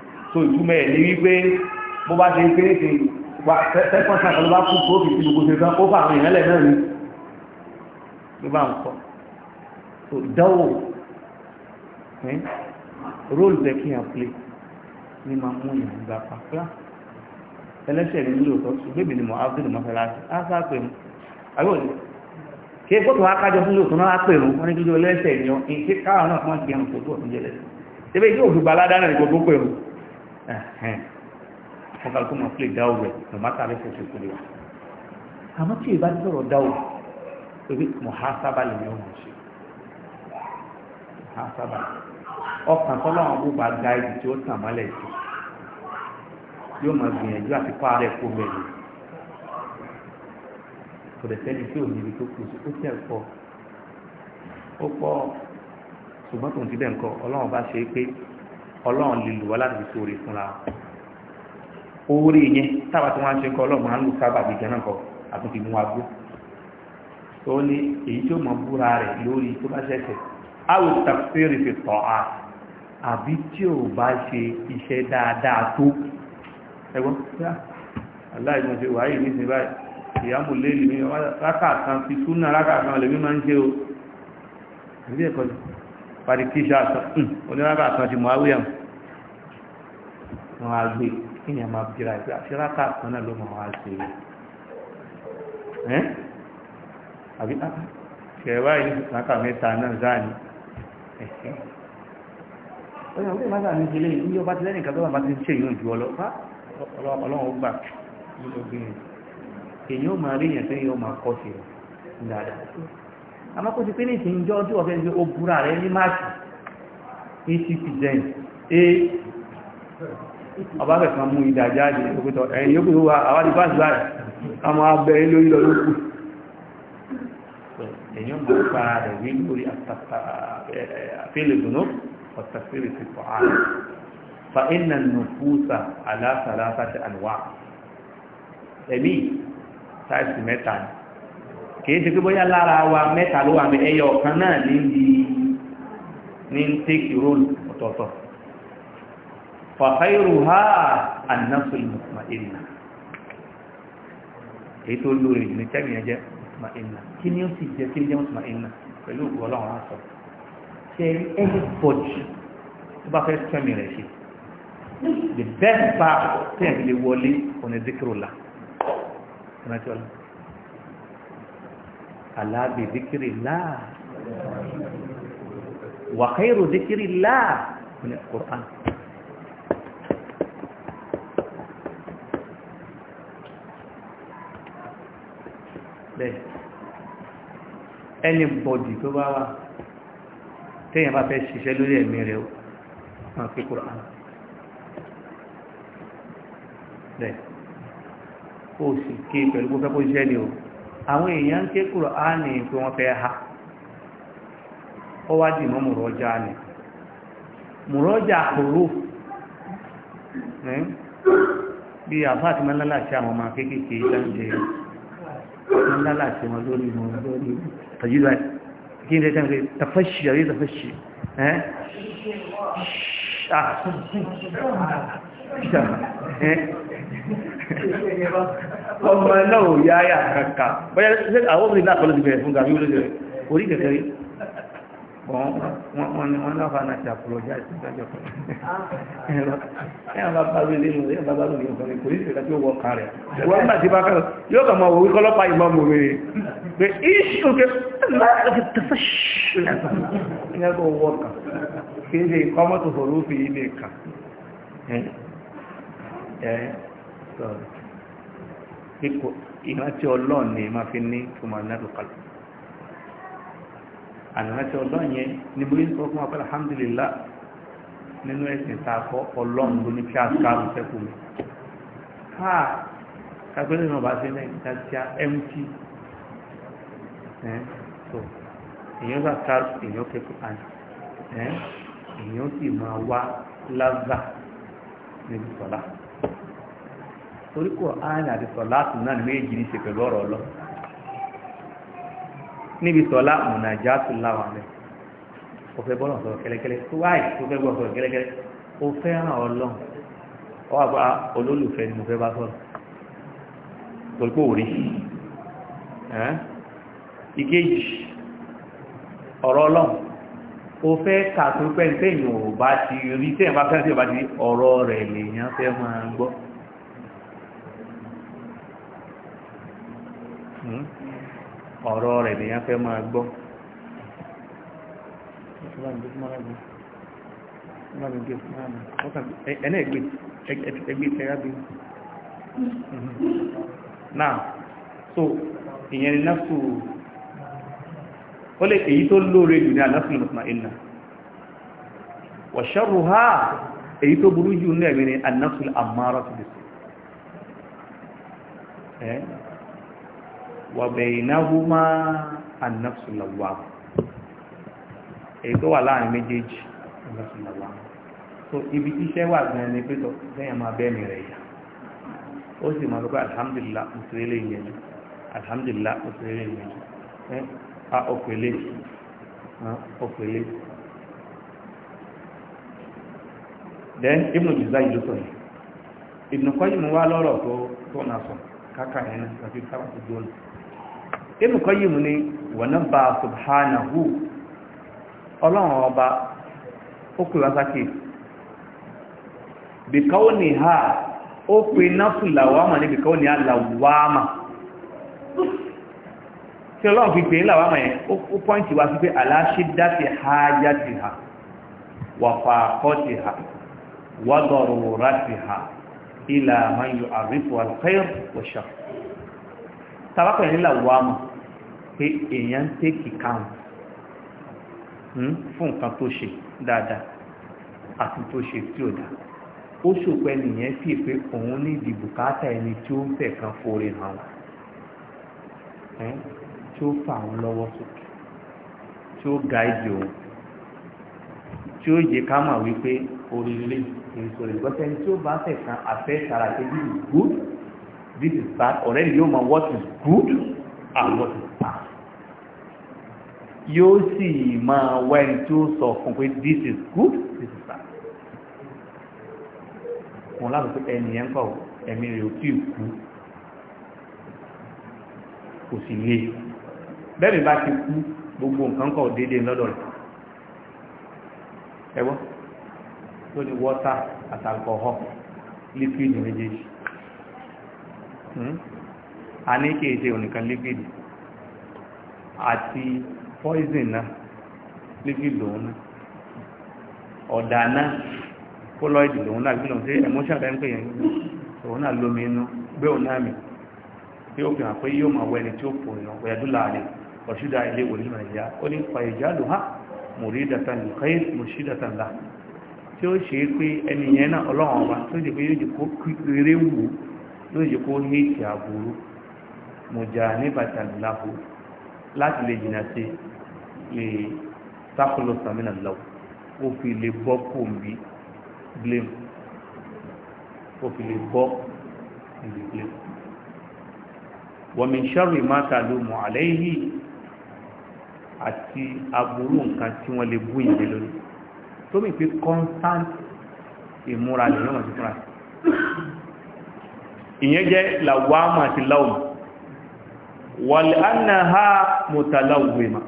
so ìtumọ̀ ẹ̀ ní wípé bó bá ṣe kéré sí sẹ́kọ̀n sàn kan ló bá kú kó fi ti gbogbo ṣe tán ó fà àwọn èèyàn lẹ̀ náà ni ló bá ń kọ́ so dánwò róòlù tẹ kí yàn play ní máa mú yàn gbà pa kíá ẹlẹ́sẹ̀ ní nílò tọ́ ṣùgbọ́n èmi ni mo ábúdé mọ́sálásí á sá pè mú àbúrò ní kí epo tó wá kájọ fún lóòótọ́ náà á pè mú wọn ní kí ló lẹ́sẹ̀ yan kí káwọn náà kọ́ jẹun kó tó ọ̀tún jẹ lẹ́sẹ̀ tẹ́lẹ̀ yóò fi balá dáná ní gbogbo pè wọ́n kàlùkù mọ̀ pé dáwò rẹ̀ no matter rẹ̀ fẹ̀sẹ̀ kò lè wà àmọ́ tí ìbá sọ̀rọ̀ dáwò pé mọ̀hásábà lè yọ̀ wọ́n ṣe mọ̀hásábà ọkàn tọ́lọ́wọ́n bó bá ga ibi tí ó tàn mọ́lẹ̀ jù yóò máa gbìyànjú àti kọ́ ara ẹ̀ kó mẹ́rin kò lè sẹ́ni tí ò ní tó kù sí ó tẹ̀ pọ̀ ó pọ̀ ṣùgbọ́n tòun ti bẹ́ẹ̀ ń ọlọ́run bá ṣe é pé ọlọ́run lè lù wá láti fi sóore fúnra oore yẹn táwa tí wọ́n á ṣe kọ́ ọlọ́run máa ń lù sábà bí gánà kọ́ àtúntì mú wa gbó tó ní èyí tí ó mọ búra rẹ̀ lórí tó bá ṣẹ̀ṣẹ̀ áwò tàfíìrì fi tọ̀ á àbí tí ò bá ṣe iṣẹ́ dáadáa tó ẹgbọ́n aláìmọ̀ ṣe wáyé nísìnyí báyìí ìyàmù lélì mi rákà kan fi súnà rákà kan lèmi máa ń ṣe o àbí ẹ̀kọ́ ni pàdé tíṣà hmm, onírákà kan ti Muawiya wọn á gbé kí ni a máa bìíra ìgbà ṣíráka kan náà ló máa wá sí i àbí ṣẹ̀wá yìí ṣàkà mẹ́ta náà záàní ẹ̀sìn ọ̀yàn wọ́n máa ní ilé ní ọba ti lẹ́nìkan tó bá ti ń ṣe ìyàn jù ọlọ́run gbà nínú obìnrin máa rí èyàn tó yẹ ọmọ akọ́sí rẹ̀ dáadáa àmọ́ kó ti pé ní ìsìnjọ́ tí wọ́n fẹ́ ṣe ogúnra rẹ̀ ní máàkì eighty percent a ọba fẹ̀kan mú ìdàjáde òkútọ̀ ẹ̀yìn yóò kúrò àwádìí bá ṣùgbà àmọ́ abẹ́ lórí lọ lókù ẹ̀yìn mọ̀ pa rẹ̀ wí kìí ṣe pé bóyá lára wa mẹ́ta ló wà ẹyọ ọ̀kan náà ní bí ní ń tẹ́kì róòlù ọ̀tọ̀ọ̀tọ̀ fàfẹ́rù ha ànáfẹ́ ìmọ̀tìmọ̀ ìrìnà èyí tó lórí ìrìnà tẹ́mì ẹjẹ́ mọ̀tìmọ̀ ìrìnà kí ni ó sì jẹ́ kí ni jẹ́ mọ̀tìmọ̀ ìrìnà pẹ̀lú òkú ọlọ́run aṣọ ṣe ẹni pọ̀jù tó bá fẹ́ tẹ́mì rẹ̀ ṣe the best part tẹ́mì lè wọlé òní díkìrò là ìrántí ọlọ́run aláàbì díkìrì láà wàkẹ́rò díkìrì láà ní Qur'an bẹ́ẹ̀ ẹni bọ̀dì tó bá wà téèyàn bá fẹ́ ṣiṣẹ́ lórí ẹ̀mí rẹ̀ ó máa fi Qur'an bẹ́ẹ̀ ó sì ké pẹ̀lú gbogbo fẹ́ kó ṣiṣẹ́ ni o. àwọn èèyàn ń ké Kùránì pé wọ́n fẹ́ ha ó wá dì mọ́ mùrọ́jà ni mùrọ́jà kòrò bí àfáàtí máa lálàṣẹ àwọn ọmọ kéékèèké láǹdẹ máa wọn lórí wọn ọmọ náà ò yá yà kàkà bọ́yá àwọn obìnrin náà kọ́lọ́ ti bẹ̀rẹ̀ fún gàmí olóòjọ́ rẹ̀ orí kẹ̀kẹ́ rí wọ́n náà fà náà ṣàpùlọ̀ já sí ìdájọ́ kan ẹ̀yàn bá bá lórí nínú ẹ̀yàn bá bá lórí nǹkan rẹ̀ kò ní ìṣẹ̀dá tí ó wọ kàrẹ̀ wọ́n bá ti bá kàrẹ̀ yóò kà máa wọ wíkọ́ lọ́pàá ìmọ̀ mọ̀ rẹ̀ pé iṣẹ́ òkè láti tẹ́fẹ́ ipò ìrántí ọlọ́run ni máa fi ní tùmọ̀nàdù kalẹ̀ ànírántí ọlọ́run yẹn ni mo yí sọ fún apẹ́lẹ̀ alhamdulillah nínú ẹ̀sìn tá a kọ́ ọlọ́run ló ní kí a sáré sẹ́kù mi ha kagbẹ́lẹ́ náà bá sí ní ìdájá mt èèyàn bá ká èèyàn kẹ́kọ̀ọ́ àná èèyàn sì máa wá lázà níbi sọ̀lá torí Kùránì àti sọ̀láàtù náà ní méjì ní ṣe pẹ̀lú ọ̀rọ̀ ọlọ́ níbi sọ̀lá mùnàjá tó láwà rẹ̀ ó fẹ́ bọ́lọ̀ sọ̀rọ̀ kẹ́lẹ́kẹ́lẹ́ tó wáyé tó fẹ́ bọ́lọ̀ sọ̀rọ̀ kẹ́lẹ́kẹ́lẹ́ ó fẹ́ràn ọlọ́run ó wà pa ah, olólùfẹ́ ni mo fẹ́ bá sọ̀rọ̀ torí pé òrí ìkejì ọ̀rọ̀ ọlọ́run ó fẹ́ kà tó pẹ́ntẹ́yìn ò bá ti rí tẹ́yìn bá fẹ́ràn tí ò bá ti rí ọ̀rọ̀ rẹ̀ lèèyàn fẹ́ máa gbọ́ Hmm? ọ̀rọ̀ rẹ̀ nìyàn fẹ́ máa gbọ́ ẹ̀nà ẹgbẹ́ so ìyẹn ni náfù ó lè èyí tó lóore jù ní àlọ́fún ìmọ̀tàmà ìnà wọ̀ṣọ́rù ha èyí tó burú jù ní ẹ̀mí ni àlọ́fún àmárọ̀ tó dìsù wàbẹ̀yìnáhùmá ànáfsùlọ̀wà èyí tó wà láàrin méjèèjì ànáfsùlọ̀wà so ibi tí iṣẹ́ wà gan ni pé lẹ́yìn máa bẹ́ẹ̀ mi rẹ̀ yà ó sì máa lọ́pẹ́ alhamdulillah mùsùlùmí lè yẹn jù alhamdulillah a ọ̀pẹ̀lẹ̀ ọ̀pẹ̀lẹ̀ then ibnu jùzá ìlú sọ yìí ibnu kọ́yìn wá lọ́rọ̀ tó tó na sọ náà ti ibn qayyim ni wọ̀nà bá subhanahu ọlọ́run ọba ó pè wá sákè bìkọ́ ní ha ó pè náfù làwámà ní bìkọ́ ní àlàwámà tí ọlọ́run fi pè ní làwámà yẹn ó pọ́ǹtì wá sí pé aláṣídá ti ha yá ti ha wàfàkọ́ ti ha wàdọ̀rọ̀rọ̀ ti ha ilà man yu'arifu alkhair wa shar tabakọ̀ ní làwámà pé èèyàn ń tèkì káwọn hmm, fún nǹkan tó ṣe dáadáa àti tó ṣe tí ò dá ó ṣòpẹ́ nìyẹn sì pé òun ní ìdí bùkátà ẹni tí ó ń fẹ̀kan forí hàn wọ́n hmm, tí ó fà wọ́n lọ́wọ́ sókè tí ó ga ìdí òun tí ó yẹ ká mà wípé oríire èso rẹ̀ gbọ́sẹ̀ ní tí ó bá fẹ̀kan àfẹ́ tara pé this is good this is bad already yóò mọ what is good and what is bad yóò sì máa wá ẹni tí ó sọ fún pé this is good this is bad wọn láti pé ẹnìyẹn kọ ẹ̀mí rẹ̀ ò tí ì kú kò sì lè bẹ́ẹ̀ mi bá ti kú gbogbo nǹkan kọ̀ déédéé lọ́dọ̀ rẹ̀ ẹ̀wọ́ tó ní water àti alcohol liquid méjèèjì hmm? a ní kí èdè ònìkan liquid àti poison na liquid lòun náà ọ̀dà náà poloid lòun náà gbìlọ̀ sí emotion time pé yẹn òun náà lómi inú gbé òun náà mi tí ó fi hàn pé yóò máa wọ ẹni tí ó pò ìràn ọ̀yà dúlà rẹ̀ ilé ìwòrí nàìjíríà ó ní pa ìjà lò há dàtà dàtà ńlá tí ó ṣe é pé ẹni yẹn náà ọlọ́run tó pé yóò kó wù yóò kó àbúrú ní bàtà ńlá láti lè jìnà sí lè sákòlò sàmínà lọ ó fi lè bọ́ kòmbi blame ó fi lè bọ́ kòmbi blame wa min sharri ma talumu alayhi àti aburú nǹkan tí wọ́n lè bú ìdè lórí tó pé constant ìmúra lè lọ́mọ̀ sí fúnra ìyẹn jẹ́ làwọ́ àmọ́ àti láwùmọ́ wọ̀lẹ̀ annáha mọ̀tàláwìmà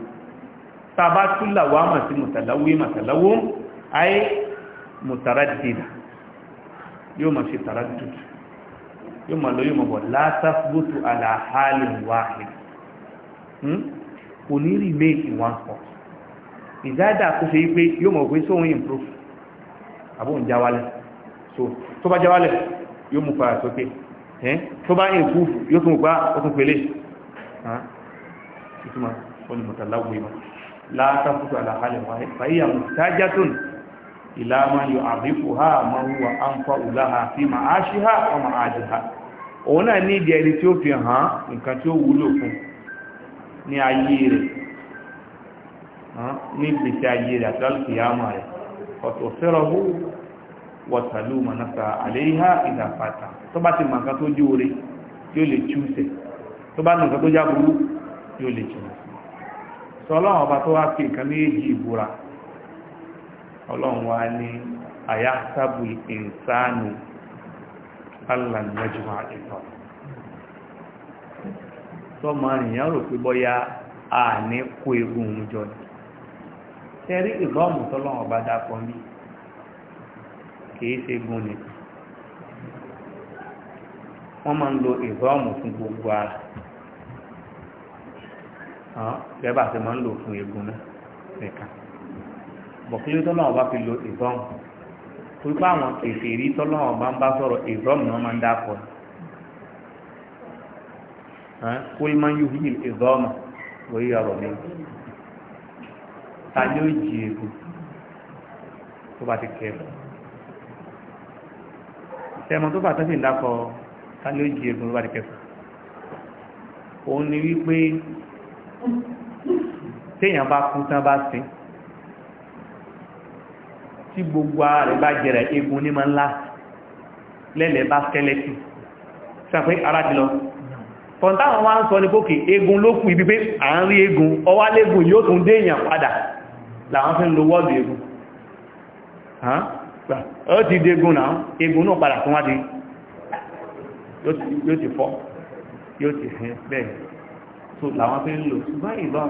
tàbá túnlàwà mà sí mọ̀tàláwìmà tàláwò ayé mọ̀tàrádìdà yóò ma ṣe tàrádìdà yóò ma lọ yóò ma bọ̀ látàfúgbótò àlàhálì wáhì kò ní rí méjì wọn pọ̀ ìdáadáa kó ṣe pé yóò mọ̀ pé sóhun improve àbóhùn jáwálẹ̀ so tó bá jáwálẹ̀ yóò mú fara sókè tó bá improve yóò tún gbá ó tún pẹ̀lẹ́ ìtumọ̀ olùmọ̀tàláwìmọ̀ látàkùtù àlàkalẹ̀ wáyé fàíyà mùtájátùn ìlàmà yóò àbíkù ha ma wúwa an fa ùláha sí ma á ṣí ha ọ ma á jì ha òun náà ní ìdí ẹni tí ó fi hàn nǹkan tí ó wúlò fún ní ayé rẹ̀ ní ìgbésí ayé rẹ̀ àti lálùkìyàmà rẹ̀ ọ̀tọ̀ fẹ́rọ̀ hù wọ̀tàlú mọ̀nàfà àléhà ìdàpàtà tó bá ti mọ̀ nǹkan tó jóore yóò lè túṣẹ̀ tó bá nù nǹkan tó jáburú yóò lè jìnà sọ ọba tó wá fi nǹkan méjì ìbúra ọlọ́run wá ní àyá sábù ìsánu alàmẹ́jùmá ìtọ̀ tó ma rìnyàn rò pé bọ́yá a ní kó egun òun jọ ní tẹ́rí tọ́lọ́run ọba dápọ̀ ní kìí ṣe gun ni wọ́n máa ń lo gẹ́gbà tí máa ń lò fún egun náà nìkan bọ̀kúlé tọ́lọ́wọ́ bá fi lo ìbọn wípé àwọn kèfèrí tọ́lọ́wọ́ bá ń bá sọ̀rọ̀ ìbọn náà máa ń dápọ̀ kúlí máa ń yú hìl ìbọn wòye ọ̀rọ̀ mi ta ó tó bá ti téèyàn bá kú tán bá sin tí gbogbo ara rẹ̀ bá jẹrẹ egun ní máa ńlá lẹ́lẹ̀ bá skẹ́lẹ́tì sàpé ara jùlọ fọ̀ntáwọn wá ń sọ ní pókè egun ló kù ibi pé à ń rí egun ọwá légun yóò tún dé èèyàn padà làwọn fi ń lo wọ́ọ̀lù egun ó ti dégun náà egun náà padà fún wá di yóò ti fọ́ yóò ti hìn bẹ́ẹ̀ tó làwọn fẹ́ ń lò ṣùgbọ́n ìbọn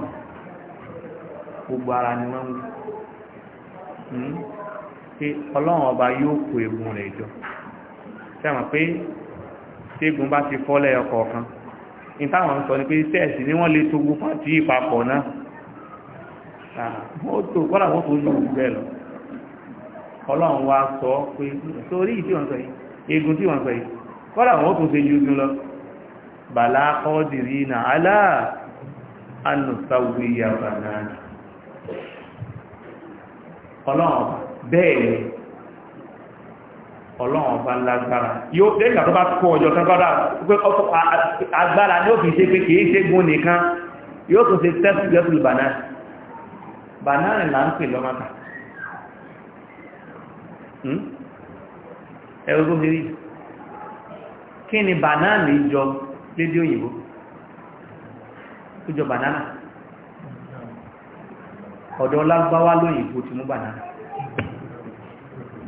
gbogbo ara ni wọ́n ń hmm? pé ọlọ́run ọba yóò kó egun rẹ̀ jọ sẹ́wọ̀n pé ṣégun bá ti fọ́ lẹ́yọ kọ̀ọ̀kan ní táwọn sọ ni pé sẹ́ẹ̀sì ni wọ́n lè togun pàtí ìpapọ̀ náà mọ́tò kọ́lá wọ́n tó yóò bẹ́ẹ̀ lọ ọlọ́run wa sọ pé torí ìdí wọn sọ yìí egun tí wọn sọ yìí kọ́lá wọ́n tó ṣe yóò lọ bàlá ọ́dìrí na aláà anùsáwí yàrá náà ọlọ́run bẹ́ẹ̀ ọlọ́run bá lágbára yóò lẹ́yìn àtọ́bá kó ọjọ́ tọ́gbára agbára ní òfin ṣe pé kìí ṣe gún nìkan yóò tún ṣe tẹ́sì lẹ́fù bànáà bànáà là ń pè lédè òyìnbó tó banana ọ̀dọ̀ lágbáwá lóyìnbó ti mú banana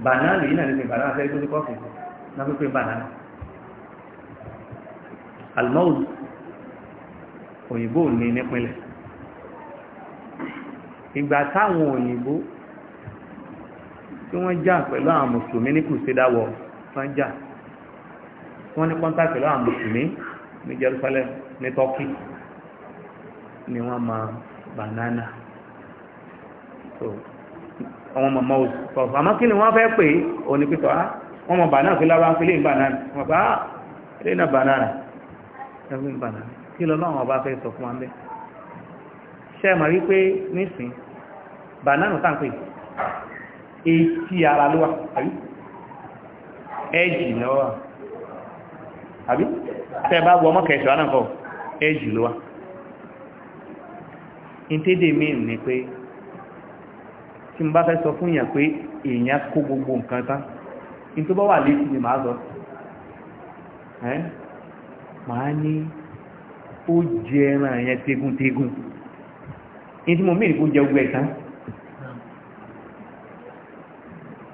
banana yìí náà ní banana fẹ́ gbóní kọ́fì náà pípé banana almoul òyìnbó ní nípínlẹ̀ ìgbà táwọn òyìnbó tí wọ́n jà pẹ̀lú àwọn mùsùlùmí ní kùsídáwọ̀ wọ́n ní kọ́ńtà pẹ̀lú àwọn mùsùlùmí ní Jerusalem ní Turkey ni wọ́n ma banana so wọ́n ma mouse tọ́sọ̀ àmọ́ kí ni wọ́n fẹ́ pè é òní pítọ̀ á ah, wọ́n ma banana fi lábá fi lè banana wọ́n bá lè na banana ẹgbẹ́ banana kí lọ náà wọ́n bá fẹ́ sọ fún wa mẹ́ ṣe mọ̀ rí pé nísìn banana tàǹpẹ̀ etí ara ló wà àbí ẹ̀jì lọ́wọ́ àbí tẹ́ bá wọ mọ́kẹ̀ ìṣọ́ náà kọ́ ẹ̀jù ló wá ìtẹ́dẹ̀ mi ní pé tí mo bá fẹ́ sọ fún èèyàn pé èèyàn kó gbogbo nǹkan tán in tó bá wà létí ni màá sọ ẹ́ màá ní ó jẹ ẹran yẹn tegúntegún in tí mo mìíràn kó jẹ gbogbo ẹ̀ tán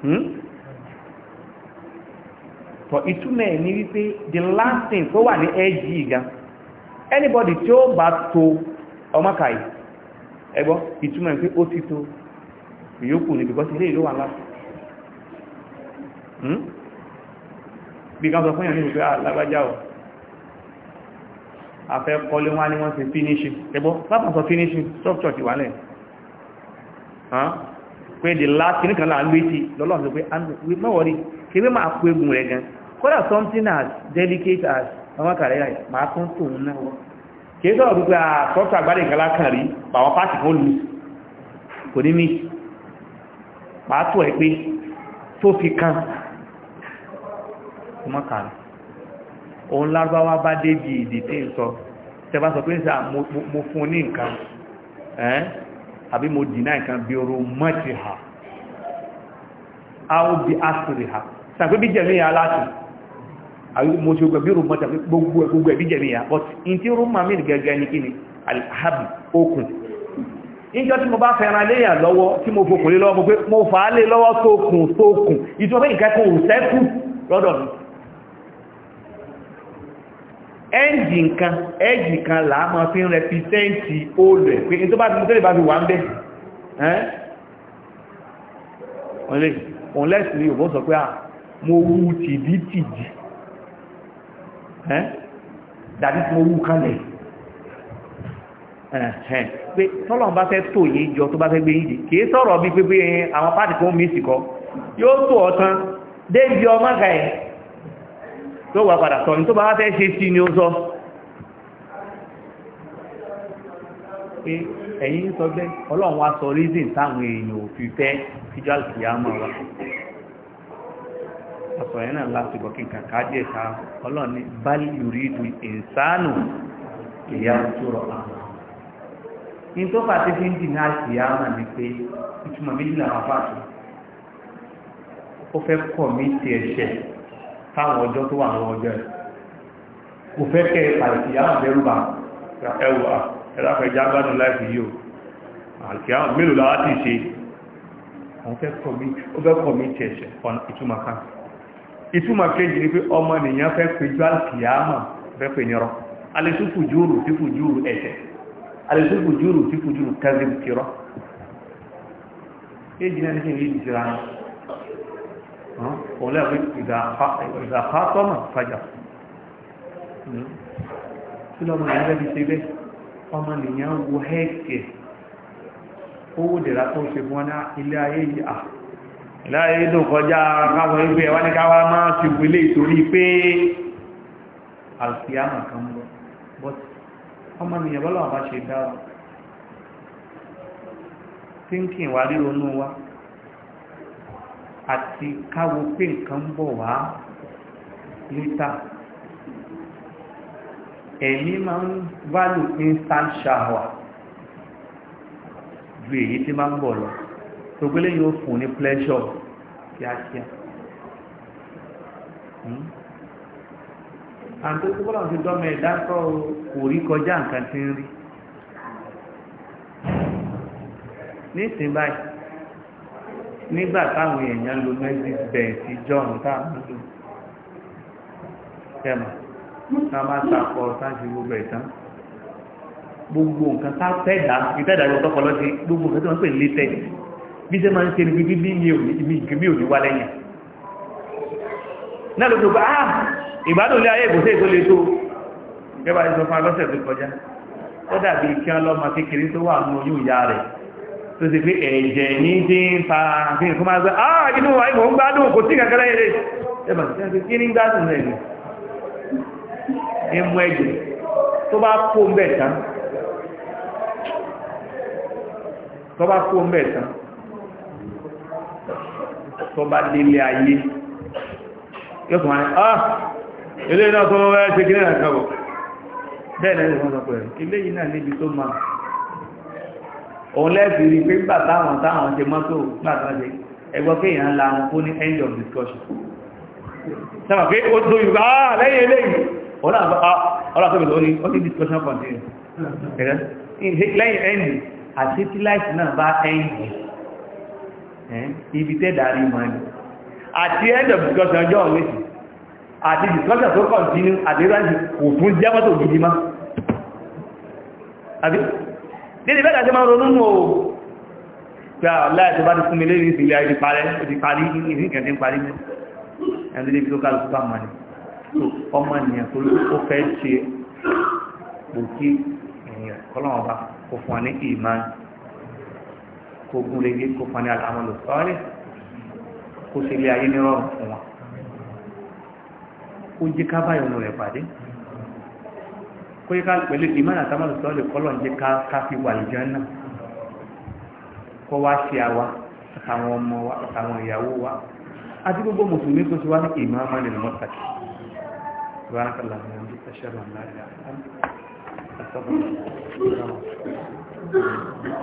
hmm? tọ̀ ìtumọ̀ ẹ̀ ní wípé the last thing tó wà ní ẹ́jì gan anybody tí ó bá to ọmọkàí ẹgbọ́ ìtumọ̀ ẹ̀ pé ó ti to ìyókù ní bíkọ́ sí ilé ìlú wà ńlá hmm? bí kan sọ fún yàn ní ìgbé alágbájá ah, ọ̀ afẹ́ kọlé wá ní wọ́n ṣe finishing ẹgbọ́ lápàá sọ finishing structure ti wà lẹ̀ pé the last kìnnìkan là ń lé ti gan. kódà something as delicate as ọmọ kàrẹ́ máa tún tòun náà wọ́n kìí sọ̀rọ̀ wípé àtọ́tọ̀ ah, àgbàdì ìkàlá kan rí bàwọn pàtì kó lù kò ní mí máa pé tó fi kan ọmọ kàrẹ́ òun lárúbáwá bá débi ìdí tí ń sọ sọ pé fún ní mo ha a àwọn mo ṣe gbẹ̀bí rùn mọ́ta gbogbo ẹ̀bí jẹ̀mí ya but in tí rùn máa mìíràn gẹ́gẹ́ ní kíni alhabi okùn níjọ́ tí mo bá fẹ́ran léyà lọ́wọ́ tí mo fòkùn lé lọ́wọ́ mo pé mo fà á lé lọ́wọ́ tókùn tókùn ìjọba ìkẹ́kùn òsẹ́kù lọ́dọ̀ mi ẹ́ǹdì nǹkan ẹ́ǹdì kan làá máa fi ń rẹpítẹ́ǹtì olù ẹ̀ pé ní tó bá ti mú tẹ́lẹ̀ bá fi wà ń bẹ́ ọ̀lẹ́ òun lẹ́sìn ní òbó sọ pé à ah, mo wú tìdí tìdí dàbí tí mo wú kalẹ̀ pé tọ́lọ́n bá fẹ́ tó yìí jọ tó bá fẹ́ gbé yìí kìí sọ̀rọ̀ bí pé àwọn pàtì kan mí sì kọ́ yóò tó ọ̀tán débi ọmọ ga ẹ̀ tó wà padà sọ ní tó bá fẹ́ ṣe sí ni ó sọ pé ẹ̀yìn sọ bẹ́ ọlọ́run wá sọ reason ọ̀sọ̀ yẹn náà láti bọ̀ kí n kàkà díẹ̀ ká ọlọ́run ní bal yuridu insanu ìyá òtúrọ̀ àwọn ní tó fà tí fi ń dìní àṣìyá mà ní pé ìtumọ̀ méjì làwọn bá tó ó fẹ́ kọ̀ mí ti ẹ̀ṣẹ̀ táwọn ọjọ́ tó wà ní ọjọ́ ẹ̀ kò fẹ́ kẹ́ àṣìyá mà ah, ìtumọ̀ kan ìtumọ̀ kejì ni pé ọmọ nìyàn fẹ́ péjú alkiyama fẹ́ pè nírọ́ alẹ́sùfù júrù tí fù júrù ẹ̀ṣẹ̀ alẹ́sùfù júrù tí fù júrù kazim tìrọ́ èjì náà ní kí n yí ìjìra òun lẹ́ẹ̀kọ́ ìgbàfàtọ́mà fàjà tí hmm. lọ́mọ nìyàn fẹ́ fi ṣe láyé dùn kọjá káwọn ìgbé ẹwà ní káwà máa ti wílé ìtorí pé alfiyama kan bọ́ but ọmọ mi yẹ̀bọ́ lọ́wọ́ bá ṣe dáwà thinking wà rí ronú wa àti káwo pé nǹkan bọ̀ wá lítà ẹ̀mí máa ń value instant shower ju èyí tí máa ń bọ̀ lọ togbélé yóò fún ní pleasure kíákíá hmm? àti tó bọ́lá ti dọ́mọ ẹ̀dá kọ́ kò rí kọjá nǹkan tí ń rí ní ìsìn báyìí nígbà táwọn èèyàn lo mẹ́sì bẹ̀ẹ̀sì jọ̀hún táwọn lò tẹ́mà táwọn bá takọ̀ sáàsì gbogbo ẹ̀tàn gbogbo nǹkan tá tẹ́ẹ̀dá ìtẹ́ẹ̀dá ìwọ̀n tọ́kọ̀ lọ́sí gbogbo nǹkan tí wọ́n pè létẹ́ẹ̀ bí ṣe máa ń ṣe níbi bí mi ìgbìmí ò ní wá lẹ́yìn náà ló tó bá ah, á ìbádùn ilé ayé ìgbòsẹ́ ìtò lè tó gẹ́bà ìsọ fún alọ́sẹ̀ tó kọjá ó dàbí kí wọ́n lọ́mọ kékeré tó wà ní oyún ìyá rẹ̀ tó ti pé ẹ̀jẹ̀ ní tí ń fa àfihàn ah inú wa ìmọ̀ ń gbádùn kò sí kankan lẹ́yìn rẹ̀ ẹ̀bà kí ní gbádùn rẹ̀ ni ẹmu ẹ̀jẹ̀ tó bá kó ń bẹ̀ tán tó bá kó ń bẹ̀ tán tó bá délé ayé yóò tó máa ní ah ilé iná tó wọ́n ṣe kí náà kọ̀bọ̀ bẹ́ẹ̀ náà wọ́n sọ pé ilé yìí náà níbi tó máa òun lẹ́sìn rí pé nígbà táwọn táwọn ṣe mọ́tò nígbà táwọn ṣe ẹgbọ́ kéèyàn la wọn fún ní end of discussion sábà pé ó tó yorùbá ah lẹ́yìn eléyìí ah, ọlọ́pẹ̀lẹ̀ ó ní ó ní discussion continue lẹ́yìn end àti tí láìsí náà bá end ibi tẹ́ darí mọ́ ni àti end of discussion ọjọ́ ọ̀rẹ́ sí àti discussion tó continue àti ìrántí kò tún jẹ́ mọ́tò gidi má àbí dédé bẹ́ẹ̀ tàbí máa ronú mọ́ o pé aláì tó bá ti fún mi lérí ìsìnlẹ̀ ìdí parẹ́ ìdí parí ìrìnkẹ̀ tí ń parí mẹ́ ẹni débi tó kálù púpà mọ́ ni ọmọ ènìyàn tó kó gún régé kó fani àlàmọ́ lò sọ́ọ́lẹ̀ kó ṣe ilé ayé ní rọrùn fún wọn kó jẹ́ ká báyọ̀ nù rẹ̀ pàdé kó yẹ ká pẹ̀lú ìmọ̀nà àtàmọ́ lò sọ́ọ́lẹ̀ kọ́ lọ́n jẹ́ ká fi wà lìjọ́ náà kó wá ṣe àwa àtàwọn ọmọ wa àtàwọn ìyàwó wa àti gbogbo mùsùlùmí tó ṣe wá ní ìmọ̀ àmàlẹ̀ lọ́sàkì سبحانك اللهم وبحمدك اشهد